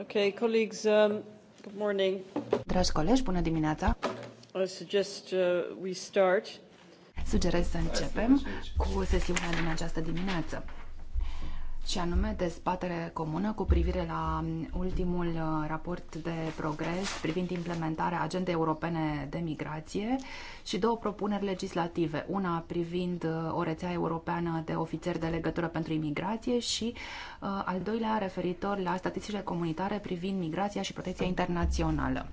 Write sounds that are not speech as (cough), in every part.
Okay, colleagues, um, good morning. Dragi colegi, bună dimineața. I suggest uh, we start. Sugerez să începem cu sesiunea din această dimineață și anume dezbatere comună cu privire la ultimul uh, raport de progres privind implementarea agendei europene de migrație și două propuneri legislative, una privind uh, o rețea europeană de ofițeri de legătură pentru imigrație și uh, al doilea referitor la statisticile comunitare privind migrația și protecția internațională.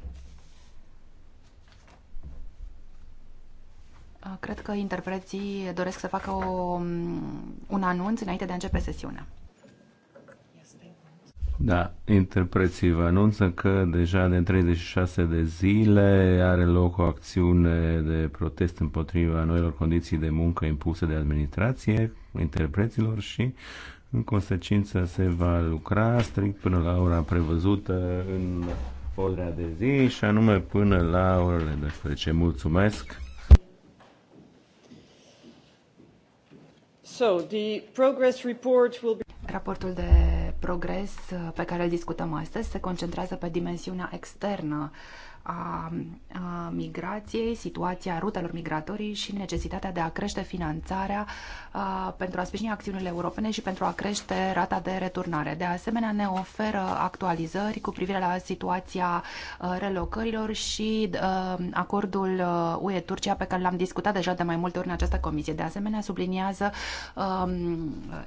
Cred că interpreții doresc să facă o, mm, un anunț înainte de a începe sesiunea. Da, interpreții vă anunță că deja de 36 de zile are loc o acțiune de protest împotriva noilor condiții de muncă impuse de administrație interpreților și în consecință se va lucra strict până la ora prevăzută în ordinea de zi și anume până la orele 12. Mulțumesc! So, the progress report will be... Raportul de progres uh, pe care îl discutăm astăzi se concentrează pe dimensiunea externă a, a migrației, situația rutelor migratorii și necesitatea de a crește finanțarea a, pentru a sprijini acțiunile europene și pentru a crește rata de returnare. De asemenea, ne oferă actualizări cu privire la situația a, relocărilor și a, acordul UE-Turcia pe care l-am discutat deja de mai multe ori în această comisie. De asemenea, subliniază a,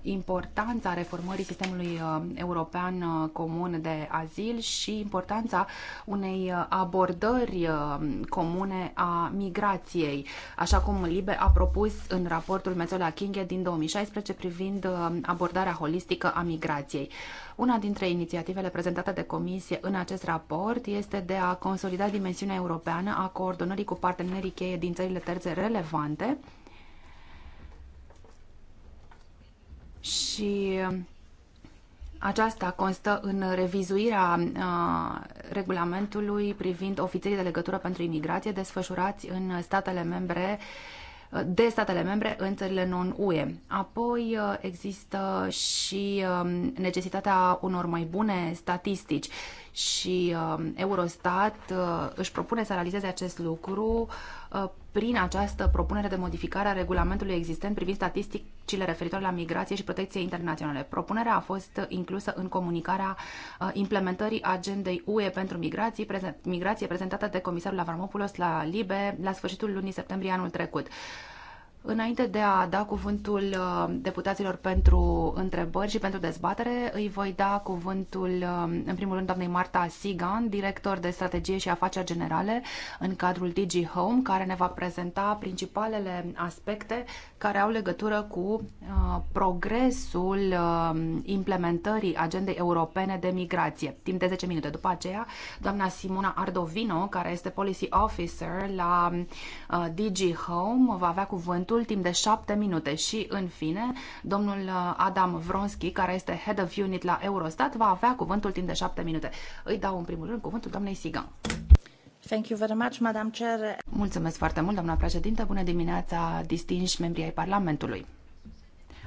importanța reformării sistemului european comun de azil și importanța unei abordări abordări uh, comune a migrației, așa cum Libe a propus în raportul Mețola Kinghe din 2016 privind uh, abordarea holistică a migrației. Una dintre inițiativele prezentate de Comisie în acest raport este de a consolida dimensiunea europeană a coordonării cu partenerii cheie din țările terțe relevante și uh, aceasta constă în revizuirea uh, regulamentului privind ofițerii de legătură pentru imigrație desfășurați în statele membre uh, de statele membre în țările non-UE. Apoi uh, există și um, necesitatea unor mai bune statistici și um, Eurostat uh, își propune să realizeze acest lucru Uh, prin această propunere de modificare a regulamentului existent privind statisticile referitoare la migrație și protecție internaționale. Propunerea a fost inclusă în comunicarea uh, implementării agendei UE pentru migrații, prezent, migrație prezentată de comisarul Avramopoulos la LIBE la sfârșitul lunii septembrie anul trecut. Înainte de a da cuvântul uh, deputaților pentru întrebări și pentru dezbatere, îi voi da cuvântul, uh, în primul rând, doamnei Marta Sigan, director de strategie și afaceri generale în cadrul DG Home, care ne va prezenta principalele aspecte care au legătură cu uh, progresul implementării agendei europene de migrație. Timp de 10 minute. După aceea, doamna Simona Ardovino, care este policy officer la DG Home, va avea cuvântul ultimul timp de șapte minute și, în fine, domnul uh, Adam Vronski, care este Head of Unit la Eurostat, va avea cuvântul timp de șapte minute. Îi dau în primul rând cuvântul doamnei Sigan. Thank you very much, Madam Chair. Mulțumesc foarte mult, doamna președinte. Bună dimineața, distinși membrii ai Parlamentului.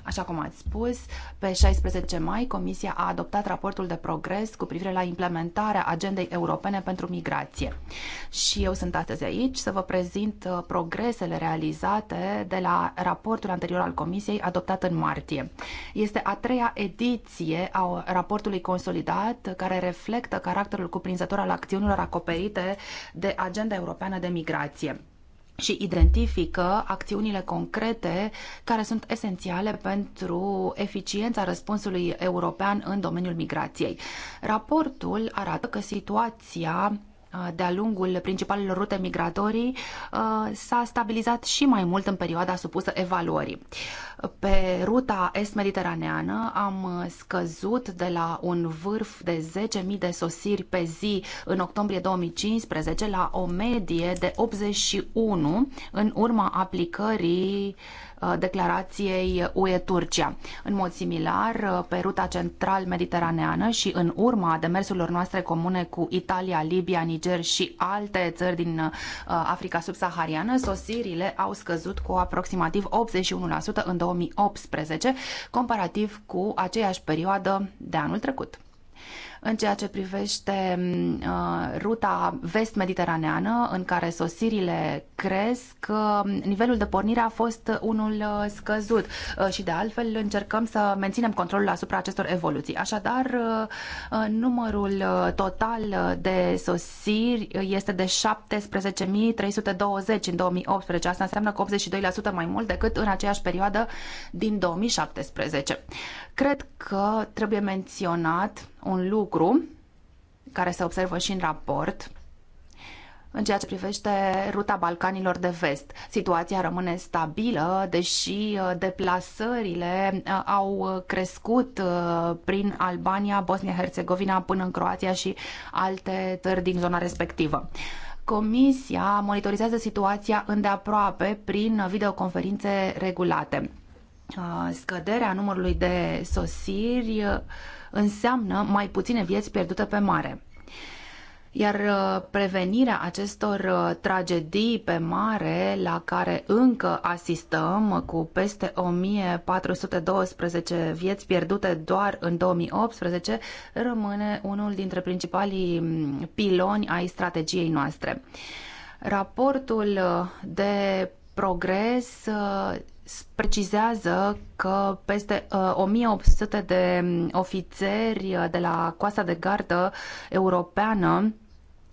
Așa cum ați spus, pe 16 mai Comisia a adoptat raportul de progres cu privire la implementarea agendei europene pentru migrație. Și eu sunt astăzi aici să vă prezint uh, progresele realizate de la raportul anterior al Comisiei adoptat în martie. Este a treia ediție a raportului consolidat care reflectă caracterul cuprinzător al acțiunilor acoperite de Agenda Europeană de Migrație și identifică acțiunile concrete care sunt esențiale pentru eficiența răspunsului european în domeniul migrației. Raportul arată că situația Uh, de-a lungul principalelor rute migratorii uh, s-a stabilizat și mai mult în perioada supusă evaluării. Pe ruta est-mediteraneană am uh, scăzut de la un vârf de 10.000 de sosiri pe zi în octombrie 2015 la o medie de 81 în urma aplicării Uh, declarației UE-Turcia. În mod similar, uh, pe ruta central-mediteraneană și în urma demersurilor noastre comune cu Italia, Libia, Niger și alte țări din uh, Africa subsahariană, sosirile au scăzut cu aproximativ 81% în 2018, comparativ cu aceeași perioadă de anul trecut în ceea ce privește mm, uh, ruta vest-mediteraneană, în care sosirile cresc, uh, nivelul de pornire a fost unul uh, scăzut și de altfel încercăm să menținem controlul asupra acestor evoluții. Așadar, numărul total de sosiri este de 17.320 în 2018. Asta înseamnă că 82% mai mult decât în aceeași perioadă din 2017. Cred că trebuie menționat un lucru care se observă și în raport în ceea ce privește ruta Balcanilor de vest. Situația rămâne stabilă, deși uh, deplasările uh, au uh, crescut prin Albania, Bosnia-Herzegovina până în Croația și alte țări din zona respectivă. Comisia monitorizează situația îndeaproape prin videoconferințe regulate. Scăderea numărului de sosiri înseamnă mai puține vieți pierdute pe mare iar uh, prevenirea acestor uh, tragedii pe mare la care încă asistăm uh, cu peste 1412 vieți pierdute doar în 2018 rămâne unul dintre principalii mm, piloni ai strategiei noastre. Raportul de progres precizează că peste 1800 uh, de ofițeri uh, de la coasta de gardă europeană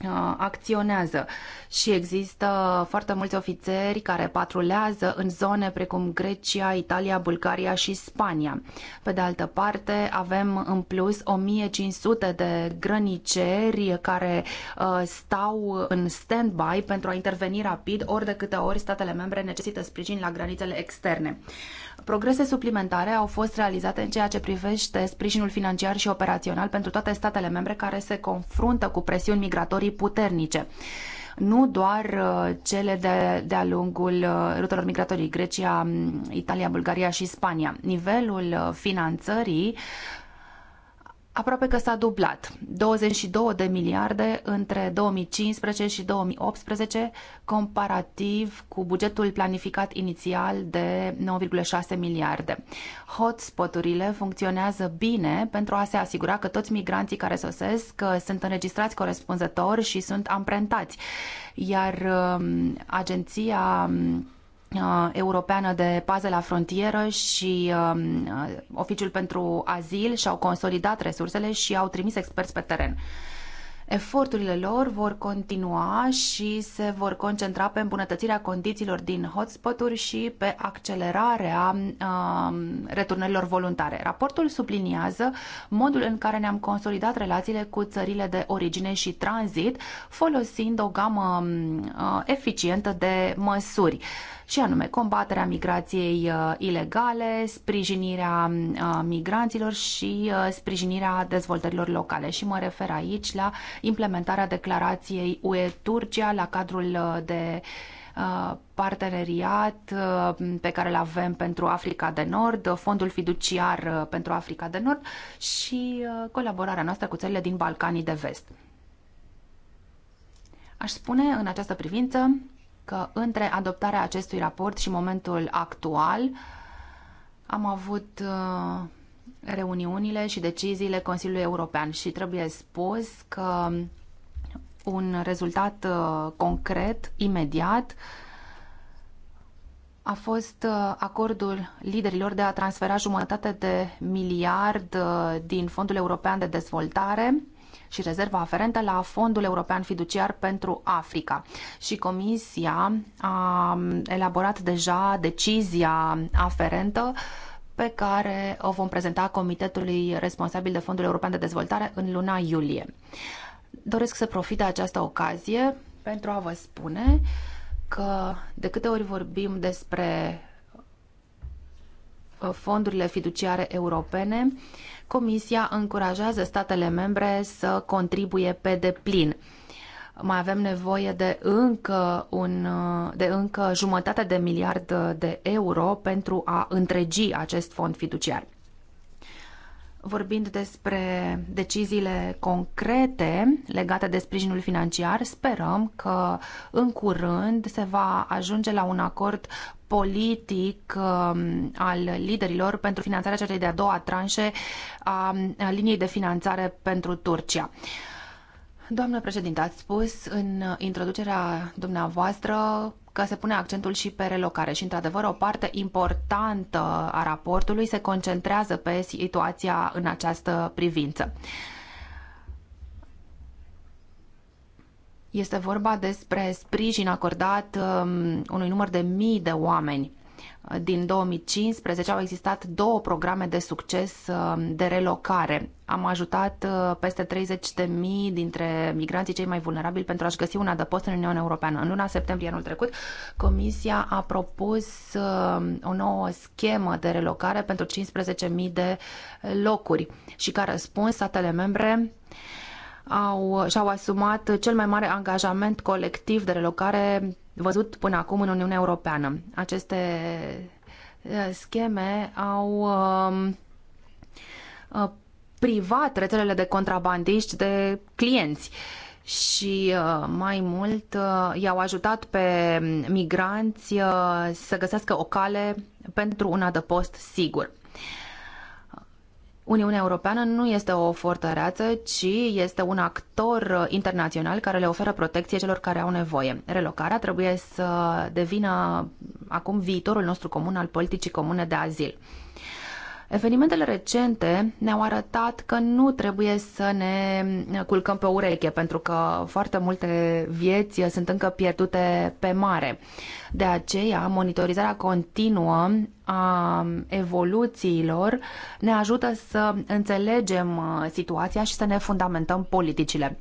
Uh, acționează și există foarte mulți ofițeri care patrulează în zone precum Grecia, Italia, Bulgaria și Spania. Pe de altă parte, avem în plus 1500 de grăniceri care uh, stau în stand-by pentru a interveni rapid ori de câte ori statele membre necesită sprijin la granițele externe. Progrese suplimentare au fost realizate în ceea ce privește sprijinul financiar și operațional pentru toate statele membre care se confruntă cu presiuni migratorii puternice nu doar uh, cele de, de-a lungul uh, rutelor migratorii, Grecia, mm, Italia, Bulgaria și Spania. Nivelul uh, finanțării aproape că s-a dublat. 22 de miliarde între 2015 și 2018, comparativ cu bugetul planificat inițial de 9,6 miliarde. Hotspoturile funcționează bine pentru a se asigura că toți migranții care sosesc sunt înregistrați corespunzător și sunt amprentați. Iar um, agenția um, Uh, europeană de Pază la Frontieră și um, uh, Oficiul pentru Azil și-au consolidat resursele și au trimis experți pe teren. Eforturile lor vor continua și se vor concentra pe îmbunătățirea condițiilor din hotspot-uri și pe accelerarea uh, returnărilor voluntare. Raportul subliniază modul în care ne-am consolidat relațiile cu țările de origine și tranzit, folosind o gamă um, uh, eficientă de măsuri și anume combaterea migrației uh, ilegale, sprijinirea uh, migranților și uh, sprijinirea dezvoltărilor locale. Și mă refer aici la implementarea declarației UE-Turcia la cadrul de parteneriat pe care îl avem pentru Africa de Nord, fondul fiduciar pentru Africa de Nord și colaborarea noastră cu țările din Balcanii de Vest. Aș spune în această privință că între adoptarea acestui raport și momentul actual am avut uh, reuniunile și deciziile Consiliului European și trebuie spus că un rezultat uh, concret, imediat, a fost uh, acordul liderilor de a transfera jumătate de miliard din Fondul European de Dezvoltare și rezerva aferentă la Fondul European Fiduciar pentru Africa. Și Comisia a elaborat deja decizia aferentă pe care o vom prezenta Comitetului responsabil de Fondul European de Dezvoltare în luna iulie. Doresc să profit de această ocazie pentru a vă spune că de câte ori vorbim despre uh, fondurile fiduciare europene, uh, Comisia încurajează statele membre să contribuie pe deplin. Mai avem nevoie de încă, un, de încă jumătate de miliard de euro pentru a întregi acest fond fiduciar vorbind despre deciziile concrete legate de sprijinul financiar, sperăm că în curând se va ajunge la un acord politic um, al liderilor pentru finanțarea celei de-a doua tranșe a liniei de finanțare pentru Turcia. Doamnă președinte, ați spus în introducerea dumneavoastră că se pune accentul și pe relocare și, într-adevăr, o parte importantă a raportului se concentrează pe situația în această privință. Este vorba despre sprijin acordat um, unui număr de mii de oameni din 2015 au existat două programe de succes uh, de relocare. Am ajutat uh, peste 30.000 dintre migranții cei mai vulnerabili pentru a-și găsi un adăpost în Uniunea Europeană. În luna septembrie anul trecut, Comisia a propus uh, o nouă schemă de relocare pentru 15.000 de locuri și ca răspuns statele membre au, și-au asumat cel mai mare angajament colectiv de relocare văzut până acum în Uniunea Europeană. Aceste uh, scheme au um, uh, privat rețelele de contrabandiști de clienți și uh, mai mult i-au ajutat pe migranți să găsească o cale pentru un adăpost sigur. Uniunea Europeană nu este o fortăreață, ci este un actor internațional care le oferă protecție celor care au nevoie. Relocarea trebuie să devină acum viitorul nostru comun al politicii comune de azil. Evenimentele recente ne-au arătat că nu trebuie să ne culcăm pe ureche, pentru că foarte multe vieți sunt încă pierdute pe mare. De aceea, monitorizarea continuă a evoluțiilor ne ajută să înțelegem uh, situația și să ne fundamentăm politicile.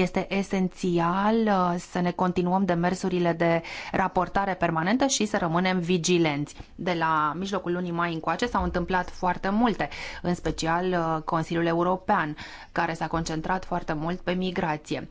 Este esențial uh, să ne continuăm demersurile de raportare permanentă și să rămânem vigilenți. De la mijlocul lunii mai încoace s-au întâmplat foarte multe, în special uh, Consiliul European, care s-a concentrat foarte mult pe migrație.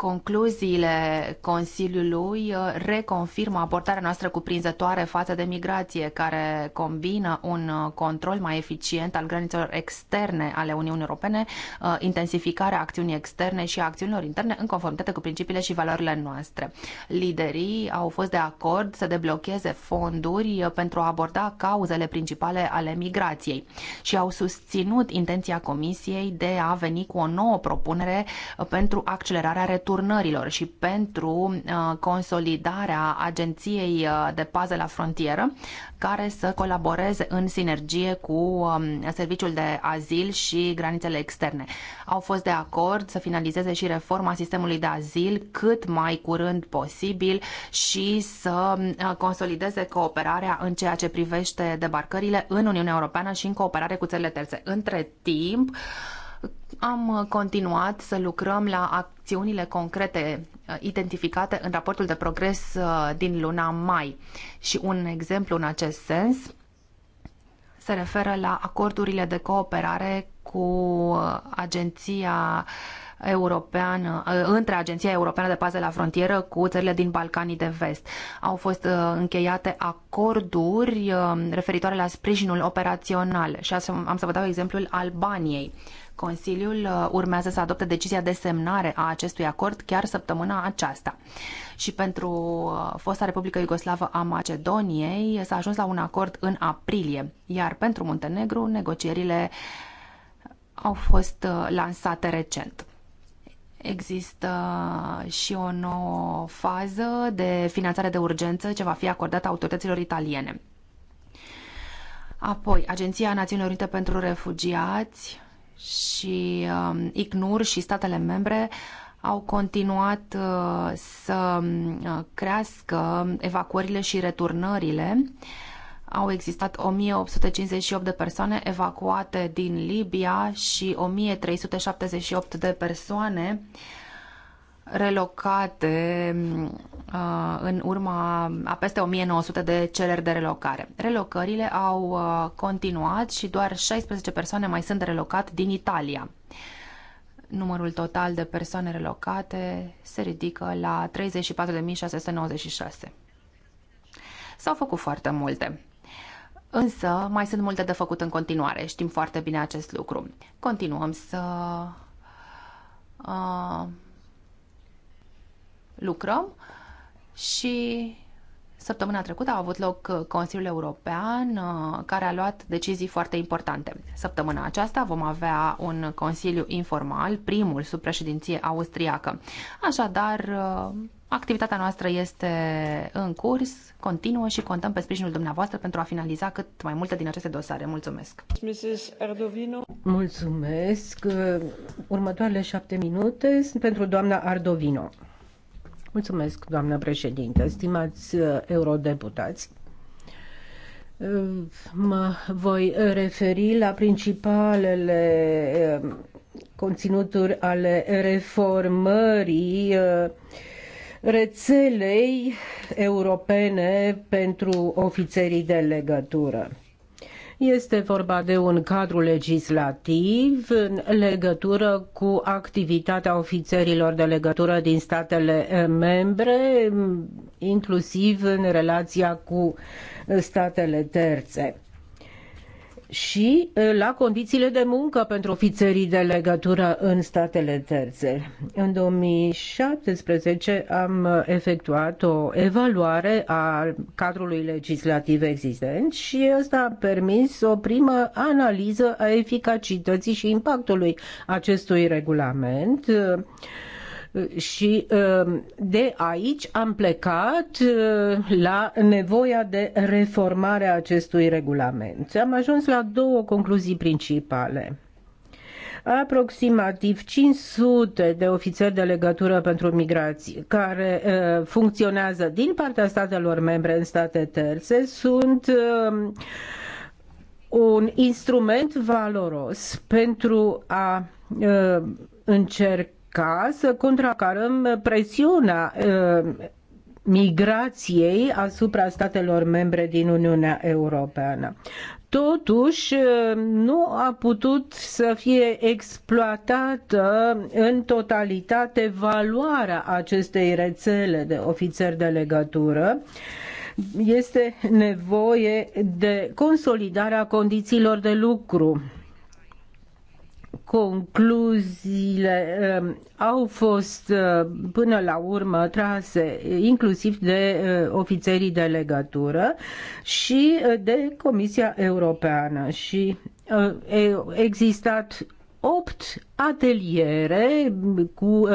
Concluziile Consiliului uh, reconfirmă abordarea noastră cuprinzătoare față de migrație, care combină un uh, control mai eficient al granițelor externe ale Uniunii Europene, uh, intensificarea acțiunii externe și a acțiunilor interne în conformitate cu principiile și valorile noastre. Liderii au fost de acord să deblocheze fonduri pentru a aborda cauzele principale ale migrației și au susținut intenția Comisiei de a veni cu o nouă propunere pentru accelerarea returilor returnărilor și pentru uh, consolidarea Agenției uh, de Pază la Frontieră, care să colaboreze în sinergie cu um, Serviciul de Azil și Granițele Externe. Au fost de acord să finalizeze și reforma sistemului de azil cât mai curând posibil și să uh, consolideze cooperarea în ceea ce privește debarcările în Uniunea Europeană și în cooperare cu țările terțe. Între timp, am continuat să lucrăm la acțiunile concrete uh, identificate în raportul de progres uh, din luna mai. Și un exemplu în acest sens se referă la acordurile de cooperare cu uh, Agenția europeană între Agenția Europeană de Pază la Frontieră cu țările din Balcanii de Vest. Au fost încheiate acorduri referitoare la sprijinul operațional și am să vă dau exemplul Albaniei. Consiliul uh, urmează să adopte decizia de semnare a acestui acord chiar săptămâna aceasta. Și pentru uh, fosta Republică Iugoslavă a Macedoniei s-a ajuns la un acord în aprilie, iar pentru Muntenegru negocierile au fost uh, lansate recent. Există și o nouă fază de finanțare de urgență ce va fi acordată autorităților italiene. Apoi, Agenția Națiunilor Unite pentru Refugiați și um, ICNUR și statele membre au continuat uh, să um, crească evacuările și returnările. Au existat 1858 de persoane evacuate din Libia și 1378 de persoane uh, relocate uh, în urma a peste 1900 de cereri de relocare. Relocările au uh, continuat și doar 16 persoane mai sunt relocate din Italia. Numărul total de persoane relocate se ridică la 34.696. S-au făcut foarte multe. Însă, mai sunt multe de făcut în continuare. Știm foarte bine acest lucru. Continuăm să uh, lucrăm și Săptămâna trecută a avut loc uh, Consiliul European uh, care a luat decizii foarte importante. Săptămâna aceasta vom avea un Consiliu informal, primul sub președinție austriacă. Așadar, uh, activitatea noastră este în curs, continuă și contăm pe sprijinul dumneavoastră pentru a finaliza cât mai multe din aceste dosare. Mulțumesc! Mulțumesc! Următoarele șapte minute sunt pentru doamna Ardovino. Mulțumesc, doamnă președintă, stimați uh, eurodeputați. Uh, mă voi referi la principalele uh, conținuturi ale reformării rețelei europene pentru ofițerii de legătură. Este vorba de un cadru legislativ în legătură cu activitatea ofițerilor de legătură din statele eh, membre, inclusiv în relația cu statele terțe și la condițiile de muncă pentru ofițerii de legătură în statele terțe. În 2017 am efectuat o evaluare a cadrului legislativ existent și ăsta a permis o primă analiză a eficacității și impactului acestui regulament și uh, de aici am plecat uh, la nevoia de reformare a acestui regulament. Am ajuns la două concluzii principale aproximativ 500 de ofițeri de legătură pentru migrații care uh, funcționează din partea statelor membre în state terțe sunt uh, un instrument valoros pentru a uh, încerca ca să contracarăm presiunea uh, migrației asupra statelor membre din Uniunea Europeană. Totuși, uh, nu a putut să fie exploatată în totalitate valoarea acestei rețele de ofițeri de legătură. Este nevoie de consolidarea condițiilor de lucru concluziile um, au fost uh, până la urmă trase inclusiv de uh, ofițerii de legătură și uh, de Comisia Europeană și e, existat opt ateliere cu uh,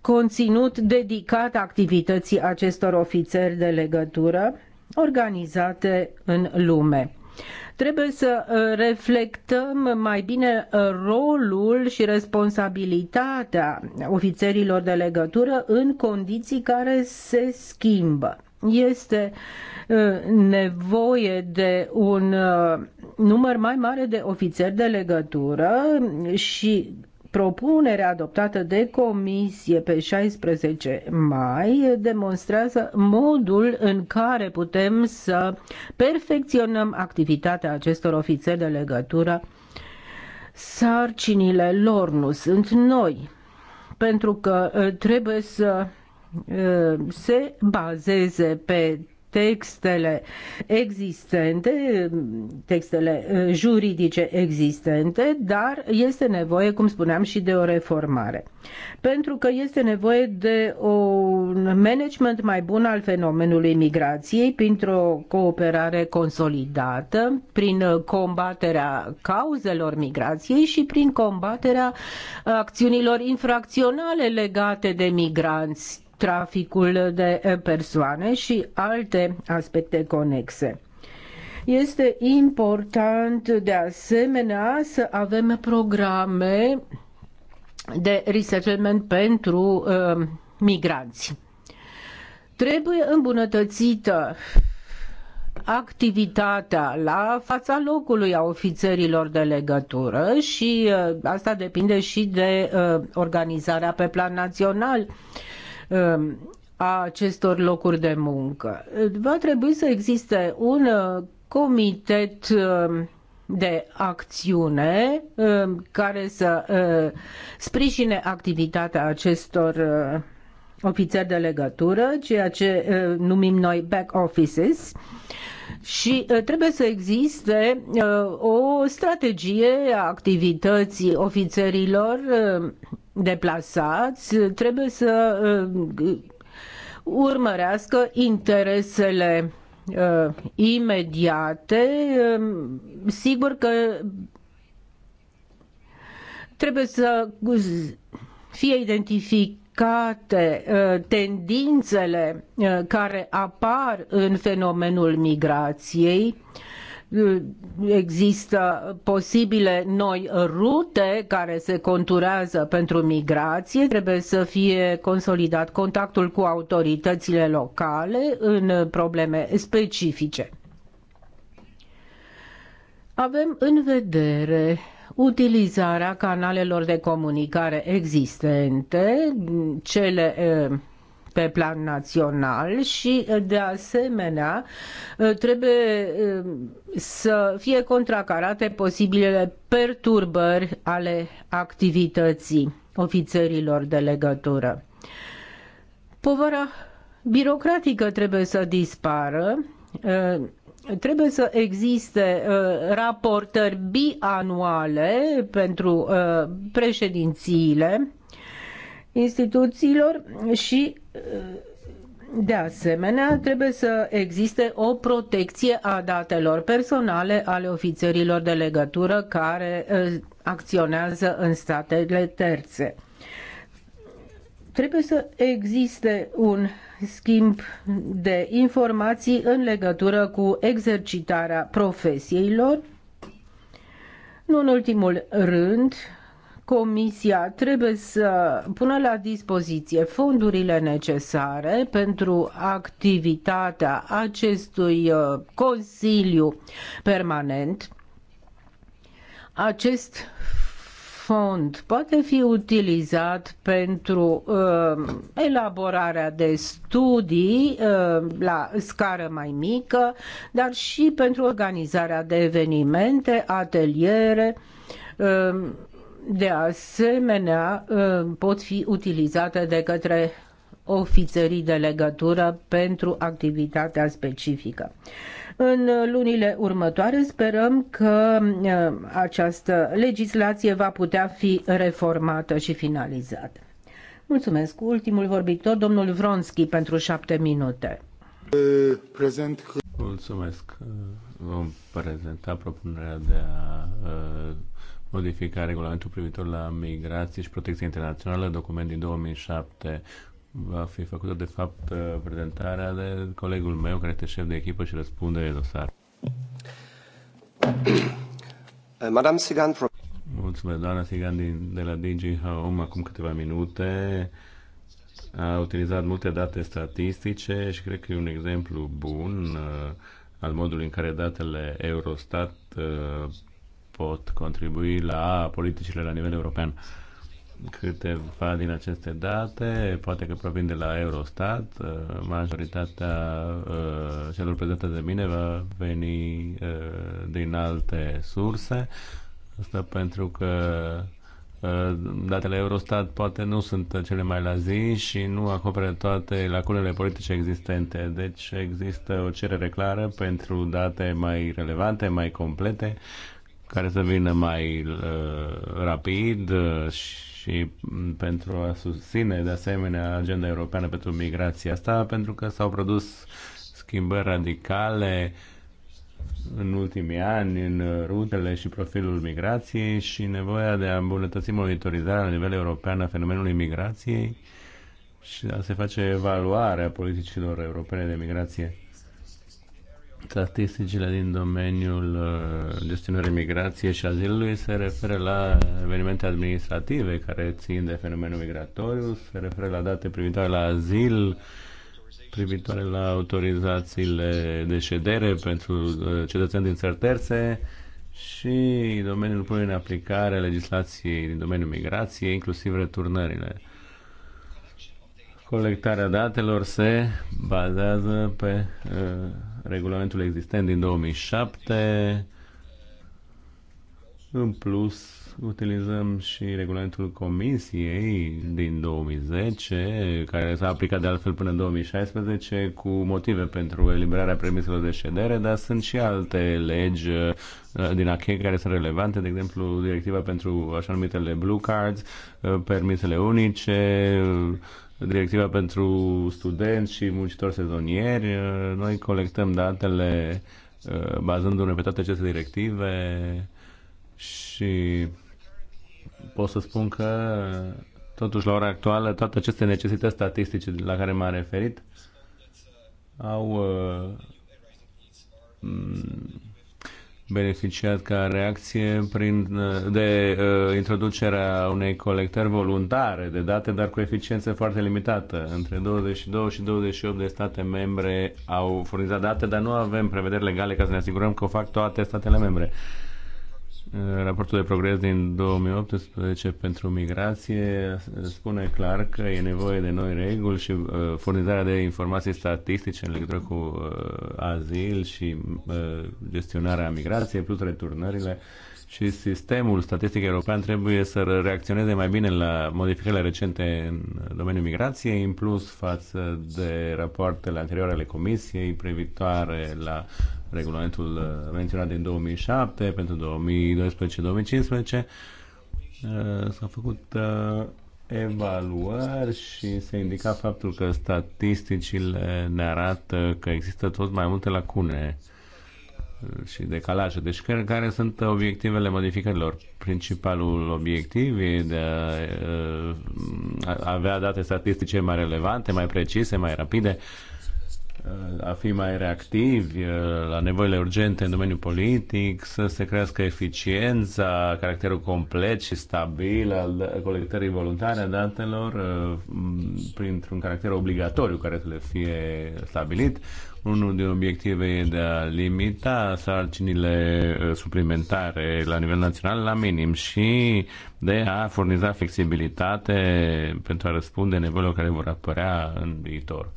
conținut dedicat activității acestor ofițeri de legătură organizate în lume. Trebuie să uh, reflectăm mai bine uh, rolul și responsabilitatea ofițerilor de legătură în condiții care se schimbă este uh, nevoie de un număr mai mare de ofițeri de legătură și propunerea adoptată de comisie pe 16 mai demonstrează modul în care putem să perfecționăm activitatea acestor ofițeri de legătură. Sarcinile lor nu sunt noi, pentru că uh, trebuie să uh, se bazeze pe textele existente, textele eh, juridice existente, dar este nevoie, cum spuneam, și de o reformare. Pentru că este nevoie de un management mai bun al fenomenului migrației printr-o cooperare consolidată, prin combaterea cauzelor migrației și prin combaterea acțiunilor infracționale legate de migranți, traficul de eh, persoane și alte aspecte conexe. Este important de asemenea să avem programe de resettlement pentru uh, migranți. Trebuie îmbunătățită activitatea la fața locului a ofițerilor de legătură și uh, asta depinde și de uh, organizarea pe plan național. Uh, Um, a acestor locuri de muncă. Va trebui să existe un uh, comitet um, de acțiune um, care să uh, sprijine activitatea acestor uh, ofițeri de legătură, ceea ce numim noi back offices și trebuie să existe o strategie a activității ofițerilor deplasați trebuie să uh, urmărească interesele uh, imediate. Um, sigur că trebuie să fie identificate uh, tendințele care apar în fenomenul migrației există posibile noi rute care se conturează pentru migrație, trebuie să fie consolidat contactul cu autoritățile locale în probleme specifice. Avem în vedere utilizarea canalelor de comunicare existente, cele eh, pe plan național și, de asemenea, trebuie eh, să fie contracarate posibilele perturbări ale activității ofițerilor de legătură. Povara birocratică trebuie să dispară, eh, trebuie să existe eh, raportări bianuale pentru președințiile instituțiilor și de asemenea, trebuie să existe o protecție a datelor personale ale ofițerilor de legătură care eh, acționează în statele terțe. Trebuie să existe un schimb de informații în legătură cu exercitarea profesiilor. Nu în ultimul rând, Comisia trebuie să pună la dispoziție fondurile necesare pentru activitatea acestui uh, Consiliu Permanent. Acest fond poate fi utilizat pentru uh, elaborarea de studii uh, la scară mai mică, dar și pentru organizarea de evenimente, ateliere, uh, de asemenea ă, pot fi utilizate de către ofițerii de legătură pentru activitatea specifică. În lunile următoare sperăm că ă, această legislație va putea fi reformată și finalizată. Mulțumesc. Ultimul vorbitor, domnul Vronski, pentru șapte minute. Prezent. Mulțumesc. Vom prezenta propunerea de a ă, modifica regulamentul privitor la migrație și protecție internațională, document din 2007. Va fi făcută, de fapt, uh, prezentarea de colegul meu, care este șef de echipă și răspunde de dosar. (coughs) Madame Sigan, Mulțumesc, doamna Sigan din, de la DG Home, acum câteva minute. A utilizat multe date statistice și cred că e un exemplu bun uh, al modului în care datele Eurostat uh, pot contribui la politicile la nivel european. Câteva din aceste date, poate că provin de la Eurostat, uh, majoritatea uh, celor prezentate de mine va veni uh, din alte surse, asta pentru că datele Eurostat poate nu sunt cele mai la zi și nu acoperă toate lacunele politice existente. Deci există o cerere clară pentru date mai relevante, mai complete care să vină mai uh, rapid uh, și pentru a susține de asemenea agenda europeană pentru migrația Asta pentru că s-au produs schimbări radicale în ultimii ani în rutele și profilul migrației și nevoia de a îmbunătăți monitorizarea la nivel european a fenomenului migrației și a se face evaluarea politicilor europene de migrație statisticile din domeniul uh, gestionării migrației și azilului se referă la evenimente administrative care țin de fenomenul migratoriu, se referă la date privitoare la azil, privitoare la autorizațiile de ședere pentru uh, cetățeni din țări terțe și domeniul pune în aplicare legislației din domeniul migrației, inclusiv returnările. Colectarea datelor se bazează pe uh, regulamentul existent din 2007. În plus, utilizăm și regulamentul Comisiei din 2010, care s-a aplicat de altfel până în 2016, cu motive pentru eliberarea premiselor de ședere, dar sunt și alte legi uh, din ACHE care sunt relevante, de exemplu, directiva pentru așa numitele blue cards, uh, permisele unice, directiva pentru studenți și muncitori sezonieri. Noi colectăm datele uh, bazându-ne pe toate aceste directive și pot să spun că totuși la ora actuală toate aceste necesități statistice la care m-am referit au uh, beneficiat ca reacție prin, uh, de uh, introducerea unei colectări voluntare de date, dar cu eficiență foarte limitată. Între 22 și 28 de state membre au furnizat date, dar nu avem prevederi legale ca să ne asigurăm că o fac toate statele membre. Uh, Raportul de progres din 2018 pentru migrație spune clar că e nevoie de noi reguli și uh, furnizarea de informații statistice în legătură cu uh, azil și uh, gestionarea migrației, plus returnările. Uh, și sistemul statistic european trebuie să reacționeze mai bine la modificările recente în domeniul migrației, în plus față de rapoartele anterioare ale Comisiei privitoare la regulamentul uh, menționat din 2007 pentru 2012-2015. Uh, s-au făcut uh, evaluări și se indica faptul că statisticile ne arată că există tot mai multe lacune și decalajul. Deci care, care sunt obiectivele modificărilor? Principalul obiectiv e de a, a avea date statistice mai relevante, mai precise, mai rapide, a fi mai reactivi la nevoile urgente în domeniul politic, să se crească eficiența, caracterul complet și stabil al colectării voluntare a datelor printr-un caracter obligatoriu care să le fie stabilit, unul din obiective e de a limita sarcinile uh, suplimentare la nivel național la minim și de a furniza flexibilitate pentru a răspunde nevoilor care vor apărea în viitor.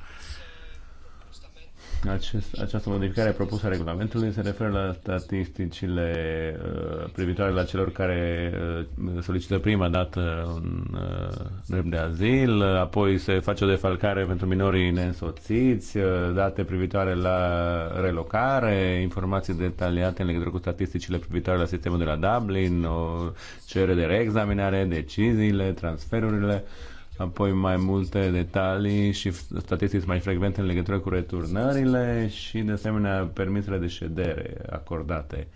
Acest, această modificare propusă a regulamentului se referă la statisticile uh, privitoare la celor care uh, solicită prima dată un uh, drept de azil, apoi se face o defalcare pentru minorii neînsoțiți, uh, date privitoare la relocare, informații detaliate în legătură cu statisticile privitoare la sistemul de la Dublin, o cerere de reexaminare, deciziile, transferurile. Uh, apoi mai multe detalii și statistici mai frecvente în legătură cu returnările și, de asemenea, permisele de ședere acordate.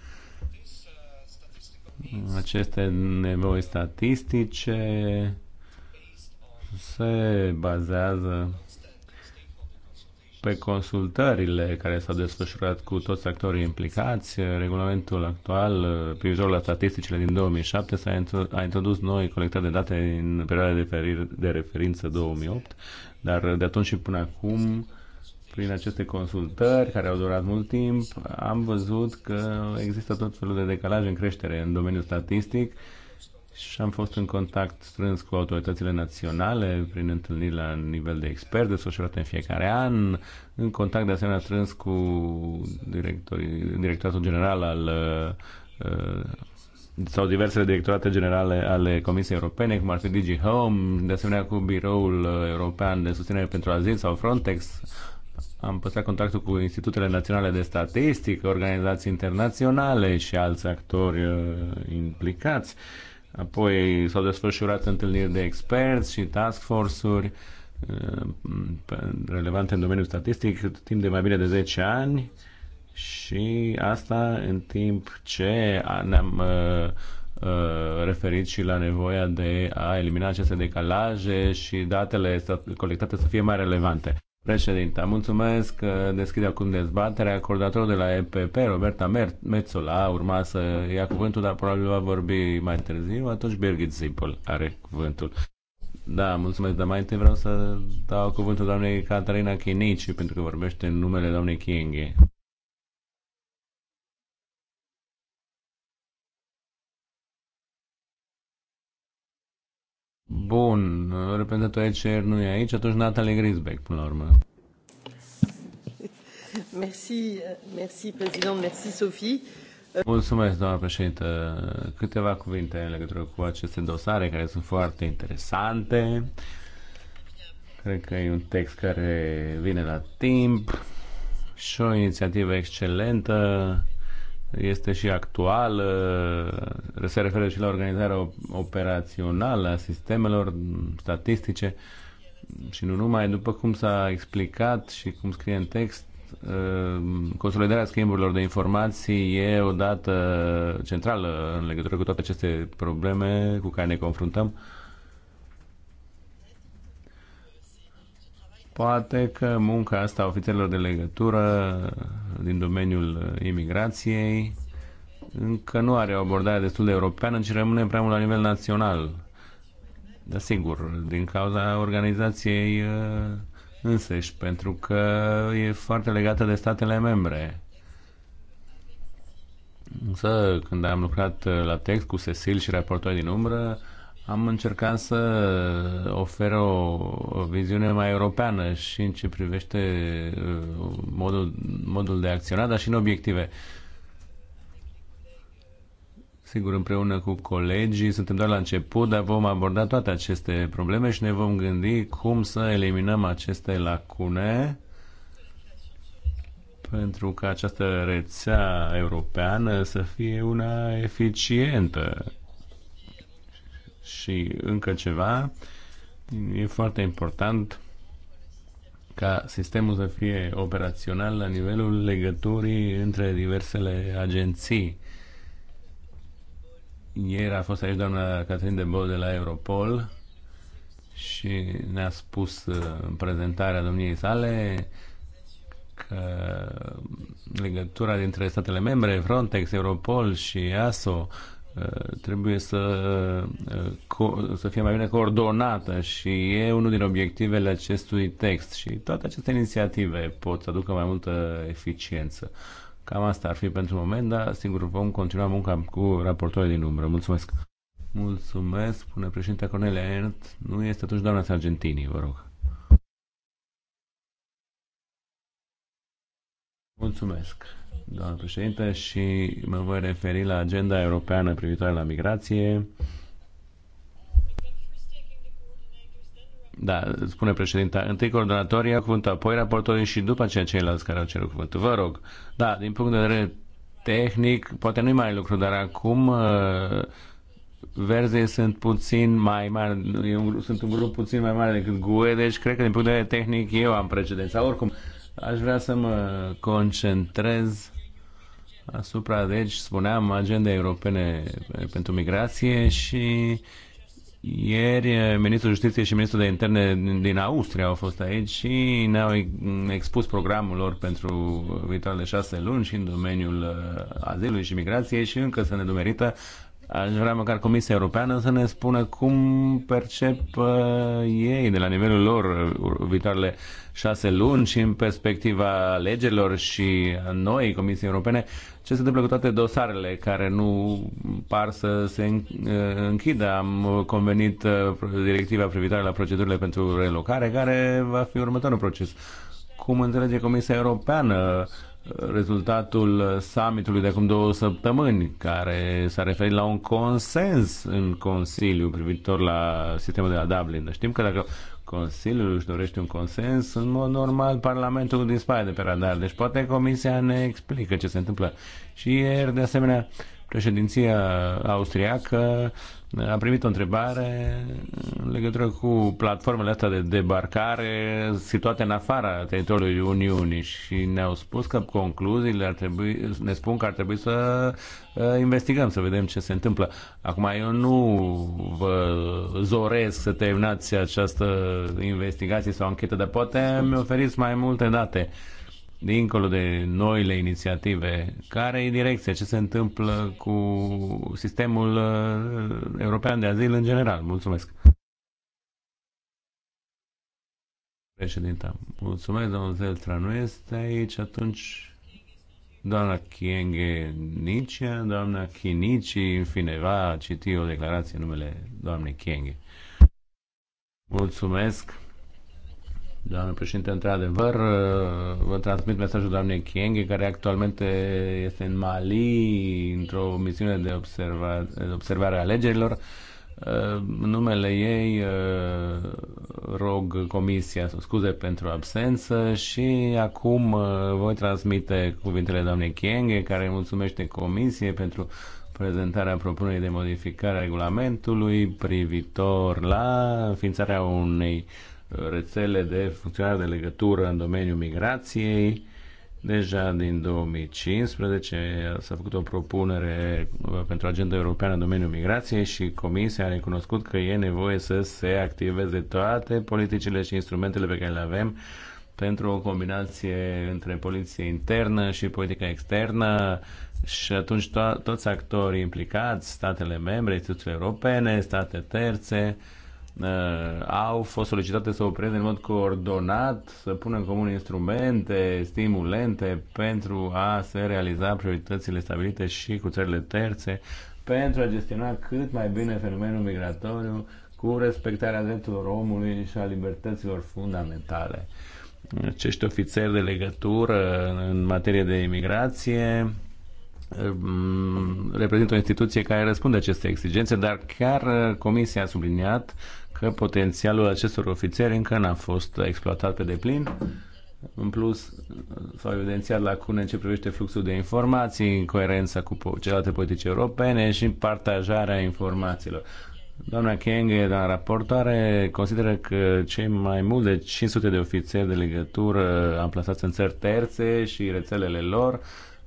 Aceste nevoi statistice se bazează pe consultările care s-au desfășurat cu toți actorii implicați. Regulamentul actual, privitor la statisticile din 2007, s-a introdus noi colectări de date în perioada de, de referință 2008, dar de atunci și până acum prin aceste consultări care au durat mult timp, am văzut că există tot felul de decalaje în creștere în domeniul statistic și am fost în contact strâns cu autoritățile naționale prin întâlniri la nivel de expert desfășurate în fiecare an, în contact de asemenea strâns cu directoratul general al uh, sau diversele directorate generale ale Comisiei Europene, cum ar fi DG Home, de asemenea cu Biroul European de Susținere pentru Azil sau Frontex. Am păstrat contactul cu Institutele Naționale de Statistică, organizații internaționale și alți actori uh, implicați. Apoi s-au desfășurat întâlniri de experți și task force-uri eh, relevante în domeniul statistic timp de mai bine de 10 ani și asta în timp ce ne-am uh, uh, referit și la nevoia de a elimina aceste decalaje și datele colectate să fie mai relevante. Președinte, mulțumesc că uh, deschide acum dezbaterea. Acordatorul de la EPP, Roberta Metzola, a urma să ia cuvântul, dar probabil va vorbi mai târziu. Atunci Birgit Zipol are cuvântul. Da, mulțumesc, dar mai întâi vreau să dau cuvântul doamnei Catarina Chinici, pentru că vorbește în numele doamnei Chienghe. Bun, reprezentantul ECR nu e aici, atunci Natalie Grisbeck, până la urmă. (laughs) Merci, merci, președinte, merci, Sophie. Mulțumesc, doamna președintă. Câteva cuvinte în legătură cu aceste dosare care sunt foarte interesante. Cred că e un text care vine la timp și o inițiativă excelentă este și actuală, se referă și la organizarea operațională a sistemelor statistice și nu numai, după cum s-a explicat și cum scrie în text, ă, consolidarea schimburilor de informații e o dată centrală în legătură cu toate aceste probleme cu care ne confruntăm Poate că munca asta a ofițerilor de legătură din domeniul imigrației încă nu are o abordare destul de europeană, ci rămâne prea mult la nivel național. Dar sigur, din cauza organizației uh, însăși, pentru că e foarte legată de statele membre. Însă, când am lucrat uh, la text cu Cecil și raportorii din umbră, am încercat să ofer o, o viziune mai europeană și în ce privește uh, modul, modul de acționat, dar și în obiective. Sigur, împreună cu colegii, suntem doar la început, dar vom aborda toate aceste probleme și ne vom gândi cum să eliminăm aceste lacune pentru ca această rețea europeană să fie una eficientă și încă ceva, e foarte important ca sistemul să fie operațional la nivelul legăturii între diversele agenții. Ieri a fost aici doamna Catherine de Bo de la Europol și ne-a spus uh, în prezentarea domniei sale că legătura dintre statele membre, Frontex, Europol și ASO Eh, trebuie să, eh, să fie mai bine coordonată și e unul din obiectivele acestui text și toate aceste inițiative pot să aducă mai multă eficiență. Cam asta ar fi pentru moment, dar sigur vom continua munca cu raportorii din umbră. Mulțumesc! Mulțumesc, spune președintea Cornelia Ernst. Nu este atunci doamna Sargentinii, vă rog. Mulțumesc doamnă președinte, și mă voi referi la agenda europeană privitoare la migrație. Da, spune președinta, întâi coordonatorii au cuvântul, apoi raportorii și după aceea ceilalți care au cerut cuvântul. Vă rog, da, din punct de vedere tehnic, poate nu-i mai lucru, dar acum uh, verzii sunt puțin mai mari, sunt un grup puțin mai mare decât GUE, deci cred că din punct de vedere tehnic eu am precedența. Oricum, Aș vrea să mă concentrez asupra, deci, spuneam, agenda europene pentru migrație și ieri ministrul justiției și ministrul de interne din Austria au fost aici și ne-au expus programul lor pentru viitoarele șase luni și în domeniul uh, azilului și migrației și încă să ne dumerită Aș vrea măcar Comisia Europeană să ne spună cum percep uh, ei de la nivelul lor viitoarele șase luni și în perspectiva legilor și noi Comisiei Europene, ce se întâmplă cu toate dosarele care nu par să se uh, închidă. Am convenit uh, directiva privitoare la procedurile pentru relocare, care va fi următorul proces. Cum înțelege Comisia Europeană rezultatul summitului de acum două săptămâni, care s-a referit la un consens în Consiliu privitor la sistemul de la Dublin. Deci știm că dacă Consiliul își dorește un consens, în mod normal Parlamentul dispare de pe radar. Deci poate Comisia ne explică ce se întâmplă. Și ieri, de asemenea, președinția austriacă am primit o întrebare în legătură cu platformele astea de debarcare situate în afara teritoriului Uniunii și ne-au spus că concluziile ar trebui, ne spun că ar trebui să uh, investigăm, să vedem ce se întâmplă. Acum eu nu vă zoresc să terminați această investigație sau anchetă, dar poate mi oferiți mai multe date dincolo de noile inițiative, care e direcția, ce se întâmplă cu sistemul uh, european de azil în general? Mulțumesc! Președinta, mulțumesc, domnul Zeltra nu este aici, atunci doamna Chienghe Nicia, doamna Chinici, în fine, va citi o declarație în numele doamnei Chienghe. Mulțumesc! Doamne președinte, într-adevăr, uh, vă transmit mesajul doamnei Chienghe, care actualmente este în Mali, într-o misiune de, observa, de observare a alegerilor. În uh, numele ei uh, rog comisia scuze pentru absență și acum voi transmite cuvintele doamnei Chienghe, care mulțumește comisie pentru prezentarea propunerii de modificare a regulamentului privitor la înființarea unei rețele de funcționare de legătură în domeniul migrației. Deja din 2015 s-a făcut o propunere uh, pentru agenda europeană în domeniul migrației și Comisia a recunoscut că e nevoie să se activeze toate politicile și instrumentele pe care le avem pentru o combinație între poliție internă și politica externă și atunci to- toți actorii implicați, statele membre, instituțiile europene, state terțe, Uh, au fost solicitate să opereze în mod coordonat, să pună în comun instrumente, stimulente pentru a se realiza prioritățile stabilite și cu țările terțe, pentru a gestiona cât mai bine fenomenul migratoriu cu respectarea drepturilor omului și a libertăților fundamentale. Acești ofițeri de legătură în materie de imigrație um, reprezintă o instituție care răspunde aceste exigențe, dar chiar uh, Comisia a subliniat că potențialul acestor ofițeri încă n-a fost exploatat pe deplin. În plus, s-au evidențiat lacune în ce privește fluxul de informații, în coerența cu celelalte politici europene și partajarea informațiilor. Doamna Keng, la raportoare, consideră că cei mai mult de 500 de ofițeri de legătură amplasați în țări terțe și rețelele lor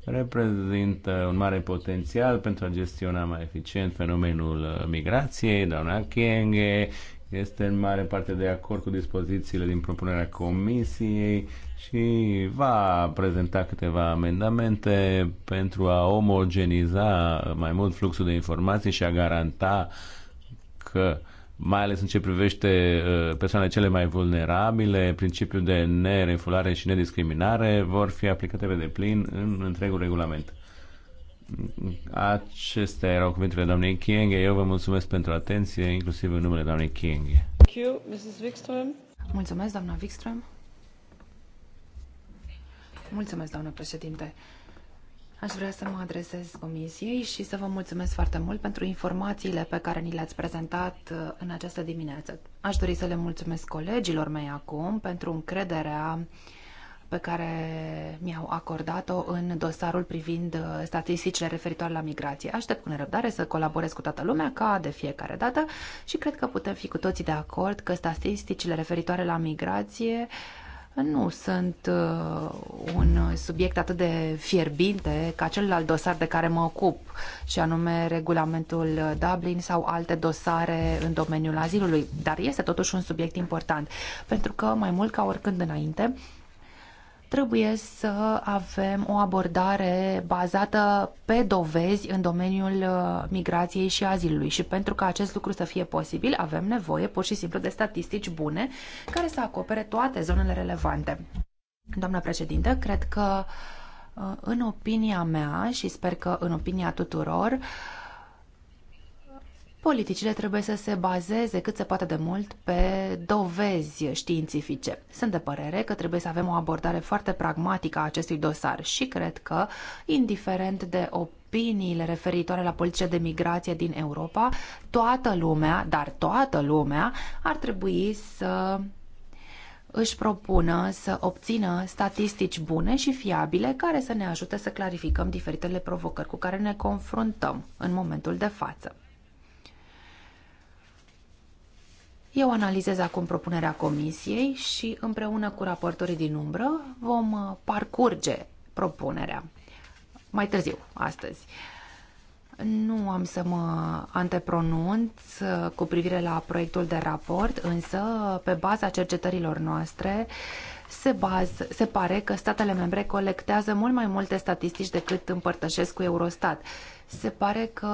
reprezintă un mare potențial pentru a gestiona mai eficient fenomenul migrației. Doamna Kenge este în mare parte de acord cu dispozițiile din propunerea comisiei și va prezenta câteva amendamente pentru a omogeniza mai mult fluxul de informații și a garanta că mai ales în ce privește uh, persoanele cele mai vulnerabile, principiul de nerefulare și nediscriminare vor fi aplicate pe deplin în întregul regulament. Acestea erau cuvintele doamnei Kienge. Eu vă mulțumesc pentru atenție, inclusiv în numele doamnei Kienge. Thank you, Mrs. Wikström. Mulțumesc, doamna Wikström. Mulțumesc, doamnă președinte. Aș vrea să mă adresez comisiei și să vă mulțumesc foarte mult pentru informațiile pe care ni le-ați prezentat uh, în această dimineață. Aș dori să le mulțumesc colegilor mei acum pentru încrederea uh, pe care mi-au acordat-o în dosarul privind uh, statisticile referitoare la migrație. Aștept cu nerăbdare să colaborez cu toată lumea ca de fiecare dată și cred că putem fi cu toții de acord că statisticile referitoare la migrație uh, nu sunt uh, un subiect atât de fierbinte ca celălalt dosar de care mă ocup, și anume regulamentul Dublin sau alte dosare în domeniul azilului, dar este totuși un subiect important, pentru că mai mult ca oricând înainte, Trebuie să avem o abordare bazată pe dovezi în domeniul uh, migrației și azilului și pentru ca acest lucru să fie posibil, avem nevoie pur și simplu de statistici bune care să acopere toate zonele relevante. Doamna președinte, cred că uh, în opinia mea și sper că în opinia tuturor, uh, Politicile trebuie să se bazeze cât se poate de mult pe dovezi științifice. Sunt de părere că trebuie să avem o abordare foarte pragmatică a acestui dosar și cred că, indiferent de opiniile referitoare la politice de migrație din Europa, toată lumea, dar toată lumea, ar trebui să își propună să obțină statistici bune și fiabile care să ne ajute să clarificăm diferitele provocări cu care ne confruntăm în momentul de față. Eu analizez acum propunerea comisiei și împreună cu raportorii din umbră vom uh, parcurge propunerea mai târziu, astăzi. Nu am să mă antepronunț uh, cu privire la proiectul de raport, însă pe baza cercetărilor noastre se, se pare că statele membre colectează mult mai multe statistici decât împărtășesc cu Eurostat. Se pare că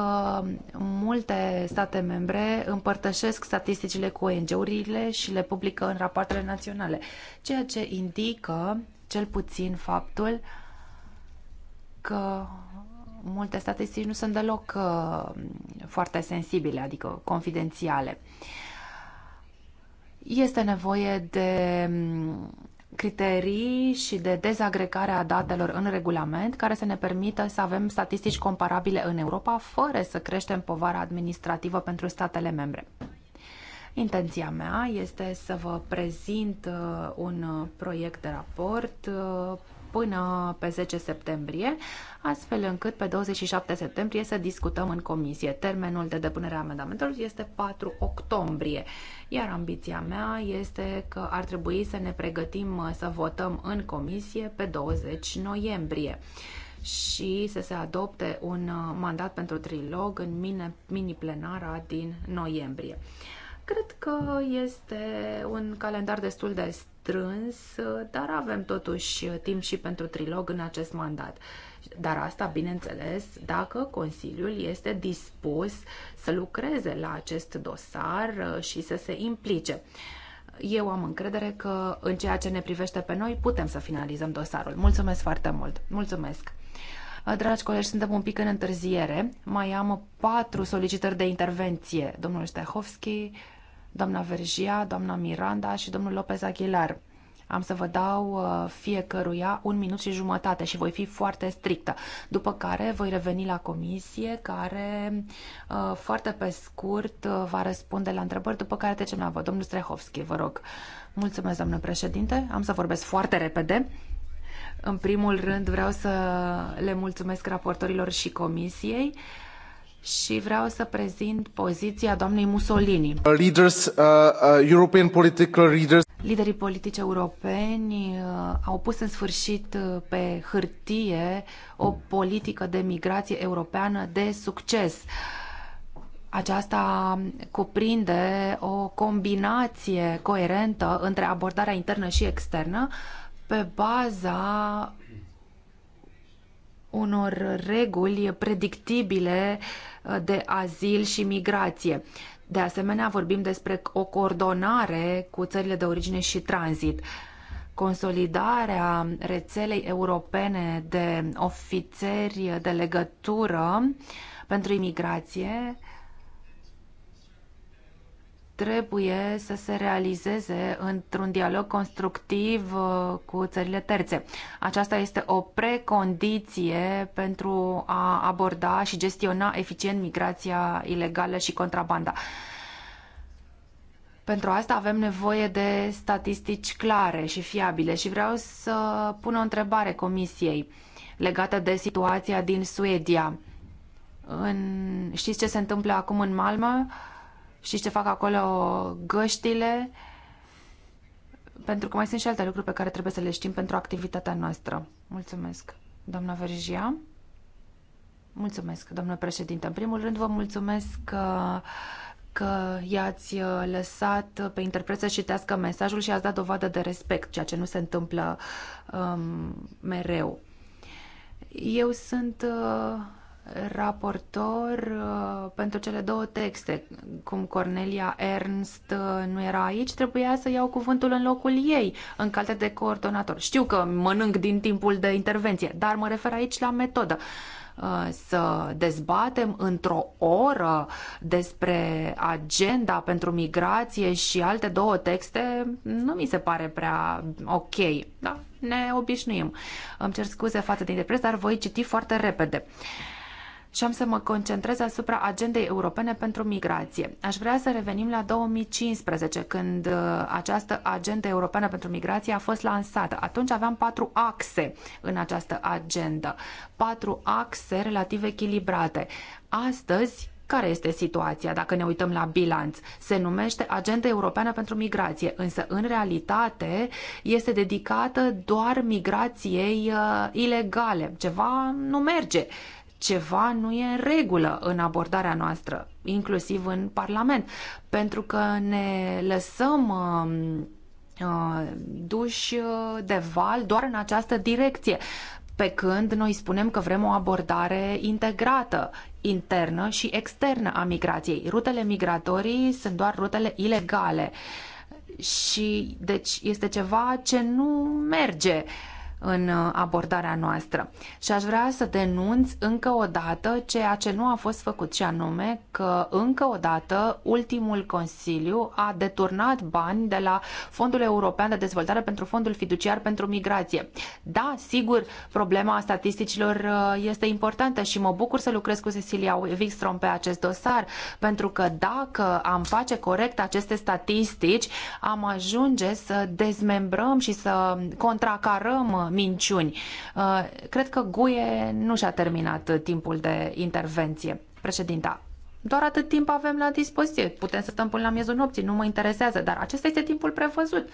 multe state membre împărtășesc statisticile cu ONG-urile și le publică în rapoartele naționale, ceea ce indică cel puțin faptul că multe statistici nu sunt deloc uh, foarte sensibile, adică confidențiale. Este nevoie de criterii și de dezagregare a datelor în regulament care să ne permită să avem statistici comparabile în Europa fără să creștem povara administrativă pentru statele membre. Intenția mea este să vă prezint uh, un uh, proiect de raport uh, până pe 10 septembrie, astfel încât pe 27 septembrie să discutăm în comisie. Termenul de depunere a amendamentelor este 4 octombrie, iar ambiția mea este că ar trebui să ne pregătim să votăm în comisie pe 20 noiembrie și să se adopte un uh, mandat pentru trilog în mini-plenara din noiembrie. Cred că este un calendar destul de strâns, dar avem totuși timp și pentru trilog în acest mandat. Dar asta, bineînțeles, dacă Consiliul este dispus să lucreze la acest dosar uh, și să se implice. Eu am încredere că în ceea ce ne privește pe noi putem să finalizăm dosarul. Mulțumesc foarte mult! Mulțumesc! Uh, dragi colegi, suntem un pic în întârziere. Mai am patru solicitări de intervenție. Domnul Stehovski doamna Vergia, doamna Miranda și domnul Lopez Aguilar. Am să vă dau uh, fiecăruia un minut și jumătate și voi fi foarte strictă. După care voi reveni la comisie care uh, foarte pe scurt uh, va răspunde la întrebări, după care trecem la vă. Domnul Strehovski, vă rog. Mulțumesc, doamnă președinte. Am să vorbesc foarte repede. În primul rând vreau să le mulțumesc raportorilor și comisiei. Uh, și vreau să prezint poziția doamnei Mussolini. Uh, leaders, uh, uh, European political leaders. Liderii politici europeni uh, au pus în sfârșit uh, pe hârtie o politică de migrație europeană de succes. Aceasta cuprinde o combinație coerentă între abordarea internă și externă pe baza unor reguli predictibile uh, de azil și migrație. De asemenea, vorbim despre o coordonare cu țările de origine și tranzit. Consolidarea rețelei europene de ofițeri de legătură pentru imigrație trebuie să se realizeze într-un dialog constructiv uh, cu țările terțe. Aceasta este o precondiție pentru a aborda și gestiona eficient migrația ilegală și contrabanda. Pentru asta avem nevoie de statistici clare și fiabile și vreau să pun o întrebare comisiei legată de situația din Suedia. În... Știți ce se întâmplă acum în Malmö? Știi ce fac acolo găștile? Pentru că mai sunt și alte lucruri pe care trebuie să le știm pentru activitatea noastră. Mulțumesc, doamna Vergia. Mulțumesc, domnule președinte. În primul rând, vă mulțumesc că că i-ați uh, lăsat pe interpret să citească mesajul și ați dat dovadă de respect, ceea ce nu se întâmplă um, mereu. Eu sunt uh, raportor uh, pentru cele două texte, cum Cornelia Ernst uh, nu era aici, trebuia să iau cuvântul în locul ei, în calitate de coordonator. Știu că mănânc din timpul de intervenție, dar mă refer aici la metodă uh, să dezbatem într-o oră despre agenda pentru migrație și alte două texte, nu mi se pare prea ok. Da? Ne obișnuim. Îmi cer scuze față de interpret, dar voi citi foarte repede. Uh, și am să mă concentrez asupra agendei europene pentru migrație. Aș vrea să revenim la 2015, când uh, această agenda europeană pentru migrație a fost lansată. Atunci aveam patru axe în această agendă, patru axe relativ echilibrate. Astăzi, care este situația dacă ne uităm la bilanț? Se numește Agenda Europeană pentru Migrație, însă în realitate este dedicată doar migrației uh, ilegale. Ceva nu merge ceva nu e în regulă în abordarea noastră, inclusiv în Parlament, pentru că ne lăsăm uh, uh, duși uh, de val doar în această direcție, pe când noi spunem că vrem o abordare integrată, internă și externă a migrației. Rutele migratorii sunt doar rutele ilegale și deci este ceva ce nu merge. Uh, în uh, abordarea noastră. Și aș vrea să denunț încă o dată ceea ce nu a fost făcut și anume că încă o dată ultimul Consiliu a deturnat bani de la Fondul European de Dezvoltare pentru Fondul Fiduciar pentru Migrație. Da, sigur, problema statisticilor uh, este importantă și mă bucur să lucrez cu Cecilia Wikstrom pe acest dosar, pentru că dacă am face corect aceste statistici, am ajunge să dezmembrăm și să contracarăm minciuni. Uh, cred că Guie nu și-a terminat timpul de intervenție. Președinta, doar atât timp avem la dispoziție. Putem să stăm până la miezul nopții, nu mă interesează, dar acesta este timpul prevăzut.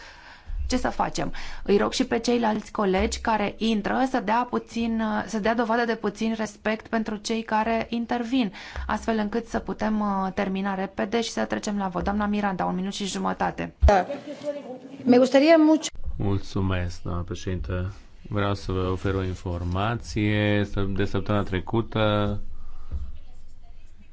Ce să facem? Îi rog și pe ceilalți colegi care intră să dea, puțin, să dea dovadă de puțin respect pentru cei care intervin, astfel încât să putem uh, termina repede și să trecem la vot. Doamna Miranda, un minut și jumătate. Da. Me Mulțumesc, doamna președinte. Vreau să vă ofer o informație de săptămâna trecută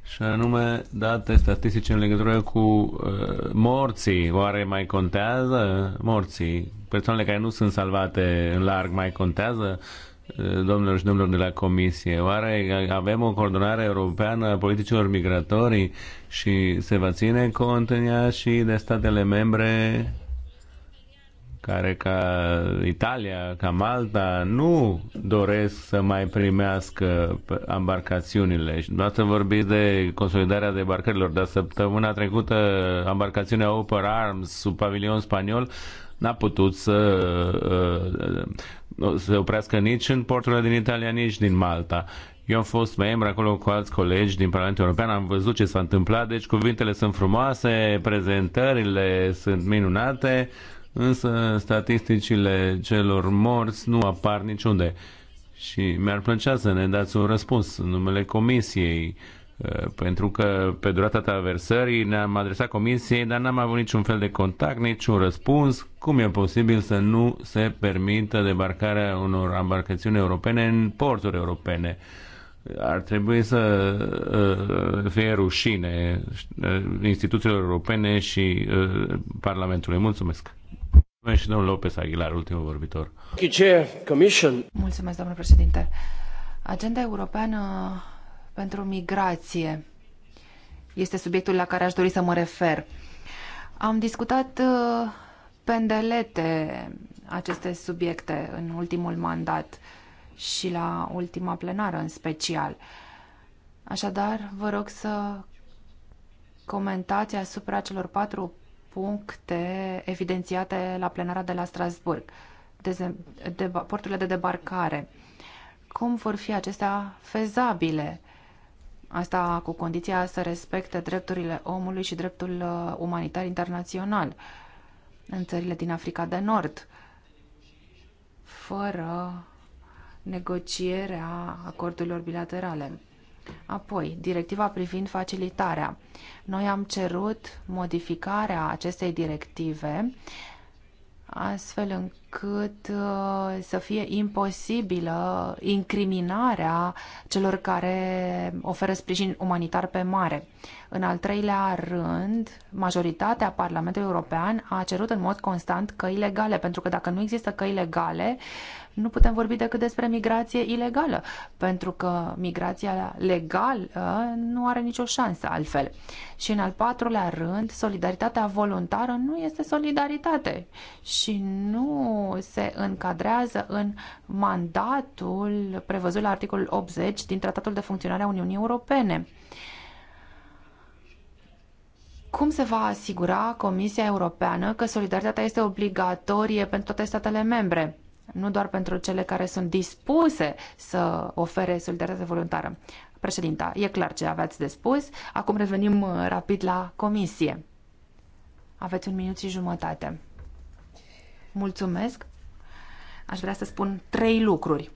și anume date statistice în legătură cu uh, morții. Oare mai contează morții? Persoanele care nu sunt salvate în larg mai contează? Uh, domnilor și domnilor de la Comisie, oare avem o coordonare europeană a politicilor migratorii și se va ține cont în ea și de statele membre care ca Italia, ca Malta, nu doresc să mai primească embarcațiunile. Și dumneavoastră vorbiți de consolidarea debarcărilor, dar săptămâna trecută embarcațiunea Open Arms sub pavilion spaniol n-a putut să uh, se oprească nici în porturile din Italia, nici din Malta. Eu am fost membru acolo cu alți colegi din Parlamentul European, am văzut ce s-a întâmplat, deci cuvintele sunt frumoase, prezentările sunt minunate, însă statisticile celor morți nu apar niciunde. Și mi-ar plăcea să ne dați un răspuns în numele Comisiei, ă, pentru că pe durata traversării ne-am adresat Comisiei, dar n-am avut niciun fel de contact, niciun răspuns. Cum e posibil să nu se permită debarcarea unor embarcațiuni europene în porturi europene? ar trebui să ă, fie rușine ă, instituțiilor europene și Parlamentului. Mulțumesc! și domnul Lopez Aguilar, ultimul vorbitor. Mulțumesc, domnule președinte. Agenda europeană pentru migrație este subiectul la care aș dori să mă refer. Am discutat uh, pendelete aceste subiecte în ultimul mandat și la ultima plenară în special. Așadar, vă rog să comentați asupra celor patru puncte evidențiate la plenara de la Strasburg, de, de, porturile de debarcare. Cum vor fi acestea fezabile? Asta cu condiția să respecte drepturile omului și dreptul uh, umanitar internațional în țările din Africa de Nord, fără negocierea acordurilor bilaterale. Apoi, directiva privind facilitarea. Noi am cerut modificarea acestei directive astfel încât uh, să fie imposibilă incriminarea celor care oferă sprijin umanitar pe mare. În al treilea rând, majoritatea Parlamentului European a cerut în mod constant căi legale, pentru că dacă nu există căi legale, nu putem vorbi decât despre migrație ilegală, pentru că migrația legală nu are nicio șansă altfel. Și în al patrulea rând, solidaritatea voluntară nu este solidaritate și nu se încadrează în mandatul prevăzut la articolul 80 din Tratatul de Funcționare a Uniunii Europene cum se va asigura Comisia Europeană că solidaritatea este obligatorie pentru toate statele membre? nu doar pentru cele care sunt dispuse să ofere solidaritate voluntară. Președinta, e clar ce aveați de spus. Acum revenim uh, rapid la comisie. Aveți un minut și jumătate. Mulțumesc. Aș vrea să spun trei lucruri.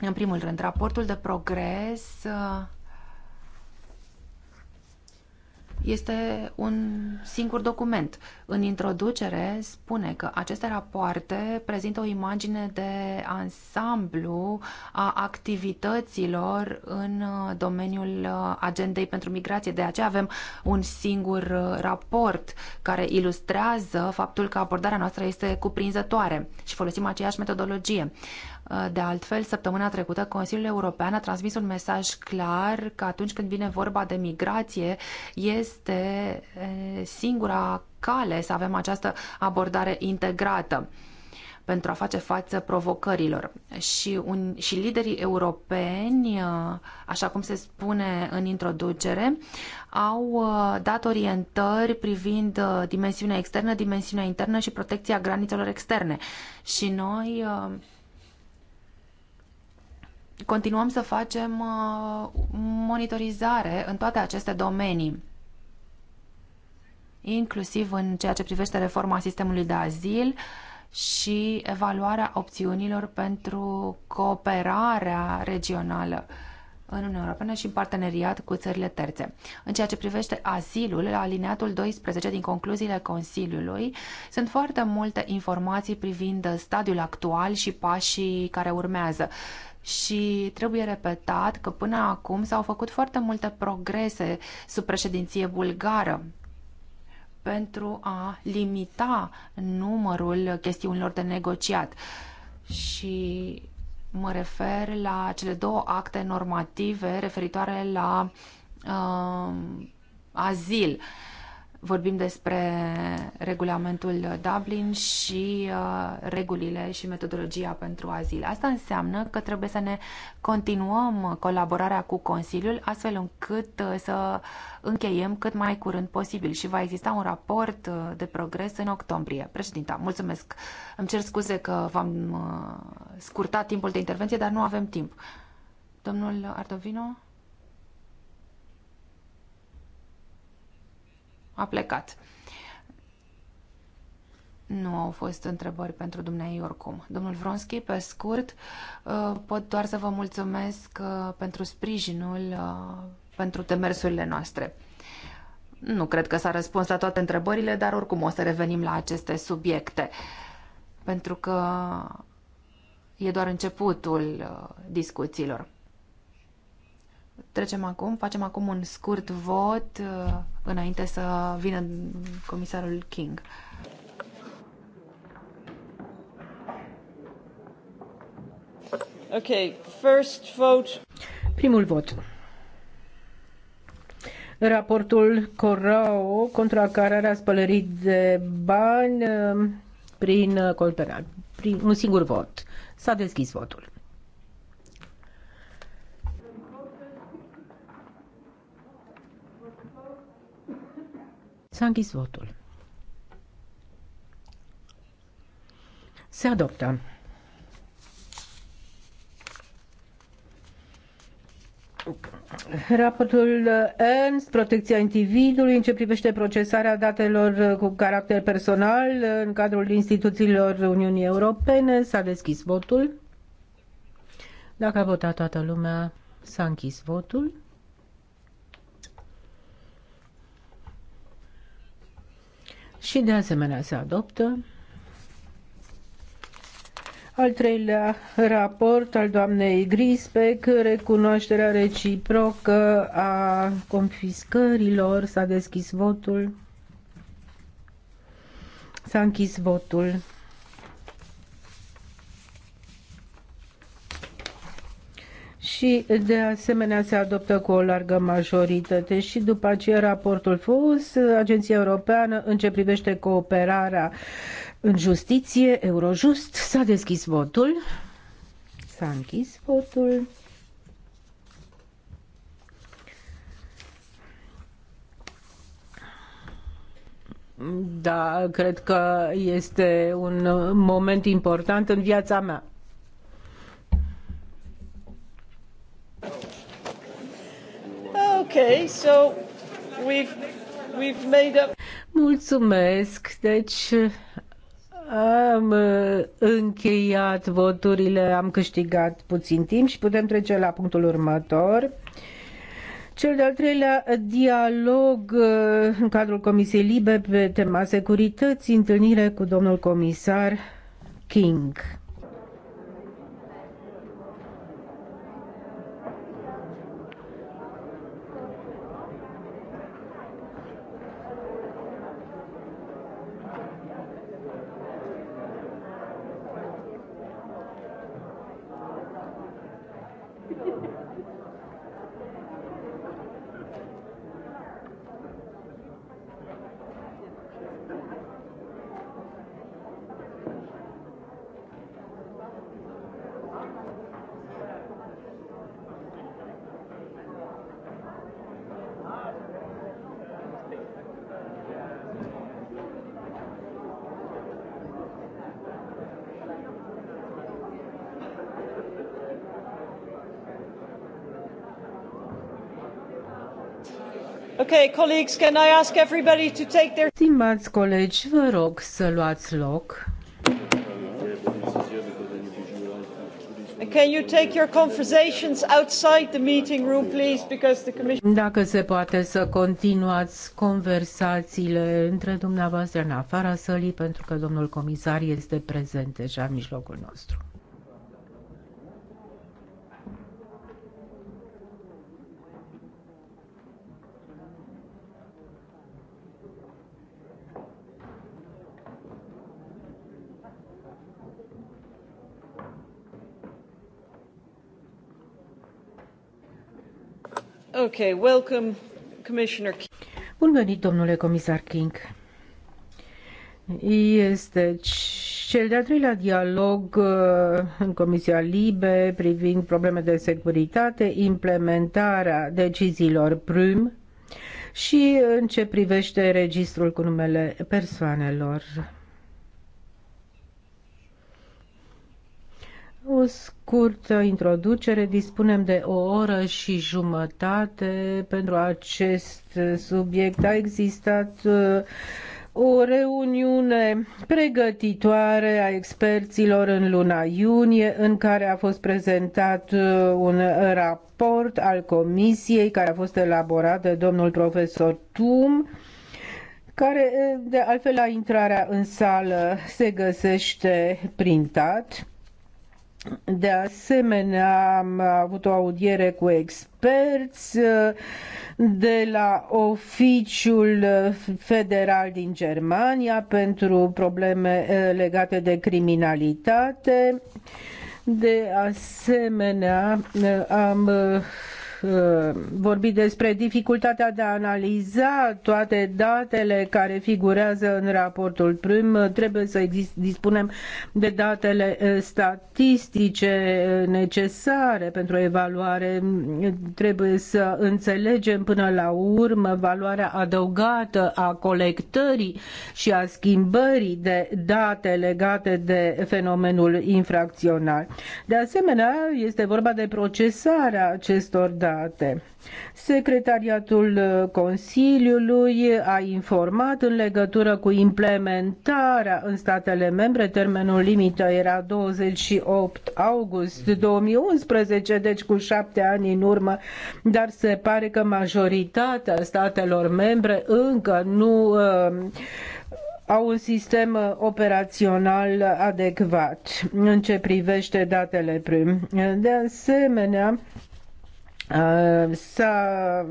În primul rând, raportul de progres uh, este un singur document. În introducere spune că aceste rapoarte prezintă o imagine de ansamblu a activităților în uh, domeniul uh, agendei pentru migrație. De aceea avem un singur uh, raport care ilustrează faptul că abordarea noastră este cuprinzătoare și folosim aceeași metodologie. Uh, de altfel, săptămâna trecută, Consiliul European a transmis un mesaj clar că atunci când vine vorba de migrație, este uh, singura cale să avem această abordare integrată pentru a face față provocărilor. Și, un, și liderii europeni, uh, așa cum se spune în introducere, au dat orientări privind dimensiunea externă, dimensiunea internă și protecția granițelor externe. Și noi continuăm să facem uh, monitorizare în toate aceste domenii, inclusiv în ceea ce privește reforma sistemului de azil și evaluarea opțiunilor pentru cooperarea regională în Uniunea Europeană și în parteneriat cu țările terțe. În ceea ce privește asilul, la alineatul 12 din concluziile Consiliului, sunt foarte multe informații privind stadiul actual și pașii care urmează și trebuie repetat că până acum s-au făcut foarte multe progrese sub președinție bulgară pentru a limita numărul chestiunilor de negociat. Și mă refer la cele două acte normative referitoare la uh, azil. Uh, Vorbim despre regulamentul Dublin și uh, regulile și metodologia pentru azil. Asta înseamnă că trebuie să ne continuăm colaborarea cu Consiliul astfel încât uh, să încheiem cât mai curând posibil și va exista un raport uh, de progres în octombrie. Președinta, mulțumesc. Îmi cer scuze că v-am scurtat timpul de intervenție, dar nu avem timp. Domnul Ardovino? a plecat. Nu au fost întrebări pentru dumneai oricum. Domnul Vronski, pe scurt, uh, pot doar să vă mulțumesc uh, pentru sprijinul uh, pentru temersurile noastre. Nu cred că s-a răspuns la toate întrebările, dar oricum o să revenim la aceste subiecte. Pentru că e doar începutul discuțiilor. Trecem acum, facem acum un scurt vot uh, înainte să vină comisarul King. Okay, first vote. Primul vot. Raportul contra cararea spălării de bani uh, prin uh, col Prin un singur vot. S-a deschis votul. S-a închis votul. Se adoptă. Raportul Ernst, protecția individului în ce privește procesarea datelor cu caracter personal în cadrul instituțiilor Uniunii Europene. S-a deschis votul. Dacă a votat toată lumea, s-a închis votul. și de asemenea se adoptă. Al treilea raport al doamnei Grisbeck, recunoașterea reciprocă a confiscărilor, s-a deschis votul. S-a închis votul. și de asemenea se adoptă cu o largă majoritate și după aceea raportul fus, Agenția Europeană în ce privește cooperarea în justiție, Eurojust, s-a deschis votul, s-a închis votul. Da, cred că este un moment important în viața mea. Okay, so we've, we've made up... Mulțumesc. Deci am uh, încheiat voturile, am câștigat puțin timp și putem trece la punctul următor. Cel de-al treilea dialog uh, în cadrul Comisiei Libe pe tema securității, întâlnire cu domnul comisar King. Okay, colleagues, can I ask everybody to take their... Stimați colegi, vă rog să luați loc. Can you take your conversations outside the meeting room, please, because the commission... Dacă se poate să continuați conversațiile între dumneavoastră în afara sălii, pentru că domnul comisar este prezent deja în mijlocul nostru. Okay, welcome, Commissioner. Bun venit, domnule comisar King. Este cel de-al treilea dialog uh, în Comisia Libe privind probleme de securitate, implementarea deciziilor PRIM și în ce privește registrul cu numele persoanelor O scurtă introducere, dispunem de o oră și jumătate pentru acest subiect. A existat uh, o reuniune pregătitoare a experților în luna iunie, în care a fost prezentat uh, un raport al comisiei care a fost elaborat de domnul profesor Tum care uh, de altfel la intrarea în sală se găsește printat. De asemenea, am avut o audiere cu experți uh, de la Oficiul Federal din Germania pentru probleme uh, legate de criminalitate. De asemenea, uh, am Uh, vorbit despre dificultatea de a analiza toate datele care figurează în raportul prim. Uh, trebuie să exist, dispunem de datele uh, statistice necesare pentru evaluare. Trebuie să înțelegem până la urmă valoarea adăugată a colectării și a schimbării de date legate de fenomenul infracțional. De asemenea, este vorba de procesarea acestor date state. Secretariatul uh, Consiliului a informat în legătură cu implementarea în statele membre. Termenul limită era 28 august 2011, deci cu șapte ani în urmă, dar se pare că majoritatea statelor membre încă nu uh, au un sistem uh, operațional adecvat în ce privește datele prim. De asemenea, Uh, s-a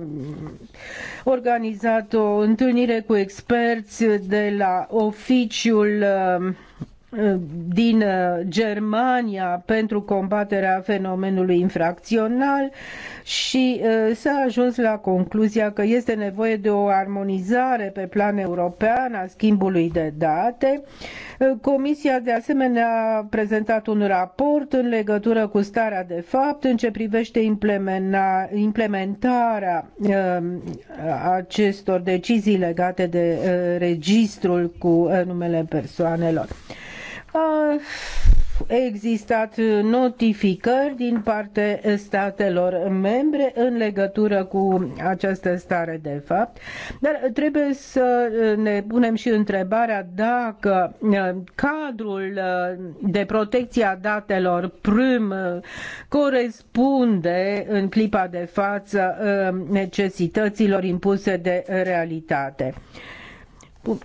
organizat o întâlnire cu experți de la oficiul uh, din uh, Germania pentru combaterea fenomenului infracțional și uh, s-a ajuns la concluzia că este nevoie de o armonizare pe plan european a schimbului de date. Uh, Comisia de asemenea a prezentat un raport în legătură cu starea de fapt în ce privește implementarea acestor decizii legate de registrul cu numele persoanelor existat notificări din partea statelor membre în legătură cu această stare de fapt, dar trebuie să ne punem și întrebarea dacă uh, cadrul uh, de protecție a datelor prim uh, corespunde în clipa de față necesităților impuse de realitate. Bun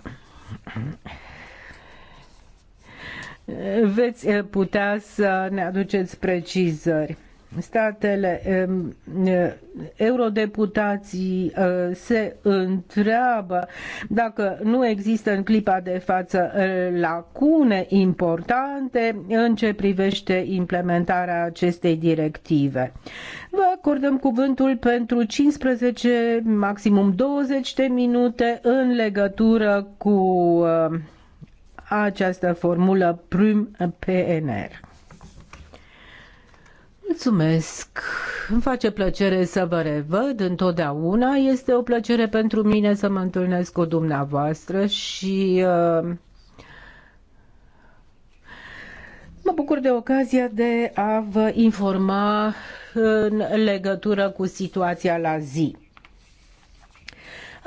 veți eh, putea să ne aduceți precizări. Statele eh, eurodeputații eh, se întreabă dacă nu există în clipa de față lacune importante în ce privește implementarea acestei directive. Vă acordăm cuvântul pentru 15, maximum 20 de minute în legătură cu această formulă prim PNR. Mulțumesc! Îmi face plăcere să vă revăd întotdeauna. Este o plăcere pentru mine să mă întâlnesc cu dumneavoastră și uh, mă bucur de ocazia de a vă informa în legătură cu situația la zi.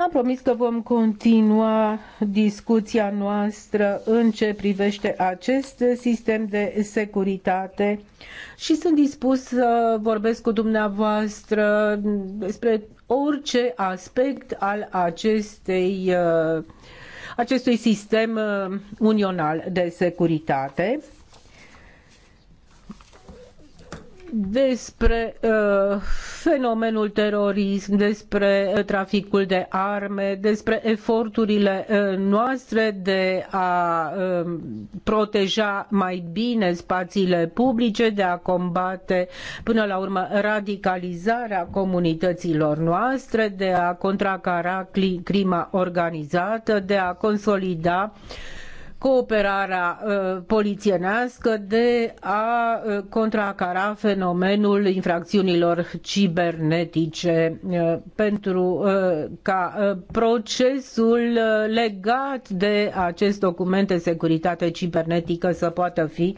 Am promis că vom continua discuția noastră în ce privește acest sistem de securitate și sunt dispus să vorbesc cu dumneavoastră despre orice aspect al acestei, uh, acestui sistem uh, unional de securitate. despre uh, fenomenul terorism, despre uh, traficul de arme, despre eforturile uh, noastre de a uh, proteja mai bine spațiile publice, de a combate până la urmă radicalizarea comunităților noastre, de a contracara crima organizată, de a consolida uh, cooperarea uh, polițienească de a uh, contracara fenomenul infracțiunilor cibernetice uh, pentru ca procesul legat de acest document de securitate cibernetică să poată fi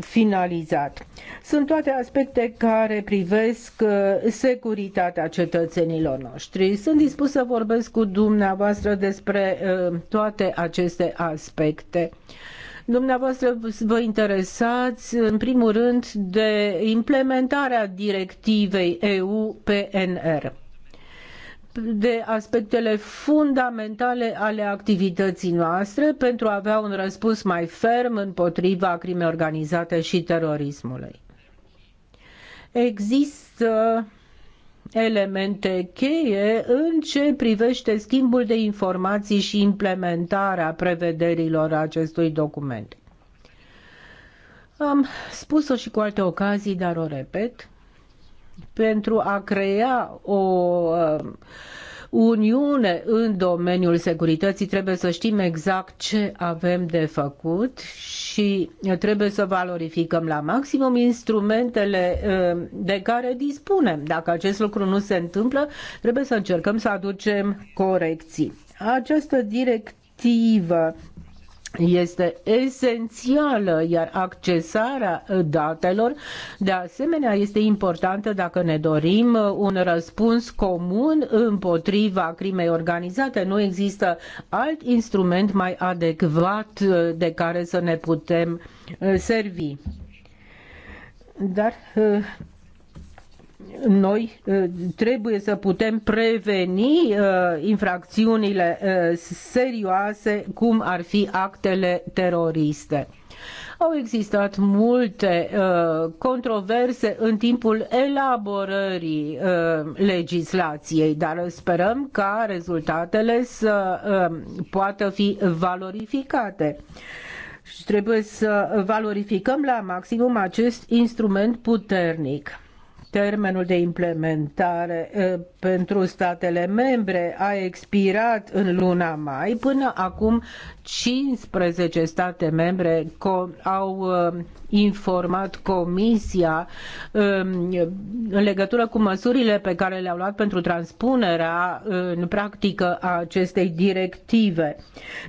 finalizat. Sunt toate aspecte care privesc securitatea cetățenilor noștri. Sunt dispus să vorbesc cu dumneavoastră despre toate aceste aspecte date. Dumneavoastră vă interesați, în primul rând, de implementarea directivei EU-PNR de aspectele fundamentale ale activității noastre pentru a avea un răspuns mai ferm împotriva crimei organizate și terorismului. Există elemente cheie în ce privește schimbul de informații și implementarea prevederilor acestui document. Am spus-o și cu alte ocazii, dar o repet. Pentru a crea o Uniune în domeniul securității, trebuie să știm exact ce avem de făcut și trebuie să valorificăm la maximum instrumentele uh, de care dispunem. Dacă acest lucru nu se întâmplă, trebuie să încercăm să aducem corecții. Această directivă este esențială, iar accesarea uh, datelor de asemenea este importantă dacă ne dorim uh, un răspuns comun împotriva crimei organizate. Nu există alt instrument mai adecvat uh, de care să ne putem servi. Dar noi uh, trebuie să putem preveni uh, infracțiunile uh, serioase, cum ar fi actele teroriste. Au existat multe controverse în timpul elaborării legislației, dar sperăm ca rezultatele să poată fi valorificate și trebuie să valorificăm la maximum acest instrument puternic termenul de implementare eh, pentru statele membre a expirat în luna mai. Până acum 15 state membre au eh, informat Comisia eh, în legătură cu măsurile pe care le-au luat pentru transpunerea în practică a acestei directive.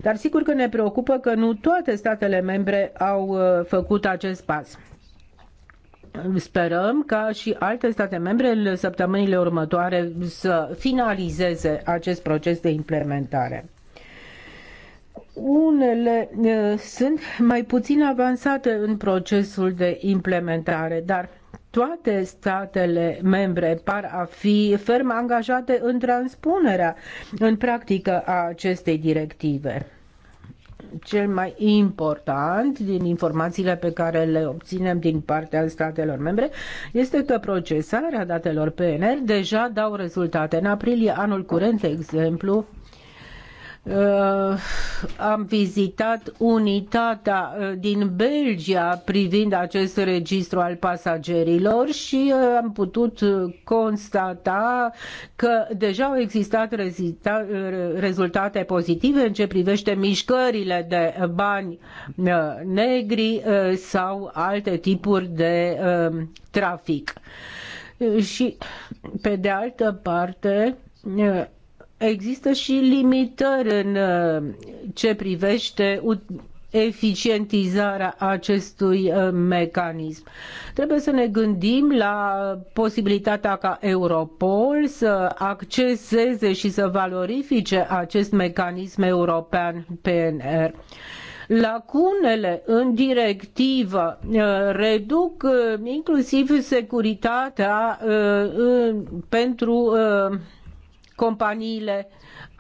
Dar sigur că ne preocupă că nu toate statele membre au făcut acest pas sperăm ca și alte state membre în săptămânile următoare să finalizeze acest proces de implementare. Unele eh, sunt mai puțin avansate în procesul de implementare, dar toate statele membre par a fi ferm angajate în transpunerea în practică a acestei directive cel mai important din informațiile pe care le obținem din partea statelor membre este că procesarea datelor PNR deja dau rezultate. În aprilie anul curent, de exemplu, Uh, am vizitat unitatea uh, din Belgia privind acest registru al pasagerilor și uh, am putut constata că deja au existat rezultate pozitive în ce privește mișcările de bani negri sau alte tipuri de trafic. Și pe de altă parte, Există și limitări în uh, ce privește eficientizarea acestui uh, mecanism. Trebuie să ne gândim la posibilitatea ca Europol să acceseze și să valorifice acest mecanism european PNR lacunele în directivă uh, reduc inclusiv securitatea pentru companiile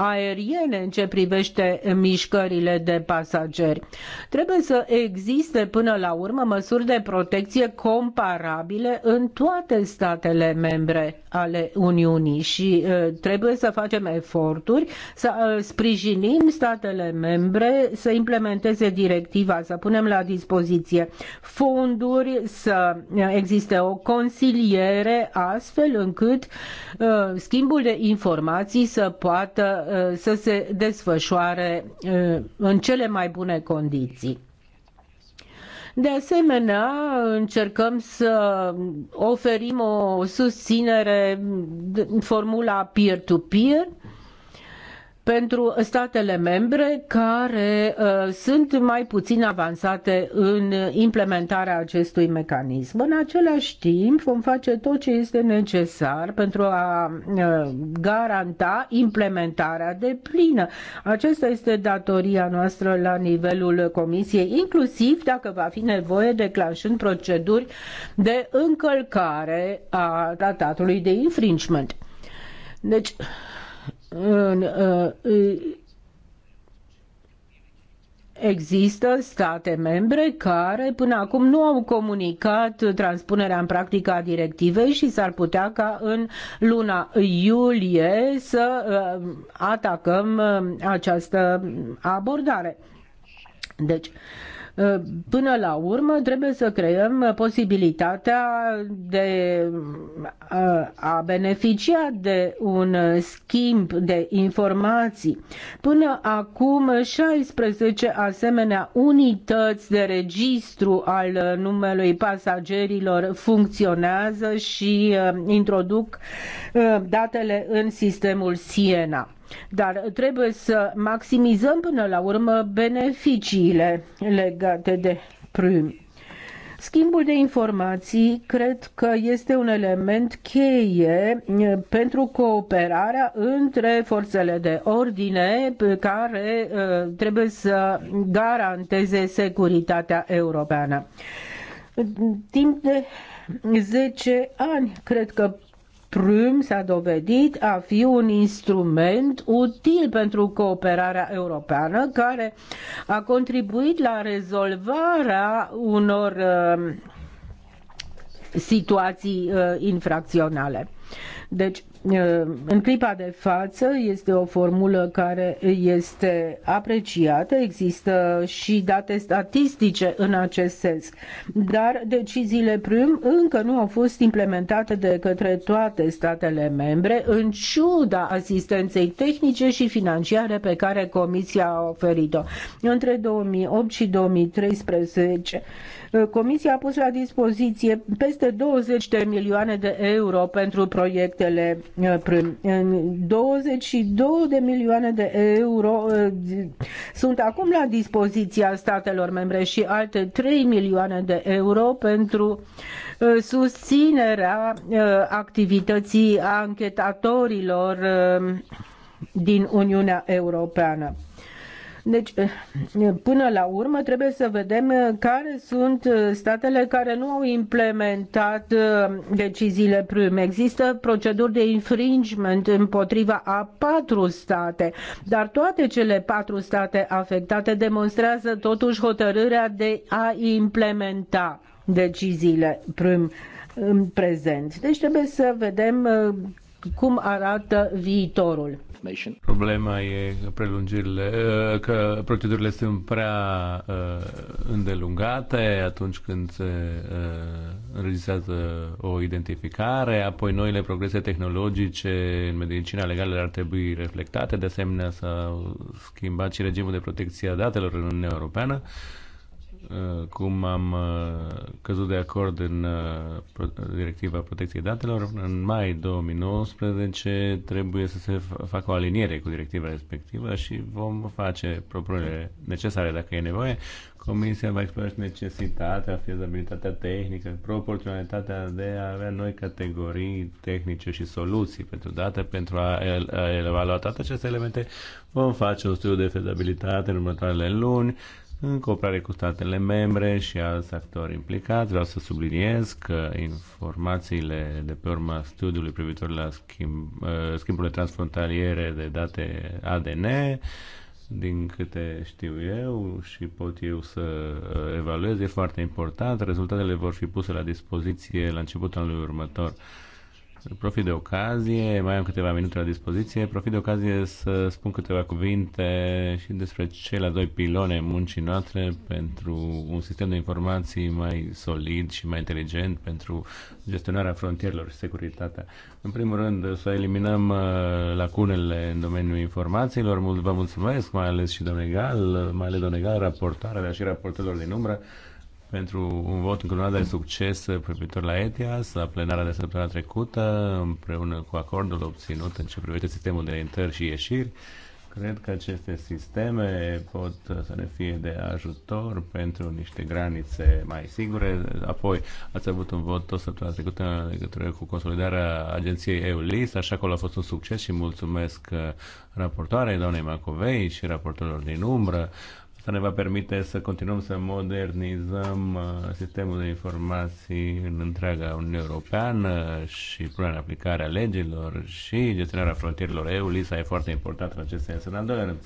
aeriene în ce privește mișcările de pasageri. Trebuie să existe până la urmă măsuri de protecție comparabile în toate statele membre ale Uniunii și uh, trebuie să facem eforturi să uh, sprijinim statele membre să implementeze directiva, să punem la dispoziție fonduri, să uh, existe o consiliere astfel încât schimbul de informații să poată Uh, să se desfășoare uh, în cele mai bune condiții. De asemenea, încercăm să oferim o susținere în formula peer-to-peer, -peer, pentru statele membre care uh, sunt mai puțin avansate în implementarea acestui mecanism. În același timp, vom face tot ce este necesar pentru a uh, garanta implementarea de plină. Aceasta este datoria noastră la nivelul Comisiei, inclusiv dacă va fi nevoie declanșând proceduri de încălcare a tratatului de infringement. Deci, Uh, există state membre care până acum nu au comunicat transpunerea în practică a directivei și s-ar putea ca în luna iulie să uh, atacăm uh, această abordare. Deci, uh, Până la urmă, trebuie să creăm posibilitatea de a beneficia de un schimb de informații. Până acum, 16 asemenea unități de registru al numelui pasagerilor funcționează și uh, introduc uh, datele în sistemul Siena. Dar trebuie să maximizăm până la urmă beneficiile legate de prim. Schimbul de informații cred că este un element cheie eh, pentru cooperarea între forțele de ordine care eh, trebuie să garanteze securitatea europeană. Timp de 10 ani, cred că Prüm s-a dovedit a fi un instrument util pentru cooperarea europeană care a contribuit la rezolvarea unor uh, situații uh, infracționale. Deci Eh, în clipa de față este o formulă care este apreciată, există și date statistice în acest sens, dar deciziile prim încă nu au fost implementate de către toate statele membre, în ciuda asistenței tehnice și financiare pe care Comisia a oferit-o. Între 2008 și 2013, eh, Comisia a pus la dispoziție peste 20 de milioane de euro pentru proiectele prim. 22 de milioane de euro uh, sunt acum la dispoziția statelor membre și alte 3 milioane de euro pentru uh, susținerea uh, activității anchetatorilor din Uniunea Europeană. Deci, eh, până la urmă, trebuie să vedem eh, care sunt eh, statele care nu au implementat deciziile prim. Există proceduri de infringement împotriva a patru state, dar toate cele patru state afectate demonstrează totuși hotărârea de a implementa deciziile prim în prezent. Deci trebuie să vedem cum arată viitorul information. Problema e prelungirile, uh, că procedurile sunt prea uh, îndelungate atunci când se uh, înregistrează o identificare, apoi noile progrese tehnologice în medicina legală ar trebui reflectate, de asemenea s-a schimbat și regimul de protecție a datelor în Uniunea Europeană. Uh, cum am uh, căzut de acord în uh, directiva protecției datelor, în mai 2019 trebuie să se facă o aliniere cu directiva respectivă și vom face propunerile necesare dacă e nevoie. Comisia va explora și necesitatea, fezabilitatea tehnică, proporționalitatea de a avea noi categorii tehnice și soluții pentru date, pentru a evalua toate aceste elemente. Vom face un studiu de fezabilitate în următoarele luni, în cooperare cu statele membre și alți actori implicați. Vreau să subliniez că informațiile de pe urma studiului privitor la schimb, uh, schimburile transfrontaliere de date ADN, din câte știu eu și pot eu să uh, evaluez, e foarte important. Rezultatele vor fi puse la dispoziție la începutul anului următor. Profit de ocazie, mai am câteva minute la dispoziție, profit de ocazie să spun câteva cuvinte și despre cele doi pilone muncii noastre pentru un sistem de informații mai solid și mai inteligent pentru gestionarea frontierelor și securitatea. În primul rând, să eliminăm uh, lacunele în domeniul informațiilor. Vă mulțumesc, mai ales și domnul Egal, mai ales domnul Egal, raportarea și raportelor din umbră pentru un vot încununat de succes privitor la ETIAS, la plenara de săptămâna trecută, împreună cu acordul obținut în ce privește sistemul de intrări și ieșiri. Cred că aceste sisteme pot să ne fie de ajutor pentru niște granițe mai sigure. Apoi ați avut un vot tot săptămâna trecută în legătură cu consolidarea agenției EULIS, așa că a fost un succes și mulțumesc uh, raportoarei doamnei Macovei și raportorilor din umbră să ne va permite să continuăm să modernizăm uh, sistemul de informații în întreaga Uniune Europeană și punerea în legilor și gestionarea frontierilor EU. LISA e foarte importantă în acest sens. În al doilea rând,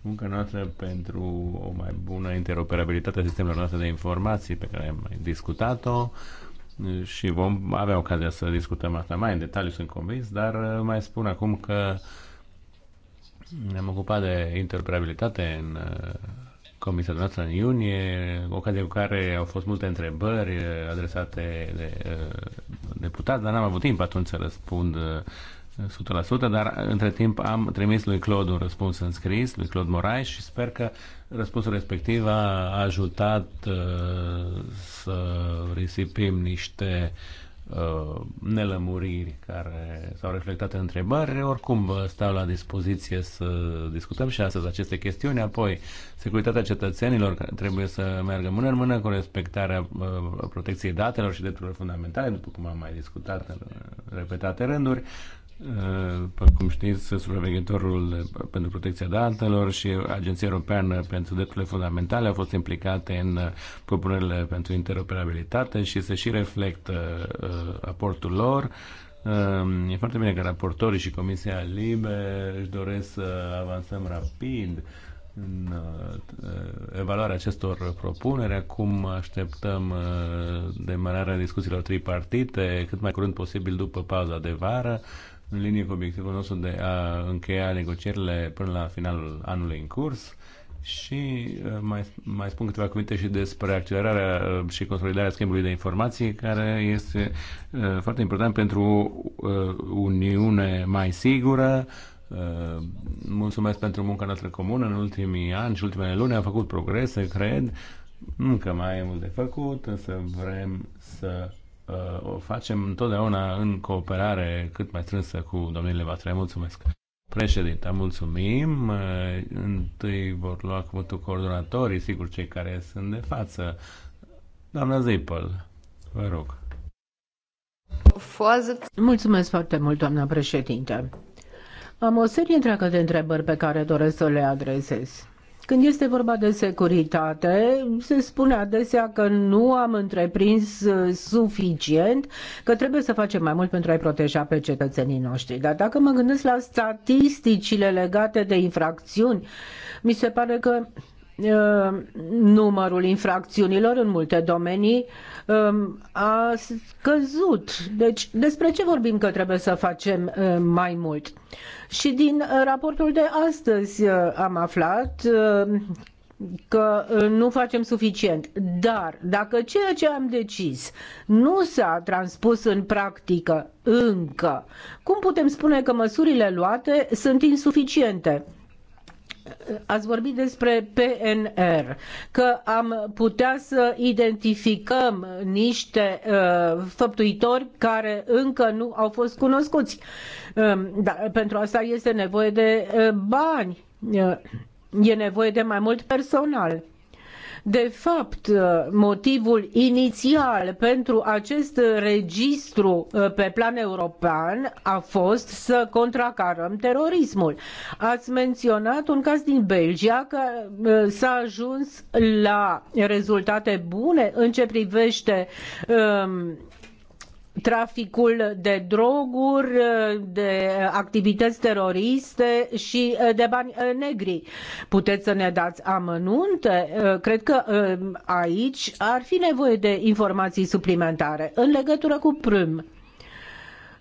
munca noastră pentru o mai bună interoperabilitate a sistemelor noastre de informații pe care am mai discutat-o și vom avea ocazia să discutăm asta mai în detaliu, sunt convins, dar uh, mai spun acum că ne-am ocupat de interoperabilitate în uh, comisia noastră în iunie, ocazia cu care au fost multe întrebări eh, adresate de eh, deputați, dar n-am avut timp atunci să răspund eh, 100%, dar între timp am trimis lui Claude un răspuns în scris, lui Claude Moraes și sper că răspunsul respectiv a ajutat să risipim niște uh, Uh, nelămuriri care s-au reflectat în întrebări. Oricum stau la dispoziție să discutăm și astăzi aceste chestiuni. Apoi, securitatea cetățenilor trebuie să meargă mână în mână cu respectarea uh, protecției datelor și drepturilor fundamentale, după cum am mai discutat în repetate rânduri după uh, cum știți, supraveghetorul pentru protecția datelor și Agenția Europeană pentru Drepturile Fundamentale au fost implicate în uh, propunerile pentru interoperabilitate și se și reflectă uh, aportul lor. E foarte bine că raportorii și Comisia Libe își doresc să avansăm rapid în evaluarea acestor propuneri. Acum așteptăm demararea discuțiilor tripartite cât mai curând posibil după pauza de vară în linie cu obiectivul nostru de a încheia negocierile până la finalul anului în curs și uh, mai, mai spun câteva cuvinte și despre accelerarea uh, și consolidarea schimbului de informații, care este uh, foarte important pentru Uniune mai sigură. Mulțumesc pentru munca noastră comună în ultimii ani și ultimele luni. Am făcut progrese, cred. Încă mai e mult de făcut, însă vrem să Uh, o facem întotdeauna în cooperare cât mai strânsă cu domnile voastre. Mulțumesc! Președinte, mulțumim. Uh, întâi vor lua cuvântul coordonatorii, sigur cei care sunt de față. Doamna Zipăl, vă rog. Mulțumesc foarte mult, doamna președinte. Am o serie întreagă de întrebări pe care doresc să le adresez. Când este vorba de securitate, se spune adesea că nu am întreprins uh, suficient, că trebuie să facem mai mult pentru a-i proteja pe cetățenii noștri. Dar dacă mă gândesc la statisticile legate de infracțiuni, mi se pare că Ehm, numărul infracțiunilor în multe domenii ehm, a scăzut. Deci, despre ce vorbim că trebuie să facem ehm, mai mult? Și din raportul de astăzi am aflat că nu facem suficient. Dar dacă ceea ce am decis nu s-a transpus în practică încă, cum putem spune că măsurile luate sunt insuficiente? Ați vorbit despre PNR, că am putea să identificăm niște uh, făptuitori care încă nu au fost cunoscuți. Uh, um, dar pentru asta este nevoie de uh, bani, uh, e nevoie de mai mult personal. De fapt, uh, motivul inițial pentru acest registru uh, pe plan european a fost să contracarăm terorismul. Ați menționat un caz din Belgia că uh, s-a ajuns la rezultate bune în ce privește um, traficul de droguri, de activități teroriste și de bani negri. Puteți să ne dați amănunte? Cred că eh, aici ar fi nevoie de informații suplimentare în legătură cu prâm.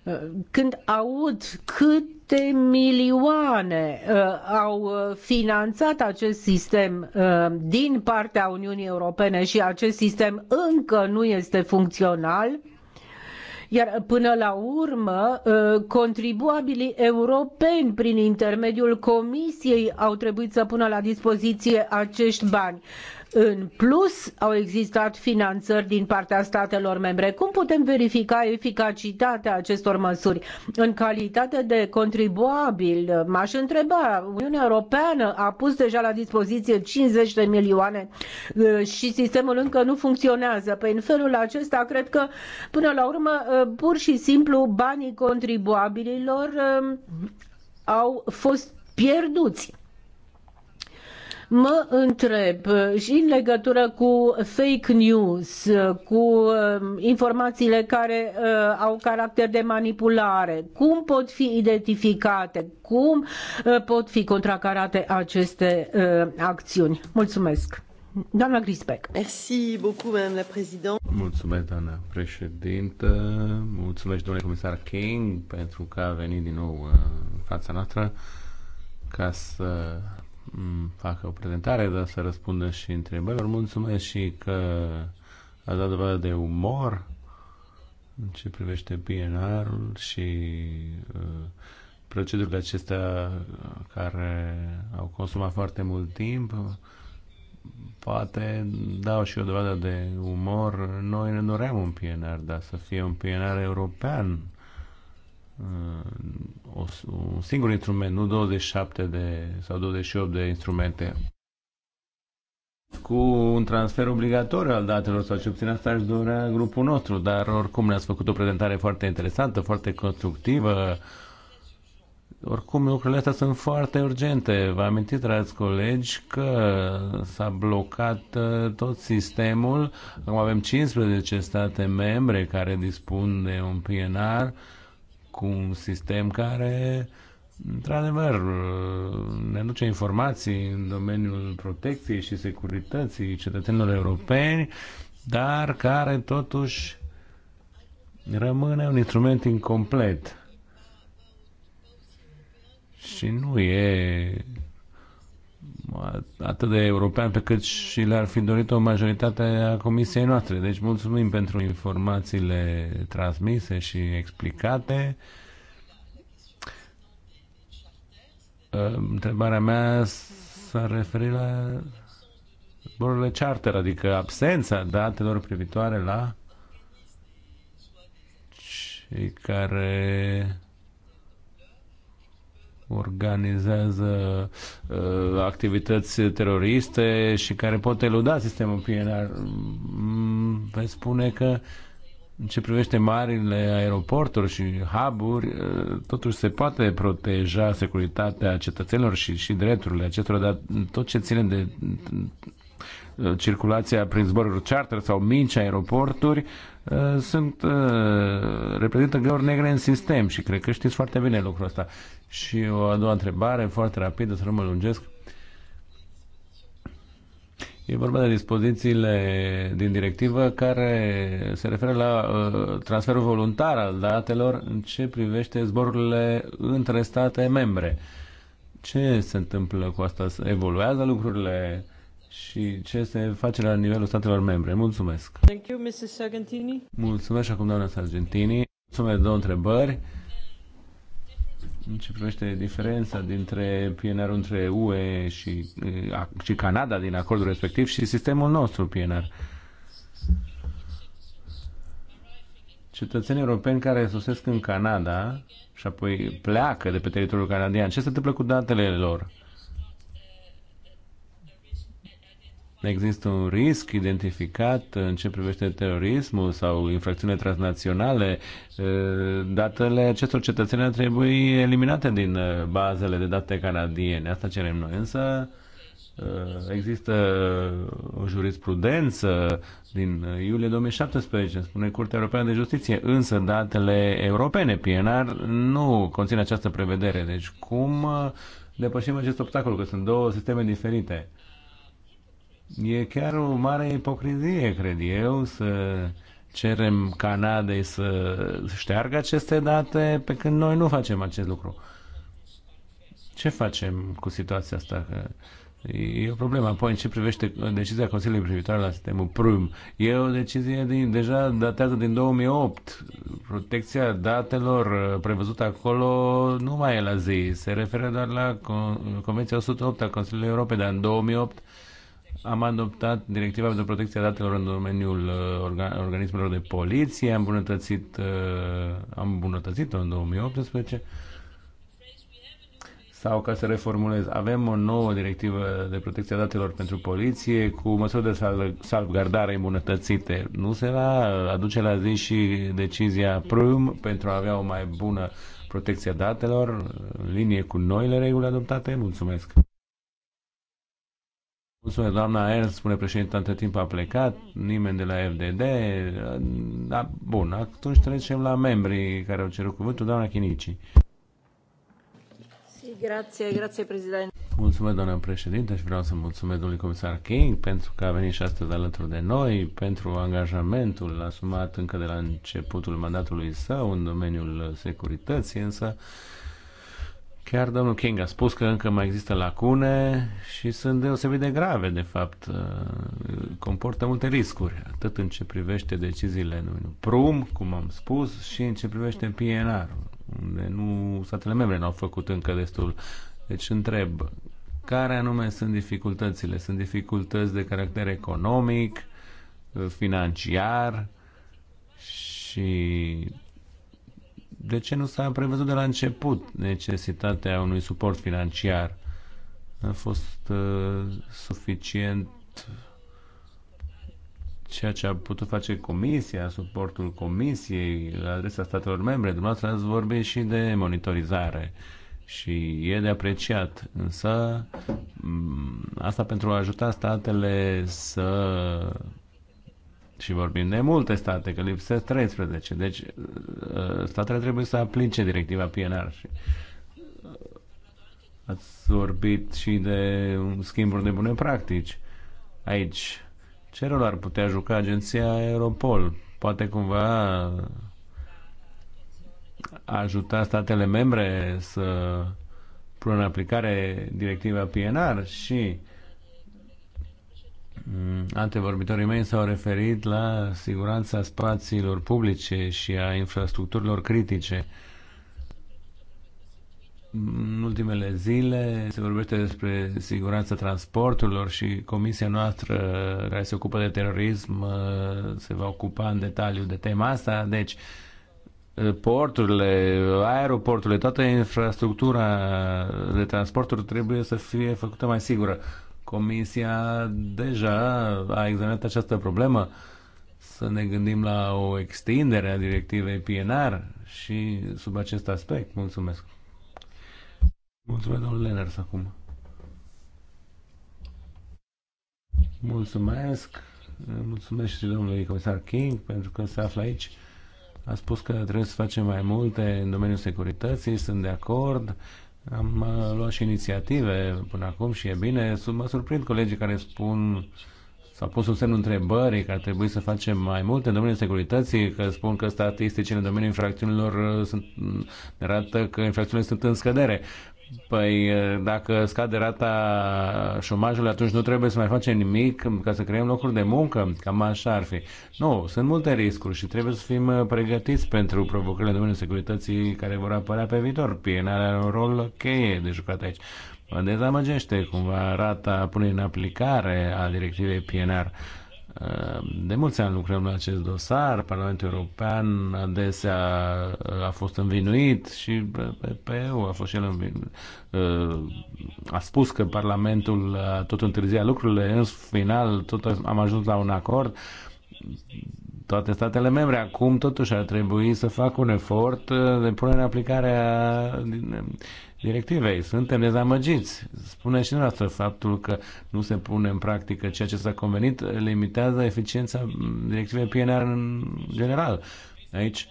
Eh, când aud câte milioane eh, au finanțat acest sistem din partea Uniunii Europene și acest sistem încă nu este funcțional, iar până la urmă, ă, contribuabilii europeni, prin intermediul Comisiei, au trebuit să pună la dispoziție acești bani. În plus, au existat finanțări din partea statelor membre. Cum putem verifica eficacitatea acestor măsuri? În calitate de contribuabil, m-aș întreba, Uniunea Europeană a pus deja la dispoziție 50 de milioane uh, și sistemul încă nu funcționează. Păi în felul acesta, cred că, până la urmă, uh, pur și simplu, banii contribuabililor uh, au fost pierduți. Mă întreb și în legătură cu fake news, cu um, informațiile care uh, au caracter de manipulare, cum pot fi identificate, cum uh, pot fi contracarate aceste uh, acțiuni. Mulțumesc! Doamna Grisbeck. Merci beaucoup, Madame la Présidente. Mulțumesc, doamna președintă. Mulțumesc, domnule comisar King, pentru că a venit din nou în fața noastră ca să Mm, facă o prezentare, dar să răspundă și întrebărilor. Mulțumesc și că a dat dovadă de umor în ce privește PNR-ul și uh, procedurile acestea care au consumat foarte mult timp. Poate dau și o dovadă de umor. Noi ne doream un PNR, dar să fie un PNR european Uh, un singur instrument, nu 27 de, sau 28 de instrumente. Cu un transfer obligatoriu al datelor, sau ce puțin asta își dorea grupul nostru, dar oricum ne-ați făcut o prezentare foarte interesantă, foarte constructivă. Oricum, lucrurile astea sunt foarte urgente. Vă amintiți, dragi colegi, că s-a blocat uh, tot sistemul. Acum avem 15 state membre care dispun de un PNR cu un sistem care, într-adevăr, ne aduce informații în domeniul protecției și securității cetățenilor europeni, dar care totuși rămâne un instrument incomplet. Și nu e atât de european pe cât și le-ar fi dorit o majoritate a comisiei noastre. Deci mulțumim pentru informațiile transmise și explicate. Uh, întrebarea mea s-a referit la zborurile charter, adică absența datelor privitoare la cei care organizează uh, activități teroriste și care pot eluda sistemul PNR. Mm, spune că în ce privește marile aeroporturi și hub-uri, uh, totuși se poate proteja securitatea cetățenilor și, și drepturile acestora, dar tot ce ține de Eh, circulația prin zboruri charter sau mici aeroporturi eh, sunt eh, reprezintă găuri negre în sistem și cred că știți foarte bine lucrul ăsta. Și o a doua întrebare, foarte rapidă, să nu mă lungesc. E vorba de dispozițiile din directivă care se referă la transferul voluntar al datelor în ce privește zborurile între state membre. Ce se întâmplă cu asta? Evoluează lucrurile? și ce se face la nivelul statelor membre. Mulțumesc! Thank you, Mrs. Sargentini. Mulțumesc și acum, doamna Sargentini. Mulțumesc, două întrebări. În ce privește diferența dintre PNR între UE și, eh, și Canada din acordul respectiv și sistemul nostru PNR. Cetățenii europeni care sosesc în Canada și apoi pleacă de pe teritoriul canadian, ce se întâmplă cu datele lor? Există un risc identificat în ce privește terorismul sau infracțiunile transnaționale. Datele acestor cetățeni ar trebui eliminate din bazele de date canadiene. Asta cerem noi. Însă există o jurisprudență din iulie 2017, spune Curtea Europeană de Justiție, însă datele europene, PNR, nu conțin această prevedere. Deci cum depășim acest obstacol, că sunt două sisteme diferite? E chiar o mare ipocrizie, cred eu, să cerem Canadei să șteargă aceste date pe când noi nu facem acest lucru. Ce facem cu situația asta? Că E o problemă. Apoi, în ce privește decizia Consiliului privitoare la sistemul PRUM, e o decizie din, deja datată din 2008. Protecția datelor uh, prevăzută acolo nu mai e la zi. Se referă doar la Convenția 108 a Consiliului Europei, dar în 2008 am adoptat directiva pentru protecția datelor în domeniul uh, organ organismelor de poliție, am îmbunătățit, uh, am îmbunătățit-o în 2018 sau ca să reformulez, avem o nouă directivă de protecție a datelor pentru poliție cu măsuri de sal- salvgardare îmbunătățite. Nu se va uh, aduce la zi și decizia PRUM pentru a avea o mai bună protecție a datelor în linie cu noile reguli adoptate? Mulțumesc! Mulțumesc, doamna Ernst, spune președinte, între timp a plecat, nimeni de la FDD. Da, bun, atunci trecem la membrii care au cerut cuvântul, doamna Chinici. grazie, grazie, președinte. Mulțumesc, doamna președinte, și vreau să mulțumesc domnului comisar King pentru că a venit și astăzi alături de noi, pentru angajamentul asumat încă de la începutul mandatului său în domeniul securității, însă Chiar domnul King a spus că încă mai există lacune și sunt deosebit de grave, de fapt. Uh, comportă multe riscuri, atât în ce privește deciziile în prum, cum am spus, și în ce privește PNR, unde nu, statele membre n-au făcut încă destul. Deci întreb, care anume sunt dificultățile? Sunt dificultăți de caracter economic, uh, financiar și de ce nu s-a prevăzut de la început necesitatea unui suport financiar? A fost uh, suficient ceea ce a putut face Comisia, suportul Comisiei la adresa statelor membre. Dumneavoastră ați vorbit și de monitorizare și e de apreciat, însă asta pentru a ajuta statele să și vorbim de multe state, că lipsesc 13, deci uh, statele trebuie să aplice directiva PNR. Și uh, ați vorbit și de schimburi de bune practici. Aici, ce rol ar putea juca agenția Europol? Poate cumva ajuta statele membre să pună în aplicare directiva PNR și Mm, antevorbitorii mei s-au referit la siguranța spațiilor publice și a infrastructurilor critice. În ultimele zile se vorbește despre siguranța transporturilor și comisia noastră care se ocupă de terorism uh, se va ocupa în detaliu de tema asta. Deci, uh, porturile, aeroporturile, toată infrastructura de transporturi trebuie să fie făcută mai sigură. Comisia deja a examinat această problemă. Să ne gândim la o extindere a directivei PNR și sub acest aspect. Mulțumesc. Mulțumesc, domnul Lenners, acum. Mulțumesc. Mulțumesc și domnului comisar King pentru că se află aici. A spus că trebuie să facem mai multe în domeniul securității, sunt de acord. Am uh, luat și inițiative până acum și e bine. Mă surprind colegii care spun s au pus un semn întrebării că ar trebui să facem mai multe în domeniul securității, că spun că statisticile în domeniul infracțiunilor uh, sunt, mm, arată că infracțiunile sunt în scădere. Păi dacă scade rata șomajului, atunci nu trebuie să mai facem nimic ca să creăm locuri de muncă, cam așa ar fi. Nu, sunt multe riscuri și trebuie să fim uh, pregătiți pentru provocările domeniului domeniul securității care vor apărea pe viitor. PNR are un rol cheie de jucat aici. Mă dezamăgește cumva rata punerii în aplicare a directivei PNR. Uh, de mulți ani lucrăm la acest dosar, Parlamentul European adesea uh, a fost învinuit și pe EU a fost și el învinuit. Uh, a spus că Parlamentul a tot întârzia lucrurile, în final tot am ajuns la un acord. Toate statele membre acum totuși ar trebui să facă un efort de punere în aplicare a directivei. Suntem dezamăgiți. Spune și noastră faptul că nu se pune în practică ceea ce s-a convenit, limitează eficiența directivei PNR în general. Aici,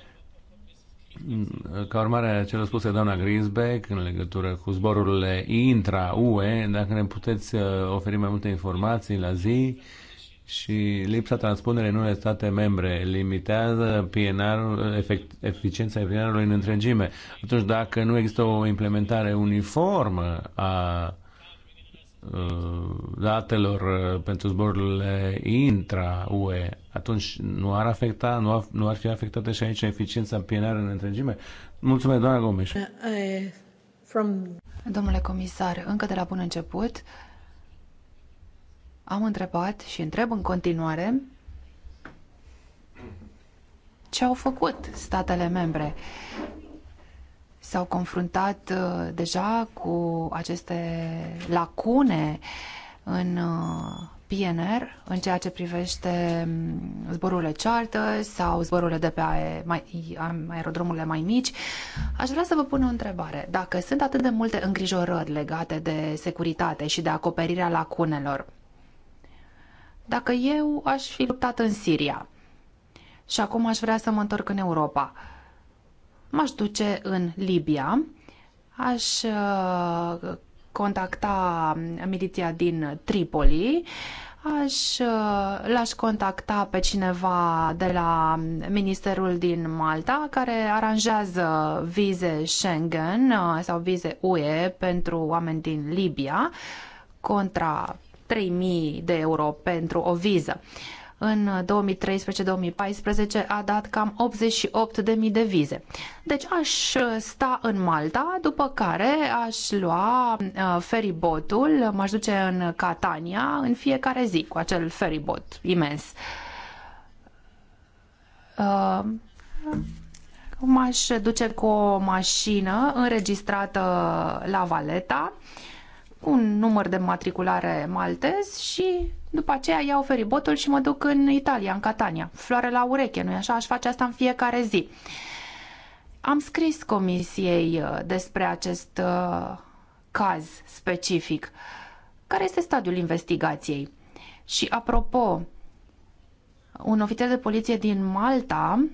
ca urmare a celor spuse doamna Grisbeck în legătură cu zborurile intra-UE, dacă ne puteți uh, oferi mai multe informații la zi, și lipsa transpunerii în unele state membre limitează PNR, efect, eficiența PNR-ului în întregime. Atunci, dacă nu există o implementare uniformă a uh, datelor uh, pentru zborurile intra-UE, atunci nu ar afecta, nu ar, nu ar fi afectată și aici eficiența PNR în întregime? Mulțumesc, doamna Gomes. Uh, Domnule comisar, încă de la bun început, am întrebat și întreb în continuare ce au făcut statele membre. S-au confruntat uh, deja cu aceste lacune în uh, PNR în ceea ce privește mm, zborurile charter sau zborurile de pe aerodromurile mai mici. Aș vrea să vă pun o întrebare. Dacă sunt atât de multe îngrijorări legate de securitate și de acoperirea lacunelor, dacă eu aș fi luptat în Siria și acum aș vrea să mă întorc în Europa, m-aș duce în Libia, aș uh, contacta miliția din Tripoli, aș, uh, l-aș contacta pe cineva de la ministerul din Malta care aranjează vize Schengen uh, sau vize UE pentru oameni din Libia contra 3.000 de euro pentru o viză. În 2013-2014 a dat cam 88.000 de vize. Deci aș sta în Malta, după care aș lua uh, feribotul, m-aș duce în Catania în fiecare zi cu acel feribot imens. Uh, m-aș duce cu o mașină înregistrată la Valeta, un număr de matriculare maltez și după aceea iau feribotul și mă duc în Italia, în Catania. Floare la ureche, nu-i așa? Aș face asta în fiecare zi. Am scris comisiei uh, despre acest uh, caz specific. Care este stadiul investigației? Și apropo, un ofițer de poliție din Malta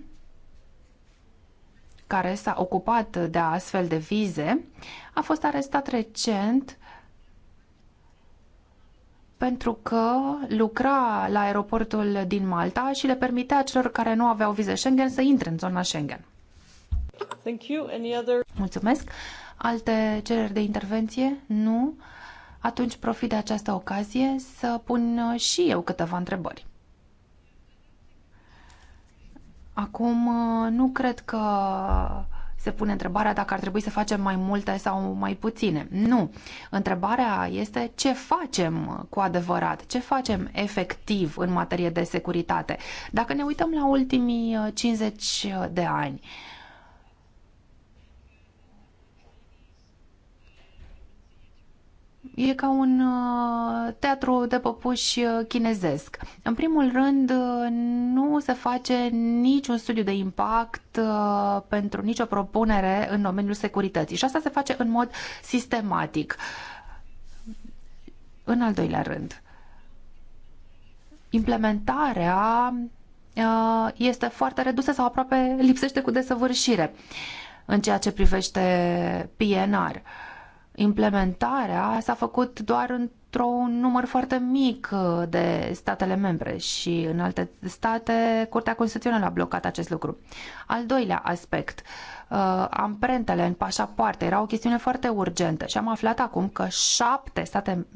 care s-a ocupat de astfel de vize, a fost arestat recent pentru că lucra la aeroportul din Malta și le permitea celor care nu aveau vize Schengen să intre în zona Schengen. Thank you. Any other... Mulțumesc. Alte cereri de intervenție? Nu. Atunci profit de această ocazie să pun și eu câteva întrebări. Acum, nu cred că se pune întrebarea dacă ar trebui să facem mai multe sau mai puține. Nu. Întrebarea este ce facem cu adevărat, ce facem efectiv în materie de securitate. Dacă ne uităm la ultimii 50 uh, de ani, E ca un uh, teatru de păpuși uh, chinezesc. În primul rând, uh, nu se face niciun studiu de impact pentru nicio propunere în domeniul securității și asta se face în mod sistematic. În al doilea rând, implementarea este foarte redusă sau aproape lipsește cu desăvârșire în ceea ce privește PNR implementarea s-a făcut doar într-un număr foarte mic uh, de statele membre și în alte state Curtea Constituțională a blocat acest lucru. Al doilea aspect, uh, amprentele în pașapoarte era o chestiune foarte urgentă și am aflat acum că șapte state,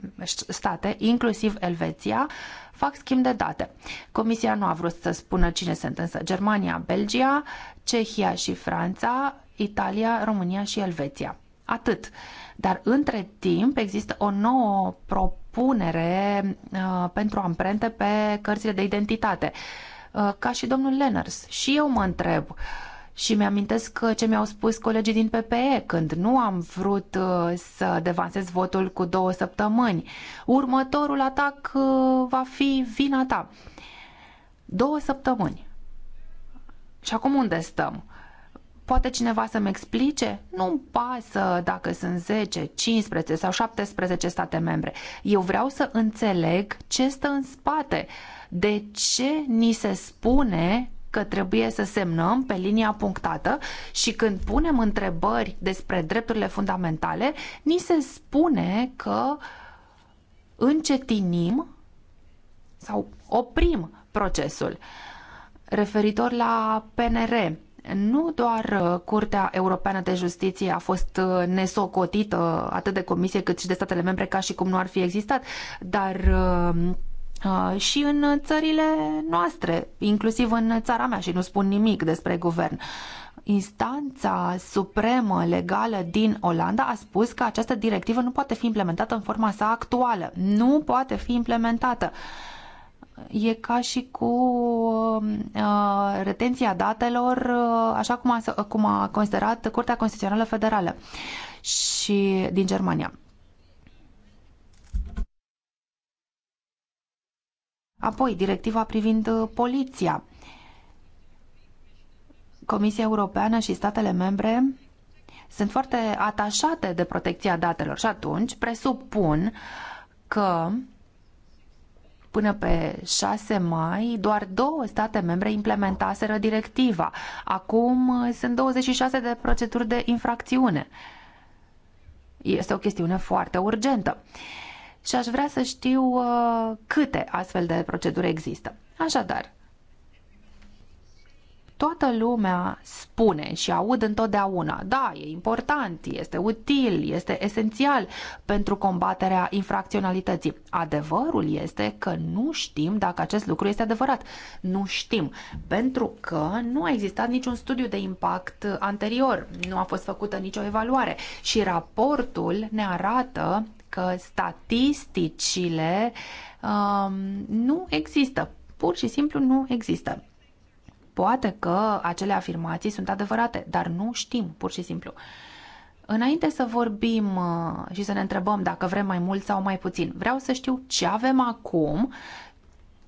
state inclusiv Elveția, fac schimb de date. Comisia nu a vrut să spună cine sunt însă Germania, Belgia, Cehia și Franța, Italia, România și Elveția. Atât. Uh, dar între timp există o nouă propunere uh, pentru amprente pe cărțile de identitate. Uh, ca și domnul Lenners. Și eu mă întreb și mi-amintesc ce mi-au spus colegii din PPE când nu am vrut uh, să devansez votul cu două săptămâni. Următorul atac uh, va fi vina ta. Două săptămâni. Și acum unde stăm? Poate cineva să-mi explice? Nu-mi pasă dacă sunt 10, 15 sau 17 state membre. Eu vreau să înțeleg ce stă în spate. De ce ni se spune că trebuie să semnăm pe linia punctată și când punem întrebări despre drepturile fundamentale, ni se spune că încetinim sau oprim procesul. Referitor la PNR, nu doar uh, Curtea Europeană de Justiție a fost uh, nesocotită atât de comisie cât și de statele membre ca și cum nu ar fi existat, dar uh, și în țările noastre, inclusiv în țara mea și nu spun nimic despre guvern. Instanța supremă legală din Olanda a spus că această directivă nu poate fi implementată în forma sa actuală. Nu poate fi implementată. Uh, e ca și cu um, uh, retenția datelor, uh, așa cum a, cum a considerat Curtea Constituțională Federală și din Germania. Apoi, directiva privind uh, poliția. Comisia Europeană și statele membre sunt foarte atașate de protecția datelor și atunci presupun că uh, Până pe 6 mai, doar două state membre implementaseră directiva. Acum uh, sunt 26 de proceduri de infracțiune. Este o chestiune foarte urgentă. Și aș vrea să știu uh, câte astfel de proceduri există. Așadar, Toată lumea spune și aud întotdeauna, da, e important, este util, este esențial pentru combaterea infracționalității. Adevărul este că nu știm dacă acest lucru este adevărat. Nu știm, pentru că nu a existat niciun studiu de impact anterior, nu a fost făcută nicio evaluare și raportul ne arată că statisticile um, nu există. Pur și simplu nu există. Poate că acele afirmații sunt adevărate, dar nu știm, pur și simplu. Înainte să vorbim uh, și să ne întrebăm dacă vrem mai mult sau mai puțin, vreau să știu ce avem acum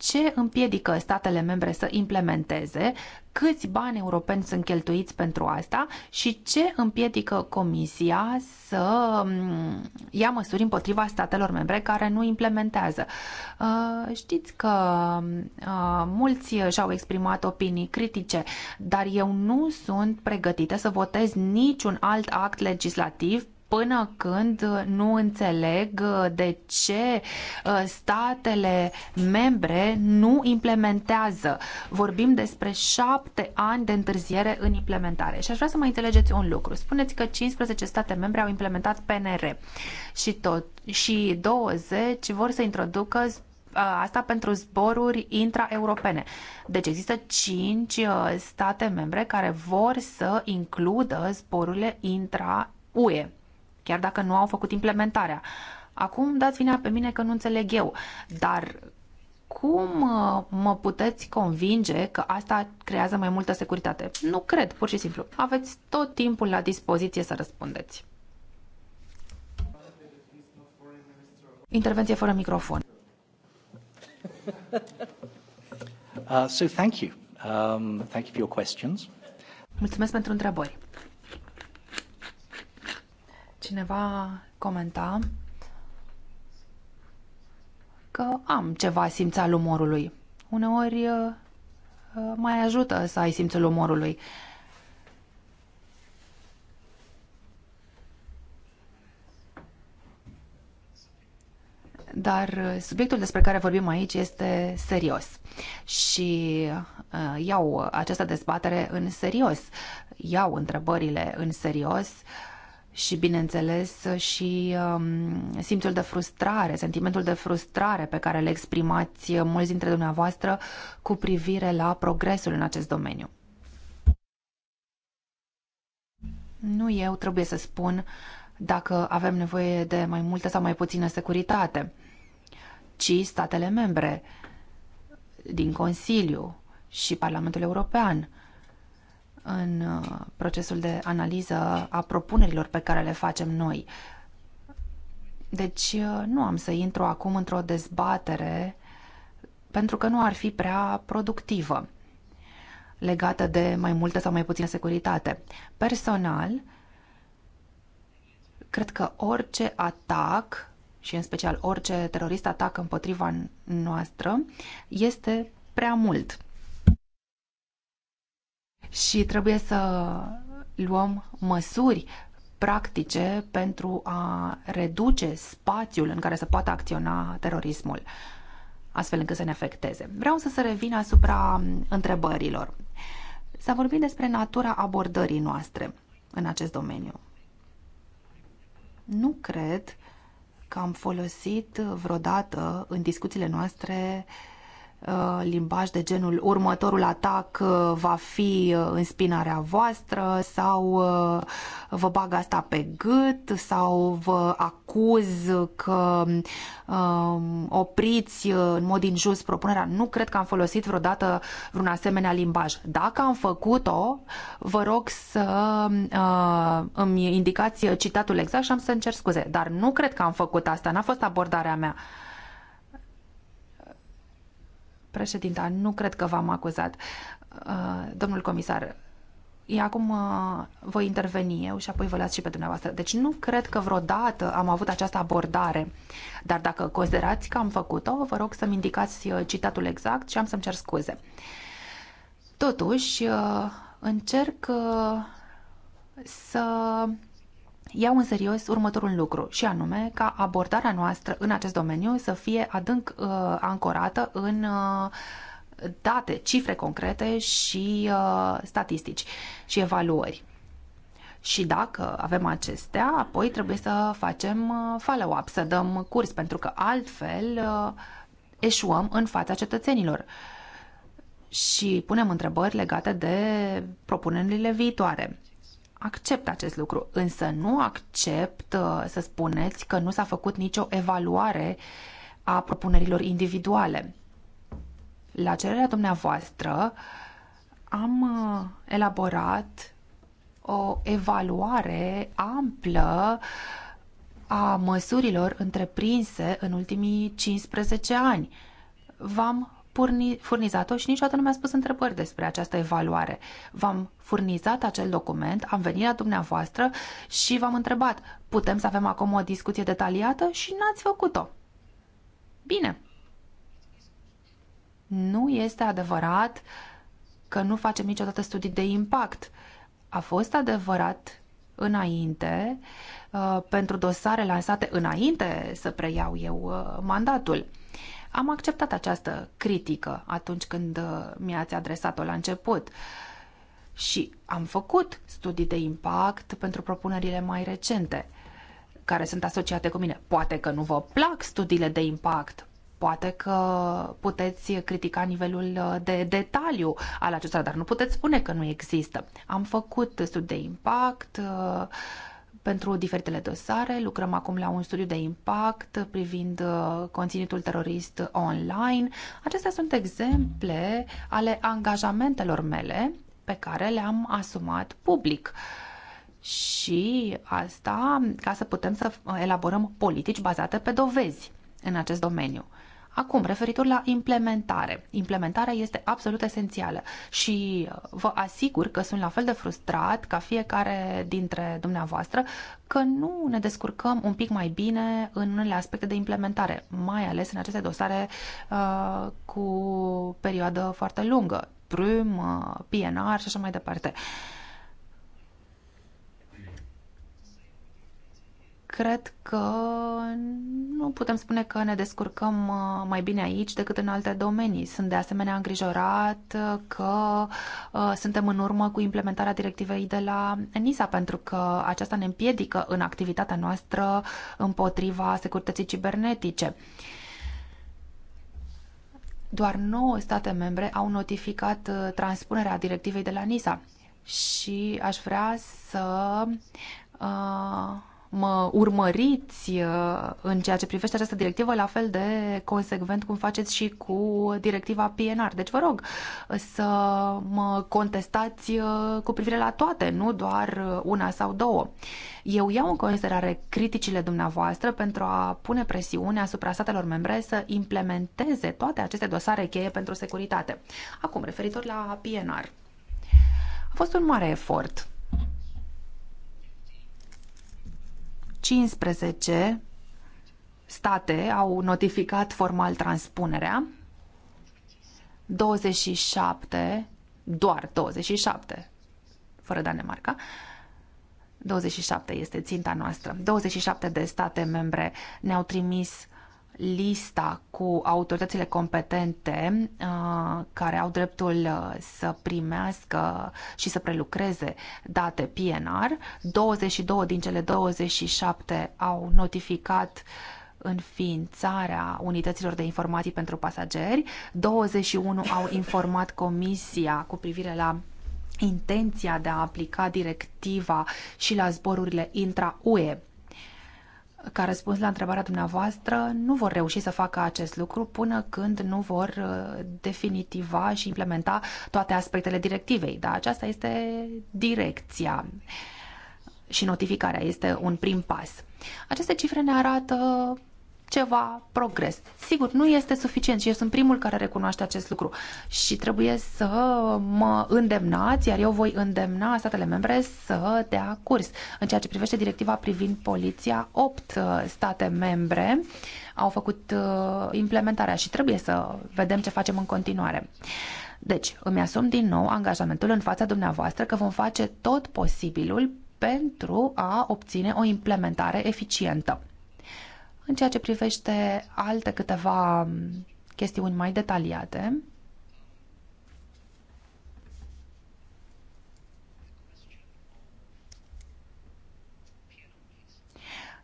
ce împiedică statele membre să implementeze, câți bani europeni sunt cheltuiți pentru asta și ce împiedică Comisia să mm, ia măsuri împotriva statelor membre care nu implementează. Uh, știți că uh, mulți și-au exprimat opinii critice, dar eu nu sunt pregătită să votez niciun alt act legislativ până când nu înțeleg de ce uh, statele membre nu implementează. Vorbim despre șapte ani de întârziere în implementare. Și aș vrea să mai înțelegeți un lucru. Spuneți că 15 state membre au implementat PNR și, tot, și 20 vor să introducă uh, asta pentru zboruri intraeuropene. Deci există 5 uh, state membre care vor să includă zborurile intra-UE chiar dacă nu au făcut implementarea. Acum dați vina pe mine că nu înțeleg eu, dar cum uh, mă puteți convinge că asta creează mai multă securitate? Nu cred, pur și simplu. Aveți tot timpul la dispoziție să răspundeți. Intervenție fără microfon. Uh, so thank you. Um, thank you for your questions. Mulțumesc pentru întrebări. Cineva comenta că am ceva simț al umorului. Uneori uh, uh, mai ajută să ai simțul umorului. dar uh, subiectul despre care vorbim aici este serios și iau această dezbatere în serios, iau întrebările în serios și, bineînțeles, și um, simțul de frustrare, sentimentul de frustrare pe care le exprimați mulți dintre dumneavoastră cu privire la progresul în acest domeniu. Nu eu trebuie să spun dacă avem nevoie de mai multă sau mai puțină securitate, ci statele membre din Consiliu și Parlamentul European – în uh, procesul de analiză a propunerilor pe care le facem noi. Deci uh, nu am să intru acum într-o dezbatere pentru că nu ar fi prea productivă legată de mai multă sau mai puțină securitate. Personal, cred că orice atac și în special orice terorist atac împotriva noastră este prea mult și trebuie să luăm măsuri practice pentru a reduce spațiul în care să poată acționa terorismul, astfel încât să ne afecteze. Vreau să se revin asupra întrebărilor. S-a vorbit despre natura abordării noastre în acest domeniu. Nu cred că am folosit vreodată în discuțiile noastre uh, Uh, limbaj de genul următorul atac uh, va fi uh, în spinarea voastră sau vă bag asta pe gât sau vă acuz că um, opriți în mod injust propunerea. Nu cred că am folosit vreodată vreun asemenea limbaj. Dacă am făcut-o, vă rog să îmi indicați citatul exact și am să încerc scuze. Dar nu cred că am făcut asta, n-a fost abordarea mea. Președinta, nu cred că v-am acuzat. Uh, domnul comisar, acum uh, voi interveni eu și apoi vă las și pe dumneavoastră. Deci nu cred că vreodată am avut această abordare, dar dacă considerați că am făcut-o, vă rog să-mi indicați uh, citatul exact și am să-mi cer scuze. Totuși, încerc să iau în serios următorul lucru, și anume ca abordarea noastră în acest domeniu să fie adânc uh, ancorată în uh, date, cifre concrete și uh, statistici și evaluări. Și dacă avem acestea, apoi trebuie să facem uh, follow-up, să dăm curs, pentru că altfel uh, eșuăm în fața cetățenilor și punem întrebări legate de propunerile viitoare accept acest lucru, însă nu accept uh, să spuneți că nu s-a făcut nicio evaluare a propunerilor individuale. La cererea dumneavoastră am uh, elaborat o evaluare amplă a măsurilor întreprinse în ultimii 15 ani. V-am furnizat-o și niciodată nu mi-a spus întrebări despre această evaluare. V-am furnizat acel document, am venit la dumneavoastră și v-am întrebat, putem să avem acum o discuție detaliată și n-ați făcut-o. Bine. Nu este adevărat că nu facem niciodată studii de impact. A fost adevărat înainte, uh, pentru dosare lansate înainte să preiau eu uh, mandatul am acceptat această critică atunci când uh, mi-ați adresat-o la început și am făcut studii de impact pentru propunerile mai recente care sunt asociate cu mine. Poate că nu vă plac studiile de impact, poate că puteți critica nivelul uh, de detaliu al acestora, dar nu puteți spune că nu există. Am făcut studii de impact, uh, pentru diferitele dosare. Lucrăm acum la un studiu de impact privind uh, conținutul terorist online. Acestea sunt exemple ale angajamentelor mele pe care le-am asumat public. Și asta ca să putem să elaborăm politici bazate pe dovezi în acest domeniu. Acum, referitor la implementare. Implementarea este absolut esențială și vă asigur că sunt la fel de frustrat ca fiecare dintre dumneavoastră că nu ne descurcăm un pic mai bine în unele aspecte de implementare, mai ales în aceste dosare uh, cu perioadă foarte lungă, prim, uh, PNR și așa mai departe. Uh, cred că nu putem spune că ne descurcăm uh, mai bine aici decât în alte domenii. Sunt de asemenea îngrijorat uh, că uh, suntem în urmă cu implementarea directivei de la NISA, pentru că aceasta ne împiedică în activitatea noastră împotriva securității cibernetice. Doar 9 state membre au notificat transpunerea directivei de la NISA și aș vrea să uh, mă urmăriți uh, în ceea ce privește această directivă la fel de consecvent cum faceți și cu directiva PNR. Deci vă rog să mă contestați uh, cu privire la toate, nu doar uh, una sau două. Eu iau în considerare criticile dumneavoastră pentru a pune presiune asupra statelor membre să implementeze toate aceste dosare cheie pentru securitate. Acum, referitor la PNR. A fost un mare efort 15 state au notificat formal transpunerea, 27, doar 27, fără Danemarca, 27 este ținta noastră. 27 de state membre ne-au trimis lista cu autoritățile competente uh, care au dreptul uh, să primească și să prelucreze date PNR. 22 din cele 27 au notificat înființarea unităților de informații pentru pasageri, 21 au informat comisia cu privire la intenția de a aplica directiva și la zborurile intra-UE ca răspuns la întrebarea dumneavoastră, nu vor reuși să facă acest lucru până când nu vor uh, definitiva și implementa toate aspectele directivei. Dar aceasta este direcția și notificarea este un prim pas. Aceste cifre ne arată ceva progres. Sigur, nu este suficient și eu sunt primul care recunoaște acest lucru și trebuie să mă îndemnați, iar eu voi îndemna statele membre să dea curs. În ceea ce privește directiva privind poliția, 8 uh, state membre au făcut uh, implementarea și trebuie să vedem ce facem în continuare. Deci, îmi asum din nou angajamentul în fața dumneavoastră că vom face tot posibilul pentru a obține o implementare eficientă. În ceea ce privește alte câteva mm, chestiuni mai detaliate,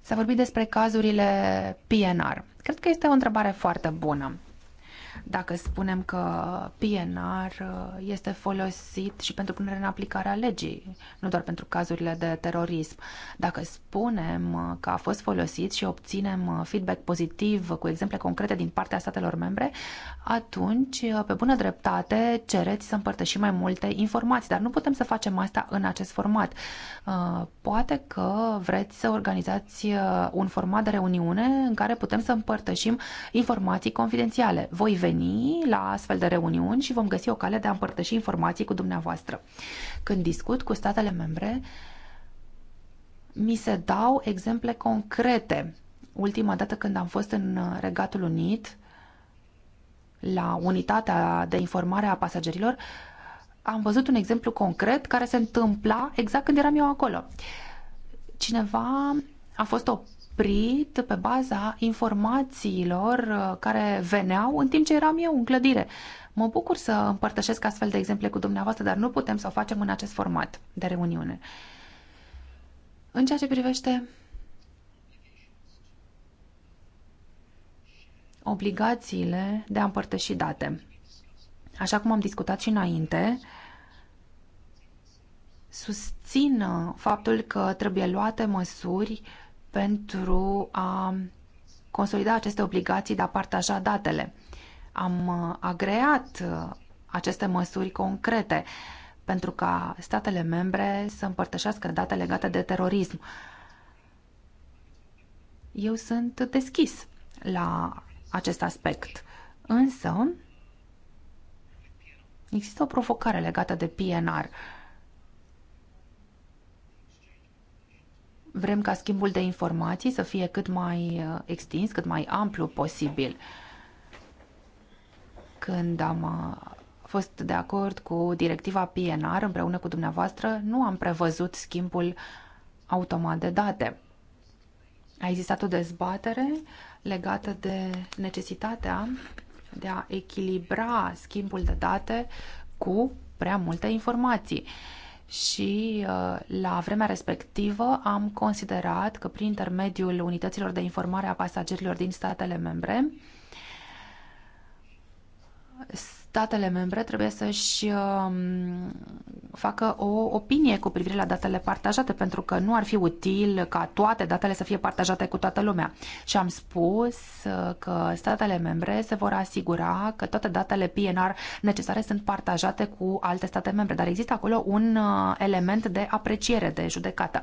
S-a vorbit despre cazurile PNR. Cred că este o întrebare foarte bună dacă spunem că PNR uh, este folosit și pentru punerea în aplicare a legii, nu doar pentru cazurile de terorism. Dacă spunem uh, că a fost folosit și obținem uh, feedback pozitiv cu exemple concrete din partea statelor membre, atunci, pe bună dreptate, cereți să împărtășim mai multe informații, dar nu putem să facem asta în acest format. Poate că vreți să organizați un format de reuniune în care putem să împărtășim informații confidențiale. Voi veni la astfel de reuniuni și vom găsi o cale de a împărtăși informații cu dumneavoastră. Când discut cu statele membre, mi se dau exemple concrete. Ultima dată când am fost în Regatul Unit, la unitatea de informare a pasagerilor, am văzut un exemplu concret care se întâmpla exact când eram eu acolo. Cineva a fost o oprit pe baza informațiilor uh, care veneau în timp ce eram eu în clădire. Mă bucur să împărtășesc astfel de exemple cu dumneavoastră, dar nu putem să o facem în acest format de reuniune. În ceea ce privește obligațiile de a împărtăși date. Așa cum am discutat și înainte, susțin faptul că trebuie luate măsuri pentru a consolida aceste obligații de a partaja datele. Am uh, agreat uh, aceste măsuri concrete pentru ca statele membre să împărtășească date legate de terorism. Eu sunt deschis la acest aspect, însă există o provocare legată de PNR. Vrem ca schimbul de informații să fie cât mai uh, extins, cât mai amplu posibil. Când am uh, fost de acord cu directiva PNR împreună cu dumneavoastră, nu am prevăzut schimbul automat de date. A existat o dezbatere legată de necesitatea de a echilibra schimbul de date cu prea multe informații și uh, la vremea respectivă am considerat că prin intermediul unităților de informare a pasagerilor din statele membre statele membre trebuie să-și um, facă o opinie cu privire la datele partajate, pentru că nu ar fi util ca toate datele să fie partajate cu toată lumea. Și am spus uh, că statele membre se vor asigura că toate datele PNR necesare sunt partajate cu alte state membre, dar există acolo un uh, element de apreciere, de judecată.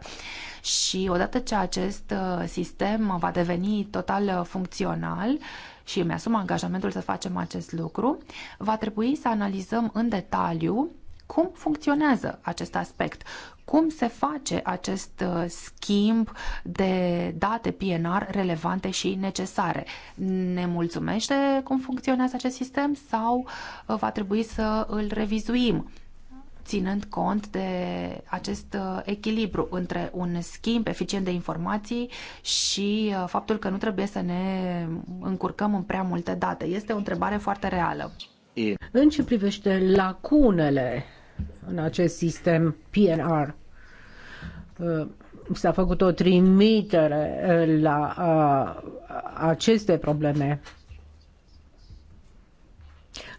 Și odată ce acest uh, sistem va deveni total funcțional, și îmi asum angajamentul să facem acest lucru, va trebui să analizăm în detaliu cum funcționează acest aspect, cum se face acest uh, schimb de date PNR relevante și necesare. Ne mulțumește cum funcționează acest sistem sau uh, va trebui să îl revizuim? ținând cont de acest uh, echilibru între un schimb eficient de informații și uh, faptul că nu trebuie să ne încurcăm în prea multe date. Este o întrebare foarte reală. În ce privește lacunele în acest sistem PNR, uh, s-a făcut o trimitere la aceste probleme.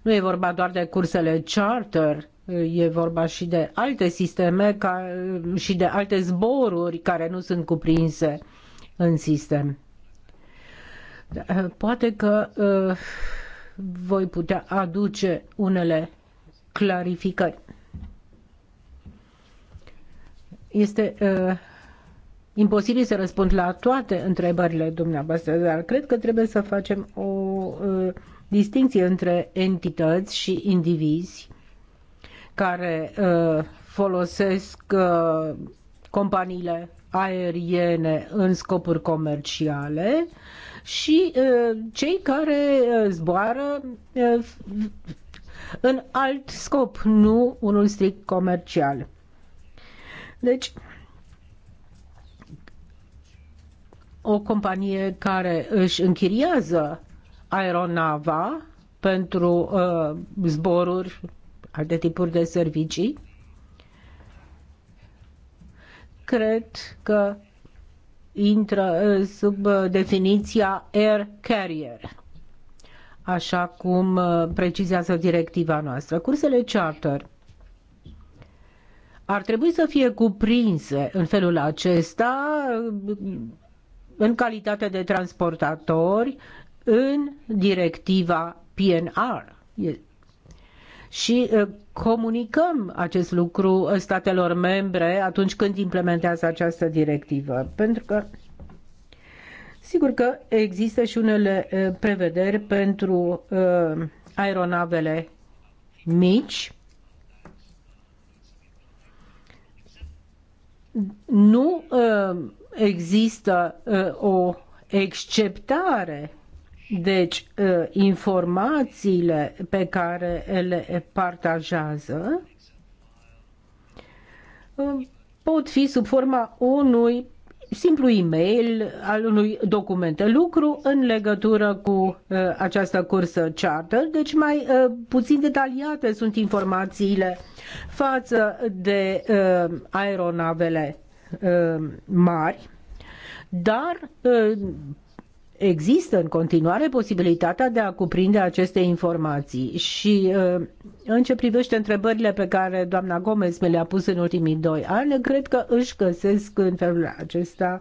Nu e vorba doar de cursele charter, E vorba și de alte sisteme ca, și de alte zboruri care nu sunt cuprinse în sistem. Poate că uh, voi putea aduce unele clarificări. Este uh, imposibil să răspund la toate întrebările dumneavoastră, dar cred că trebuie să facem o uh, distinție între entități și indivizi care uh, folosesc uh, companiile aeriene în scopuri comerciale și uh, cei care zboară în alt scop, nu unul strict comercial. Deci, o companie care își închiriază aeronava pentru uh, zboruri alte tipuri de servicii. Cred că intră uh, sub uh, definiția air carrier, așa cum uh, precizează directiva noastră. Cursele charter ar trebui să fie cuprinse în felul acesta în calitate de transportatori în directiva PNR și uh, comunicăm acest lucru uh, statelor membre atunci când implementează această directivă. Pentru că Sigur că există și unele uh, prevederi pentru aeronavele mici. Nu există o exceptare deci, ă, informațiile pe care le partajează ă, pot fi sub forma unui simplu e-mail al unui document de lucru în legătură cu uh, această cursă charter. Deci mai uh, puțin detaliate sunt informațiile față de uh, aeronavele uh, mari, dar uh, există în continuare posibilitatea de a cuprinde aceste informații. Și uh, în ce privește întrebările pe care doamna Gomez mi le-a pus în ultimii doi ani, cred că își găsesc în felul acesta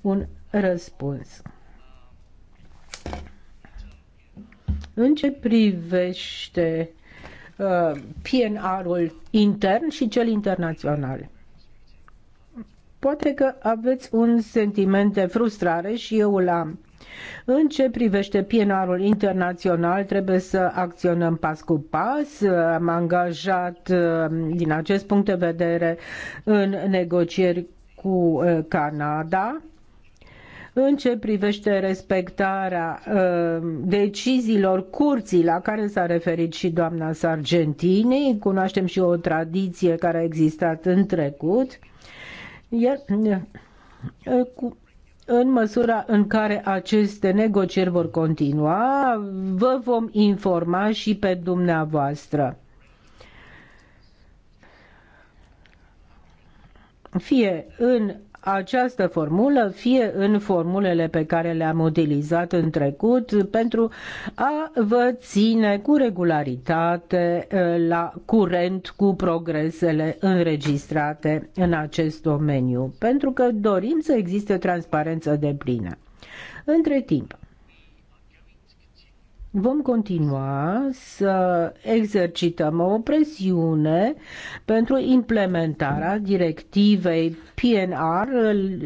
un răspuns. În ce privește uh, PNR-ul intern și cel internațional. Poate că aveți un sentiment de frustrare și eu îl am în ce privește pienarul internațional, trebuie să acționăm pas cu pas. Am angajat uh, din acest punct de vedere în negocieri cu uh, Canada în ce privește respectarea uh, deciziilor curții la care s-a referit și doamna Sargentini, cunoaștem și o tradiție care a existat în trecut, iar uh, cu în măsura în care aceste negocieri vor continua, vă vom informa și pe dumneavoastră. Fie în această formulă, fie în formulele pe care le-am utilizat în trecut, pentru a vă ține cu regularitate eh, la curent cu progresele înregistrate în acest domeniu, pentru că dorim să existe transparență de plină. Între timp, vom continua să exercităm o presiune pentru implementarea directivei PNR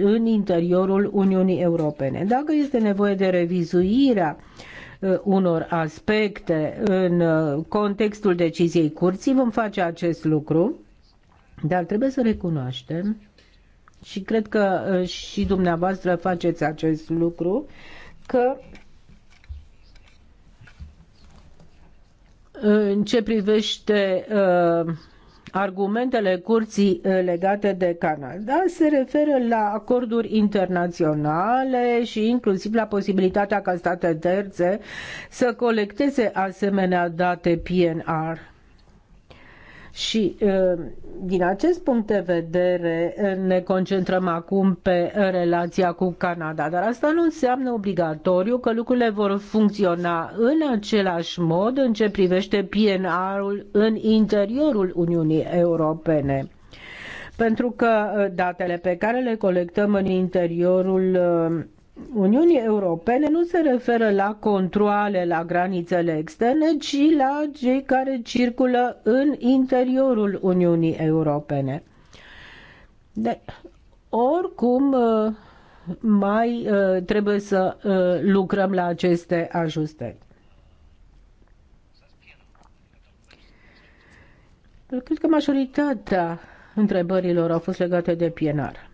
în interiorul Uniunii Europene. Dacă este nevoie de revizuirea uh, unor aspecte în uh, contextul deciziei curții, vom face acest lucru, dar trebuie să recunoaștem și cred că uh, și dumneavoastră faceți acest lucru, că În ce privește uh, argumentele curții uh, legate de Canada se referă la acorduri internaționale și inclusiv la posibilitatea ca state terțe să colecteze asemenea date PNR. Și din acest punct de vedere ne concentrăm acum pe relația cu Canada, dar asta nu înseamnă obligatoriu că lucrurile vor funcționa în același mod în ce privește PNR-ul în interiorul Uniunii Europene. Pentru că datele pe care le colectăm în interiorul Uniunii Europene nu se referă la controle la granițele externe, ci la cei care circulă în interiorul Uniunii Europene. De, oricum, uh, mai uh, trebuie să uh, lucrăm la aceste ajustări. Cred că majoritatea întrebărilor au fost legate de PNR.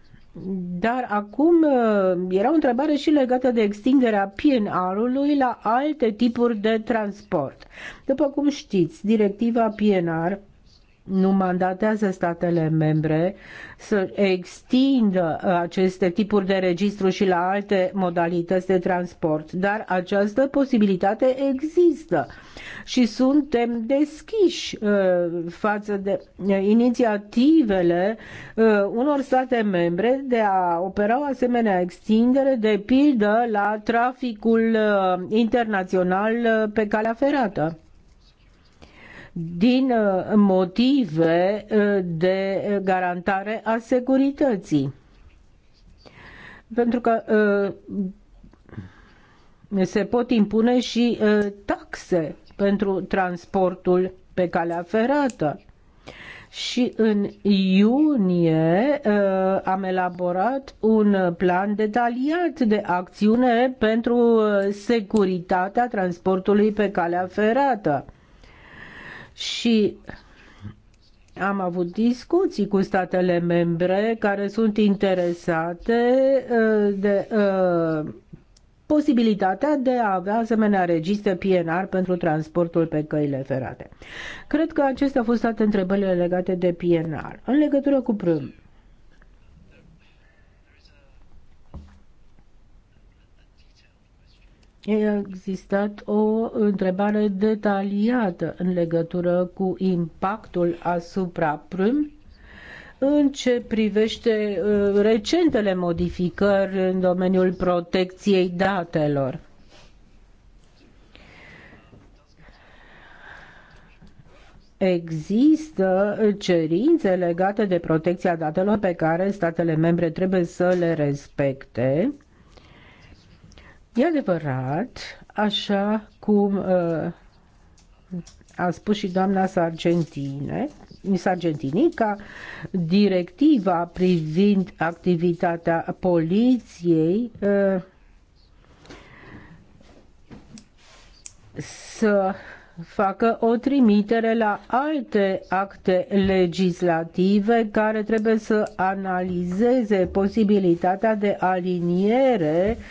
Dar acum uh, era o întrebare și legată de extinderea PNR-ului la alte tipuri de transport. După cum știți, directiva PNR nu mandatează statele membre să extindă aceste tipuri de registru și la alte modalități de transport, dar această posibilitate există și suntem deschiși uh, față de uh, inițiativele uh, unor state membre de a opera o asemenea extindere, de pildă la traficul internațional pe calea ferată din uh, motive uh, de garantare a securității. Pentru că uh, se pot impune și taxe pentru transportul pe calea ferată. Și în iunie am elaborat un plan detaliat de acțiune pentru securitatea transportului pe calea ferată și am avut discuții cu statele membre care sunt interesate uh, de uh, posibilitatea de a avea asemenea registre PNR pentru transportul pe căile ferate. Cred că acestea au fost toate întrebările legate de PNR. În legătură cu prâm, a existat o întrebare detaliată în legătură cu impactul asupra prim în ce privește uh, recentele modificări în domeniul protecției datelor. Există cerințe legate de protecția datelor pe care statele membre trebuie să le respecte E adevărat, așa cum uh, a spus și doamna Sargentine, Sargentini ca directiva privind activitatea poliției uh, să facă o trimitere la alte acte legislative care trebuie să analizeze posibilitatea de aliniere uh,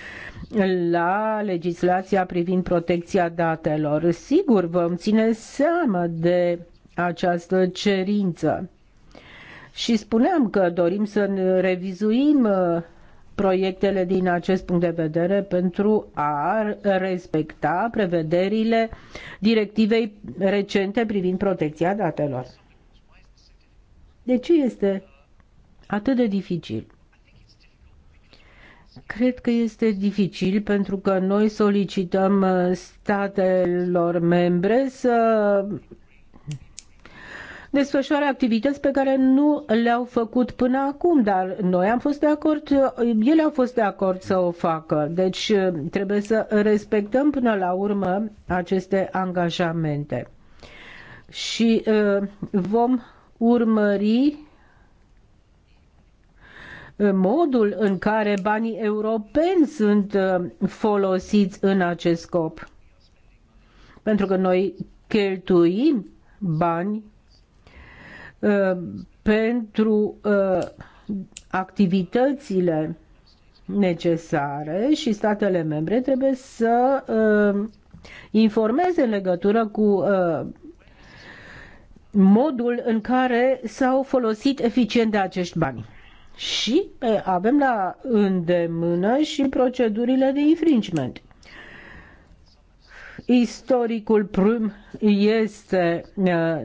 la legislația privind protecția datelor. Sigur, vom ține seama de această cerință. Și spuneam că dorim să ne revizuim uh, proiectele din acest punct de vedere pentru a respecta prevederile directivei recente privind protecția datelor. De ce este atât de dificil? Cred că este dificil pentru că noi solicităm uh, statelor membre să desfășoare activități pe care nu le-au făcut până acum, dar noi am fost de acord, uh, ele au fost de acord să o facă. Deci uh, trebuie să respectăm până la urmă aceste angajamente. Și vom urmări modul în care banii europeni sunt uh, folosiți în acest scop. Pentru că noi cheltuim bani uh, pentru uh, activitățile necesare și statele membre trebuie să informeze în legătură cu modul în care s-au folosit eficient de acești bani și avem la îndemână și procedurile de infringement. Istoricul prim este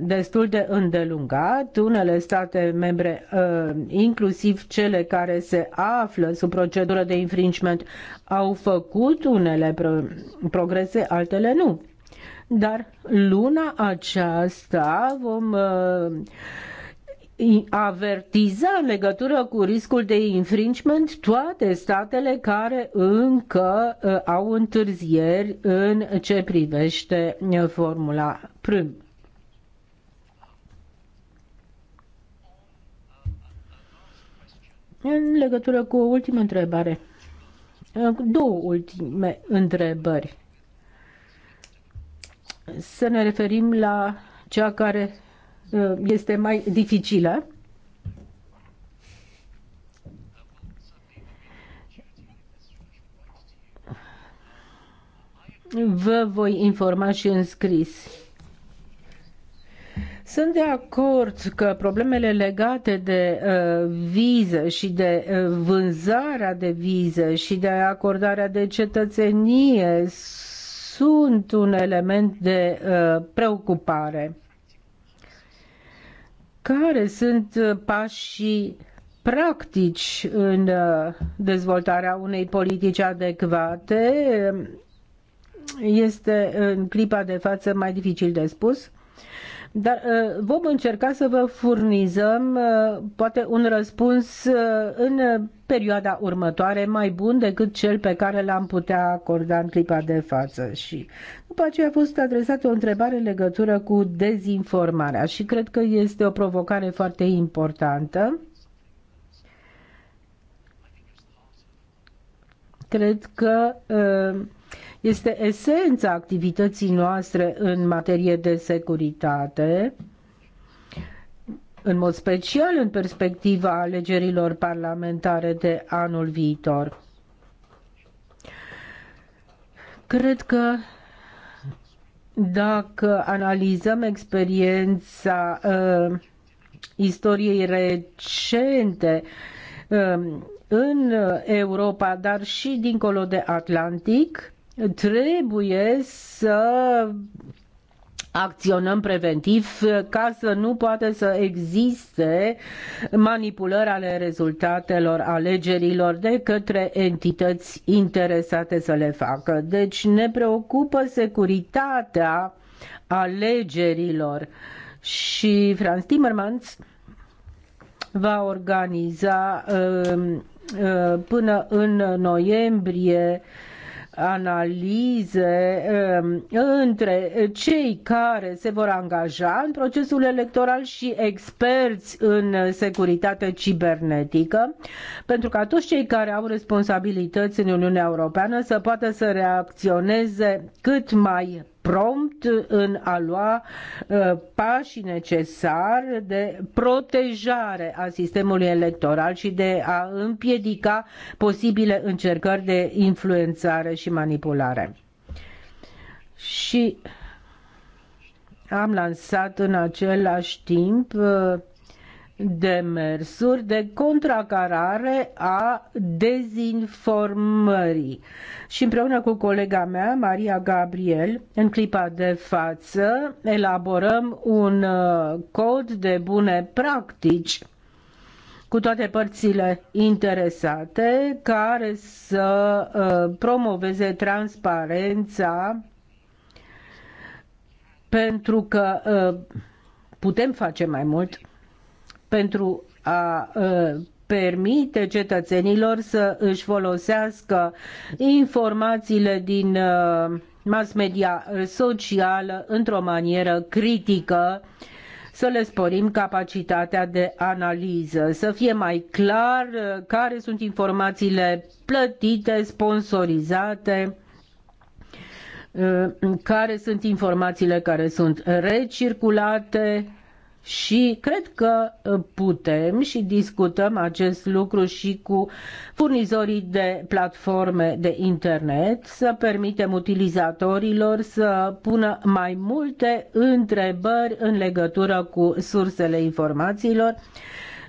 destul de îndelungat. Unele state membre, inclusiv cele care se află sub procedură de infringement, au făcut unele progrese, altele nu. Dar luna aceasta vom avertiza în legătură cu riscul de infringement toate statele care încă uh, au întârzieri în ce privește uh, formula prim. În legătură cu o ultimă întrebare, uh, două ultime întrebări. Să ne referim la cea care Uh, este mai dificilă. Vă voi informa și în scris. Sunt de acord că problemele legate de uh, viză și de uh, vânzarea de vize și de acordarea de cetățenie sunt un element de uh, preocupare care sunt uh, pașii practici în uh, dezvoltarea unei politici adecvate um, este în clipa de față mai dificil de spus. Dar uh, vom încerca să vă furnizăm uh, poate un răspuns uh, în perioada următoare mai bun decât cel pe care l-am putea acorda în clipa de față. Și după aceea a fost adresată o întrebare în legătură cu dezinformarea și cred că este o provocare foarte importantă. Cred că uh, este esența activității noastre în materie de securitate, în mod special în perspectiva alegerilor parlamentare de anul viitor. Cred că dacă analizăm experiența uh, istoriei recente uh, în Europa, dar și dincolo de Atlantic, trebuie să acționăm preventiv ca să nu poate să existe manipulări ale rezultatelor alegerilor de către entități interesate să le facă. Deci ne preocupă securitatea alegerilor și Franz Timmermans va organiza uh, uh, până în noiembrie analize um, între cei care se vor angaja în procesul electoral și experți în securitate cibernetică, pentru ca toți cei care au responsabilități în Uniunea Europeană să poată să reacționeze cât mai prompt în a lua uh, pașii necesari de protejare a sistemului electoral și de a împiedica posibile încercări de influențare și manipulare. Și am lansat în același timp uh, demersuri de contracarare a dezinformării. Și împreună cu colega mea, Maria Gabriel, în clipa de față, elaborăm un uh, cod de bune practici cu toate părțile interesate care să uh, promoveze transparența pentru că uh, putem face mai mult pentru a ă, permite cetățenilor să își folosească informațiile din ă, mass media socială într-o manieră critică să le sporim capacitatea de analiză, să fie mai clar ă, care sunt informațiile plătite, sponsorizate, care sunt informațiile care sunt recirculate și cred că uh, putem și discutăm acest lucru și cu furnizorii de platforme de internet să permitem utilizatorilor să pună mai multe întrebări în legătură cu sursele informațiilor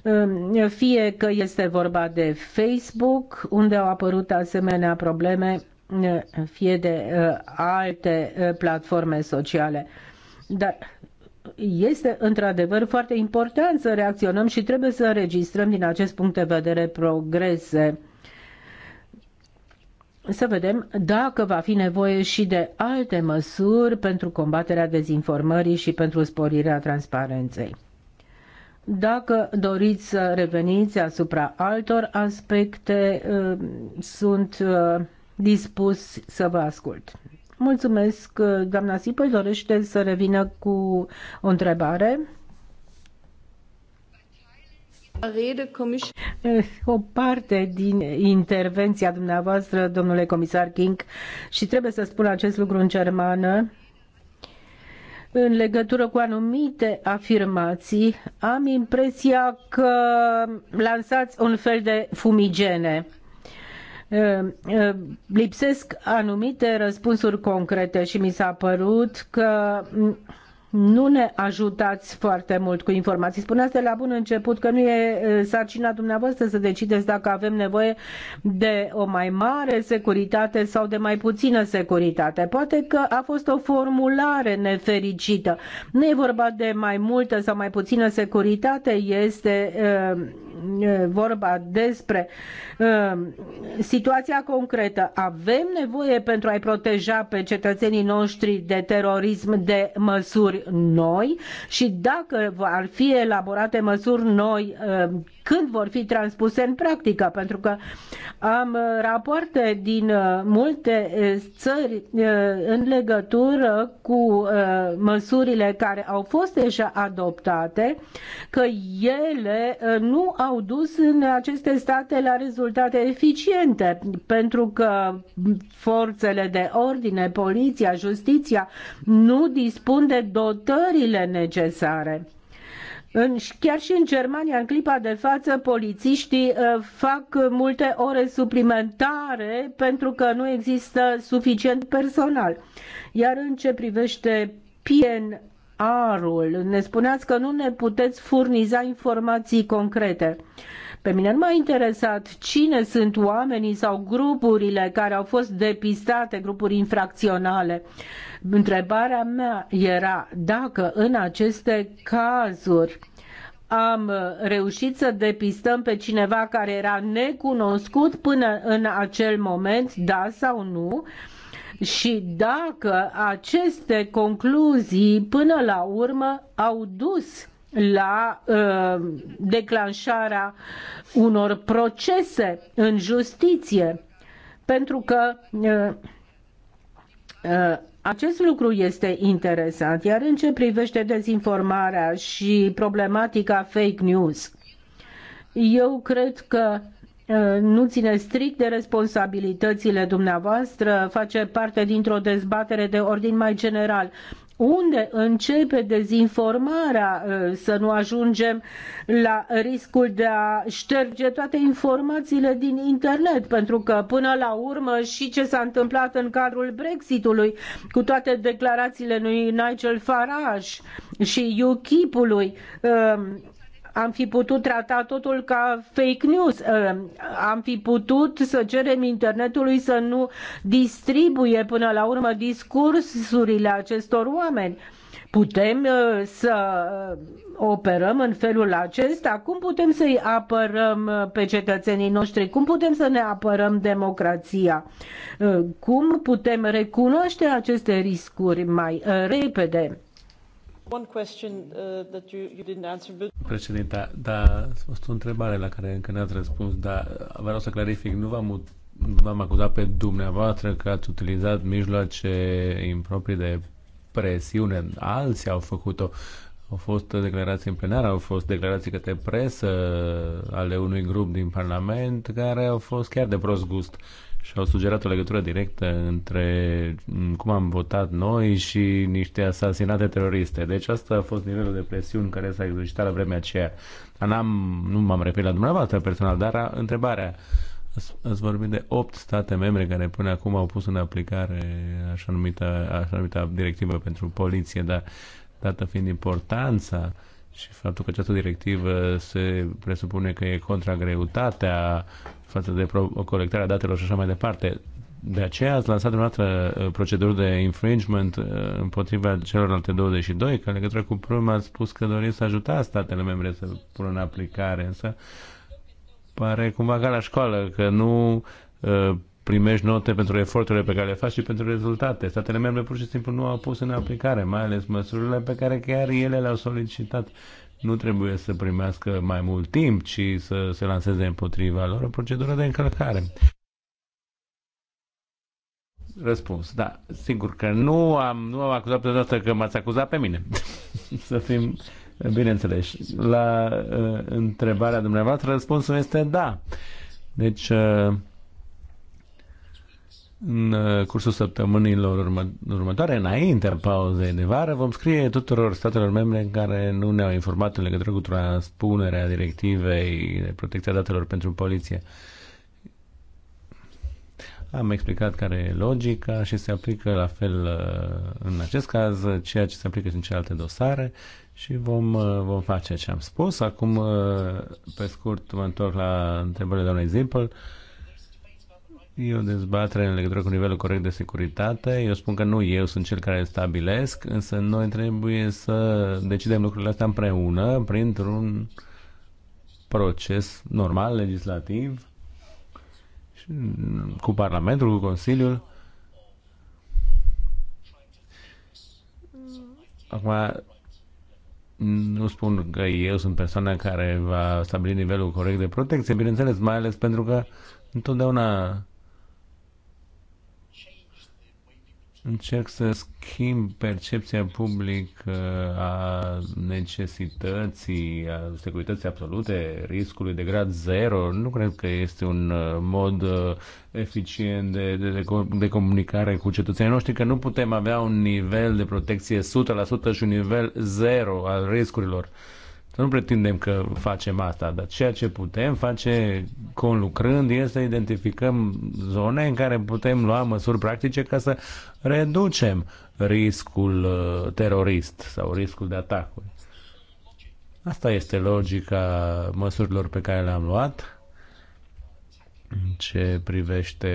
um, fie că este vorba de Facebook, unde au apărut asemenea probleme, uh, fie de uh, alte platforme sociale. Dar este într-adevăr foarte important să reacționăm și trebuie să înregistrăm din acest punct de vedere progrese. Să vedem dacă va fi nevoie și de alte măsuri pentru combaterea dezinformării și pentru sporirea transparenței. Dacă doriți să reveniți asupra altor aspecte, ă, sunt ă, dispus să vă ascult. Mulțumesc. Uh, doamna Sipă, dorește să revină cu o întrebare. Uh, o parte din intervenția dumneavoastră, domnule comisar King, și trebuie să spun acest lucru în germană, în legătură cu anumite afirmații, am impresia că lansați un fel de fumigene Ă, ă, lipsesc anumite răspunsuri concrete și mi s-a părut că nu ne ajutați foarte mult cu informații. Spuneați de la bun început că nu e sarcina dumneavoastră să decideți dacă avem nevoie de o mai mare securitate sau de mai puțină securitate. Poate că a fost o formulare nefericită. Nu e vorba de mai multă sau mai puțină securitate, este vorba despre situația concretă. Avem nevoie pentru a-i proteja pe cetățenii noștri de terorism, de măsuri măsuri noi și dacă ar fi elaborate măsuri noi ă, când vor fi transpuse în practică, pentru că am uh, rapoarte din uh, multe uh, țări în legătură cu măsurile care au fost deja adoptate, că ele nu au dus în aceste state la rezultate eficiente, pentru că forțele de ordine, poliția, justiția nu dispun de dotările necesare. În, chiar și în Germania, în clipa de față, polițiștii uh, fac multe ore suplimentare pentru că nu există suficient personal. Iar în ce privește PNR-ul, ne spuneați că nu ne puteți furniza informații concrete. Uh, pe mine nu m-a interesat cine sunt oamenii sau grupurile care au fost depistate, grupuri infracționale. Întrebarea mea era dacă în aceste cazuri am reușit să depistăm pe cineva care era necunoscut până în acel moment, da sau nu, și dacă aceste concluzii până la urmă au dus la uh, declanșarea unor procese în justiție, pentru că uh, uh, acest lucru este interesant. Iar în ce privește dezinformarea și problematica fake news, eu cred că uh, nu ține strict de responsabilitățile dumneavoastră, face parte dintr-o dezbatere de ordin mai general unde începe dezinformarea, ă, să nu ajungem la riscul de a șterge toate informațiile din internet, pentru că până la urmă și ce s-a întâmplat în cadrul Brexitului cu toate declarațiile lui Nigel Farage și UKIP-ului ă, am fi putut trata totul ca fake news, ă, am fi putut să cerem internetului să nu distribuie până la urmă discursurile acestor oameni. Putem ă, să operăm în felul acesta? Cum putem să-i apărăm ă, pe cetățenii noștri? Cum putem să ne apărăm democrația? Cum putem recunoaște aceste riscuri mai repede? Uh, Președinte, da, a fost o întrebare la care încă n-ați răspuns, dar vreau să clarific, nu v-am v-am acuzat pe dumneavoastră că ați utilizat mijloace improprii de presiune. Alții au făcut-o. Au fost declarații în plenar, au fost declarații către presă ale unui grup din Parlament care au fost chiar de prost gust și au sugerat o legătură directă între mm, cum am votat noi și niște asasinate teroriste. Deci asta a fost nivelul de presiuni care s-a exercitat la vremea aceea. N-am, nu m-am referit la dumneavoastră personal, dar a, întrebarea Ați vorbit de 8 state membre care până acum au pus în aplicare așa numită, așa numită directivă pentru poliție, dar dată fiind importanța și faptul că această directivă se presupune că e contra greutatea față de colectarea datelor și așa mai departe. De aceea ați lansat un altă uh, procedură de infringement uh, împotriva celorlalte 22, că în legătură cu problema ați spus că doriți să ajutați statele membre să pună în aplicare, însă pare cumva ca la școală, că nu uh, primești note pentru eforturile pe care le faci și pentru rezultate. Statele membre pur și simplu nu au pus în aplicare, mai ales măsurile pe care chiar ele le-au solicitat nu trebuie să primească mai mult timp, ci să se lanseze împotriva lor o procedură de încălcare. Răspuns. Da, sigur că nu am, nu am acuzat pe dată că m-ați acuzat pe mine. (laughs) să fim bineînțeles. La uh, întrebarea dumneavoastră, răspunsul este da. Deci, uh, în uh, cursul săptămânilor urmă, următoare, înaintea pauzei de vară, vom scrie tuturor statelor membre care nu ne-au informat în legătură cu transpunerea directivei de protecția datelor pentru poliție. Am explicat care e logica și se aplică la fel uh, în acest caz ceea ce se aplică și în celelalte dosare și vom, uh, vom face ce am spus. Acum, pe scurt, mă întorc la întrebările doamnei Zimple. E o dezbatere în legătură cu nivelul corect de securitate. Eu spun că nu eu sunt cel care stabilesc, însă noi trebuie să decidem lucrurile astea împreună printr-un proces normal, legislativ, cu Parlamentul, cu Consiliul. Acum, nu spun că eu sunt persoana care va stabili nivelul corect de protecție, bineînțeles, mai ales pentru că întotdeauna încerc să schimb percepția publică a necesității, a securității absolute, riscului de grad zero. Nu cred că este un uh, mod uh, eficient de, de, de comunicare cu cetățenii noștri, că nu putem avea un nivel de protecție 100% și un nivel zero al riscurilor. Uh, să nu pretindem că facem asta, dar ceea ce putem face conlucrând este să identificăm zone în care putem lua măsuri practice ca să reducem riscul uh, terorist sau riscul de atacuri. Asta este logica măsurilor pe care le-am luat în ce privește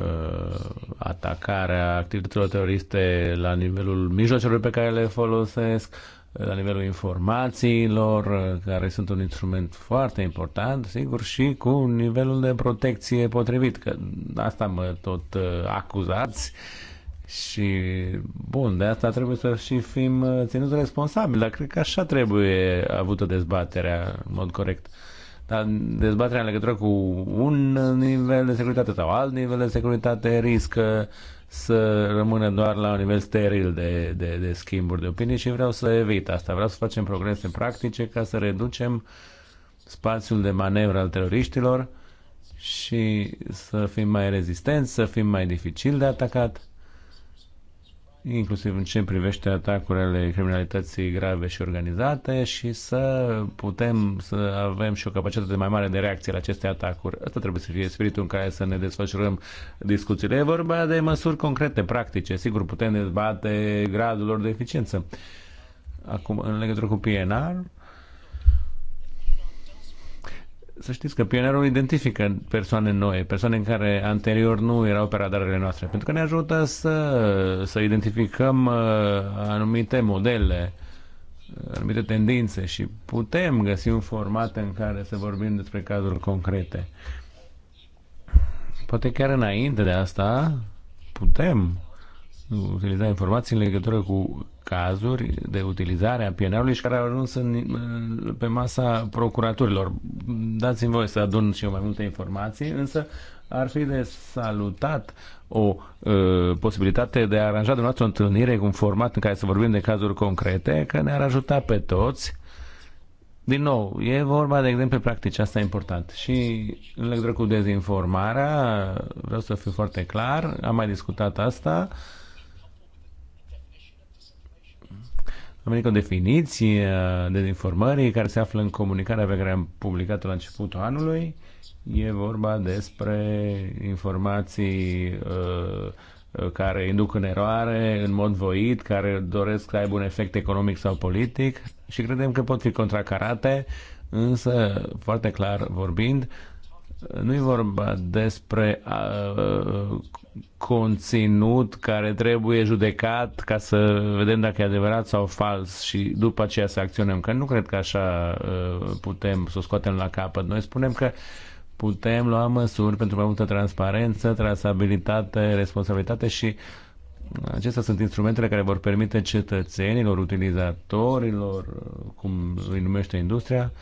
uh, atacarea activităților teroriste la nivelul mijloacelor pe care le folosesc, la nivelul informațiilor, care sunt un instrument foarte important, sigur, și cu nivelul de protecție potrivit, că asta mă tot uh, acuzați și, bun, de asta trebuie să și fim uh, ținuți responsabili, dar cred că așa trebuie avută dezbaterea în mod corect. Dar dezbaterea în legătură cu un nivel de securitate sau alt nivel de securitate riscă uh, să rămână doar la un nivel steril de, de, de schimburi de opinii și vreau să evit asta. Vreau să facem progrese practice ca să reducem spațiul de manevră al teroriștilor și să fim mai rezistenți, să fim mai dificil de atacat inclusiv în ce privește atacurile criminalității grave și organizate și să putem să avem și o capacitate mai mare de reacție la aceste atacuri. Asta trebuie să fie spiritul în care să ne desfășurăm discuțiile. E vorba de măsuri concrete, practice. Sigur, putem dezbate gradul lor de eficiență. Acum, în legătură cu PNR, să știți că pionerul identifică persoane noi, persoane în care anterior nu erau pe radarele noastre, pentru că ne ajută să, să identificăm uh, anumite modele, anumite tendințe și putem găsi un format în care să vorbim despre cazuri concrete. Poate chiar înainte de asta putem utiliza informații în legătură cu cazuri de utilizare a PNR-ului și care au ajuns în, pe masa procuraturilor. Dați-mi voie să adun și eu mai multe informații, însă ar fi de salutat o uh, posibilitate de a aranja de o întâlnire cu un format în care să vorbim de cazuri concrete, că ne-ar ajuta pe toți. Din nou, e vorba de exemple practice, asta e important. Și în legătură cu dezinformarea, vreau să fiu foarte clar, am mai discutat asta, uh, Am venit cu o definiție de informare care se află în comunicarea pe care am publicat-o la începutul anului. E vorba despre informații uh, uh, care induc în eroare, în mod voit, care doresc să aibă un efect economic sau politic și credem că pot fi contracarate, însă, foarte clar vorbind, nu e vorba despre uh, uh conținut care trebuie judecat ca să vedem dacă e adevărat sau fals și după aceea să acționăm. Că nu cred că așa uh, putem să o scoatem la capăt. Noi spunem că putem lua măsuri pentru mai multă transparență, trasabilitate, responsabilitate și acestea sunt instrumentele care vor permite cetățenilor, utilizatorilor, cum îi numește industria,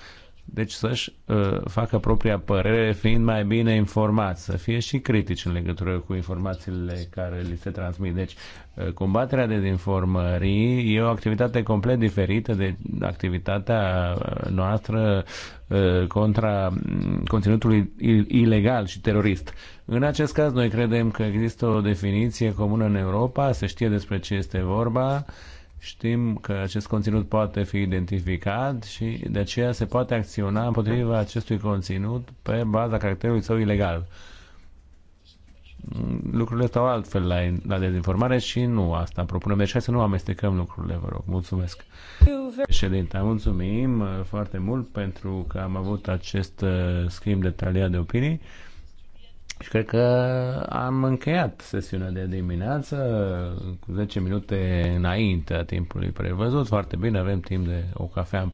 deci să-și uh, facă propria părere fiind mai bine informat, să fie și critici în legătură cu informațiile care li se transmit. Deci uh, combaterea dezinformării e o activitate complet diferită de activitatea uh, noastră uh, contra mm, conținutului ilegal și terorist. În acest caz noi credem că există o definiție comună în Europa, se știe despre ce este vorba, uh, Știm că acest conținut poate fi identificat și de aceea se poate acționa împotriva acestui conținut pe baza caracterului său ilegal. Lucrurile stau altfel la, la dezinformare și nu asta propunem. Deci hai să nu amestecăm lucrurile, vă rog. Mulțumesc. Președinte, mulțumim foarte mult pentru că am avut acest uh, schimb detaliat de opinii. Și cred că am încheiat sesiunea de dimineață cu 10 minute înainte a timpului prevăzut. Foarte bine, avem timp de o cafea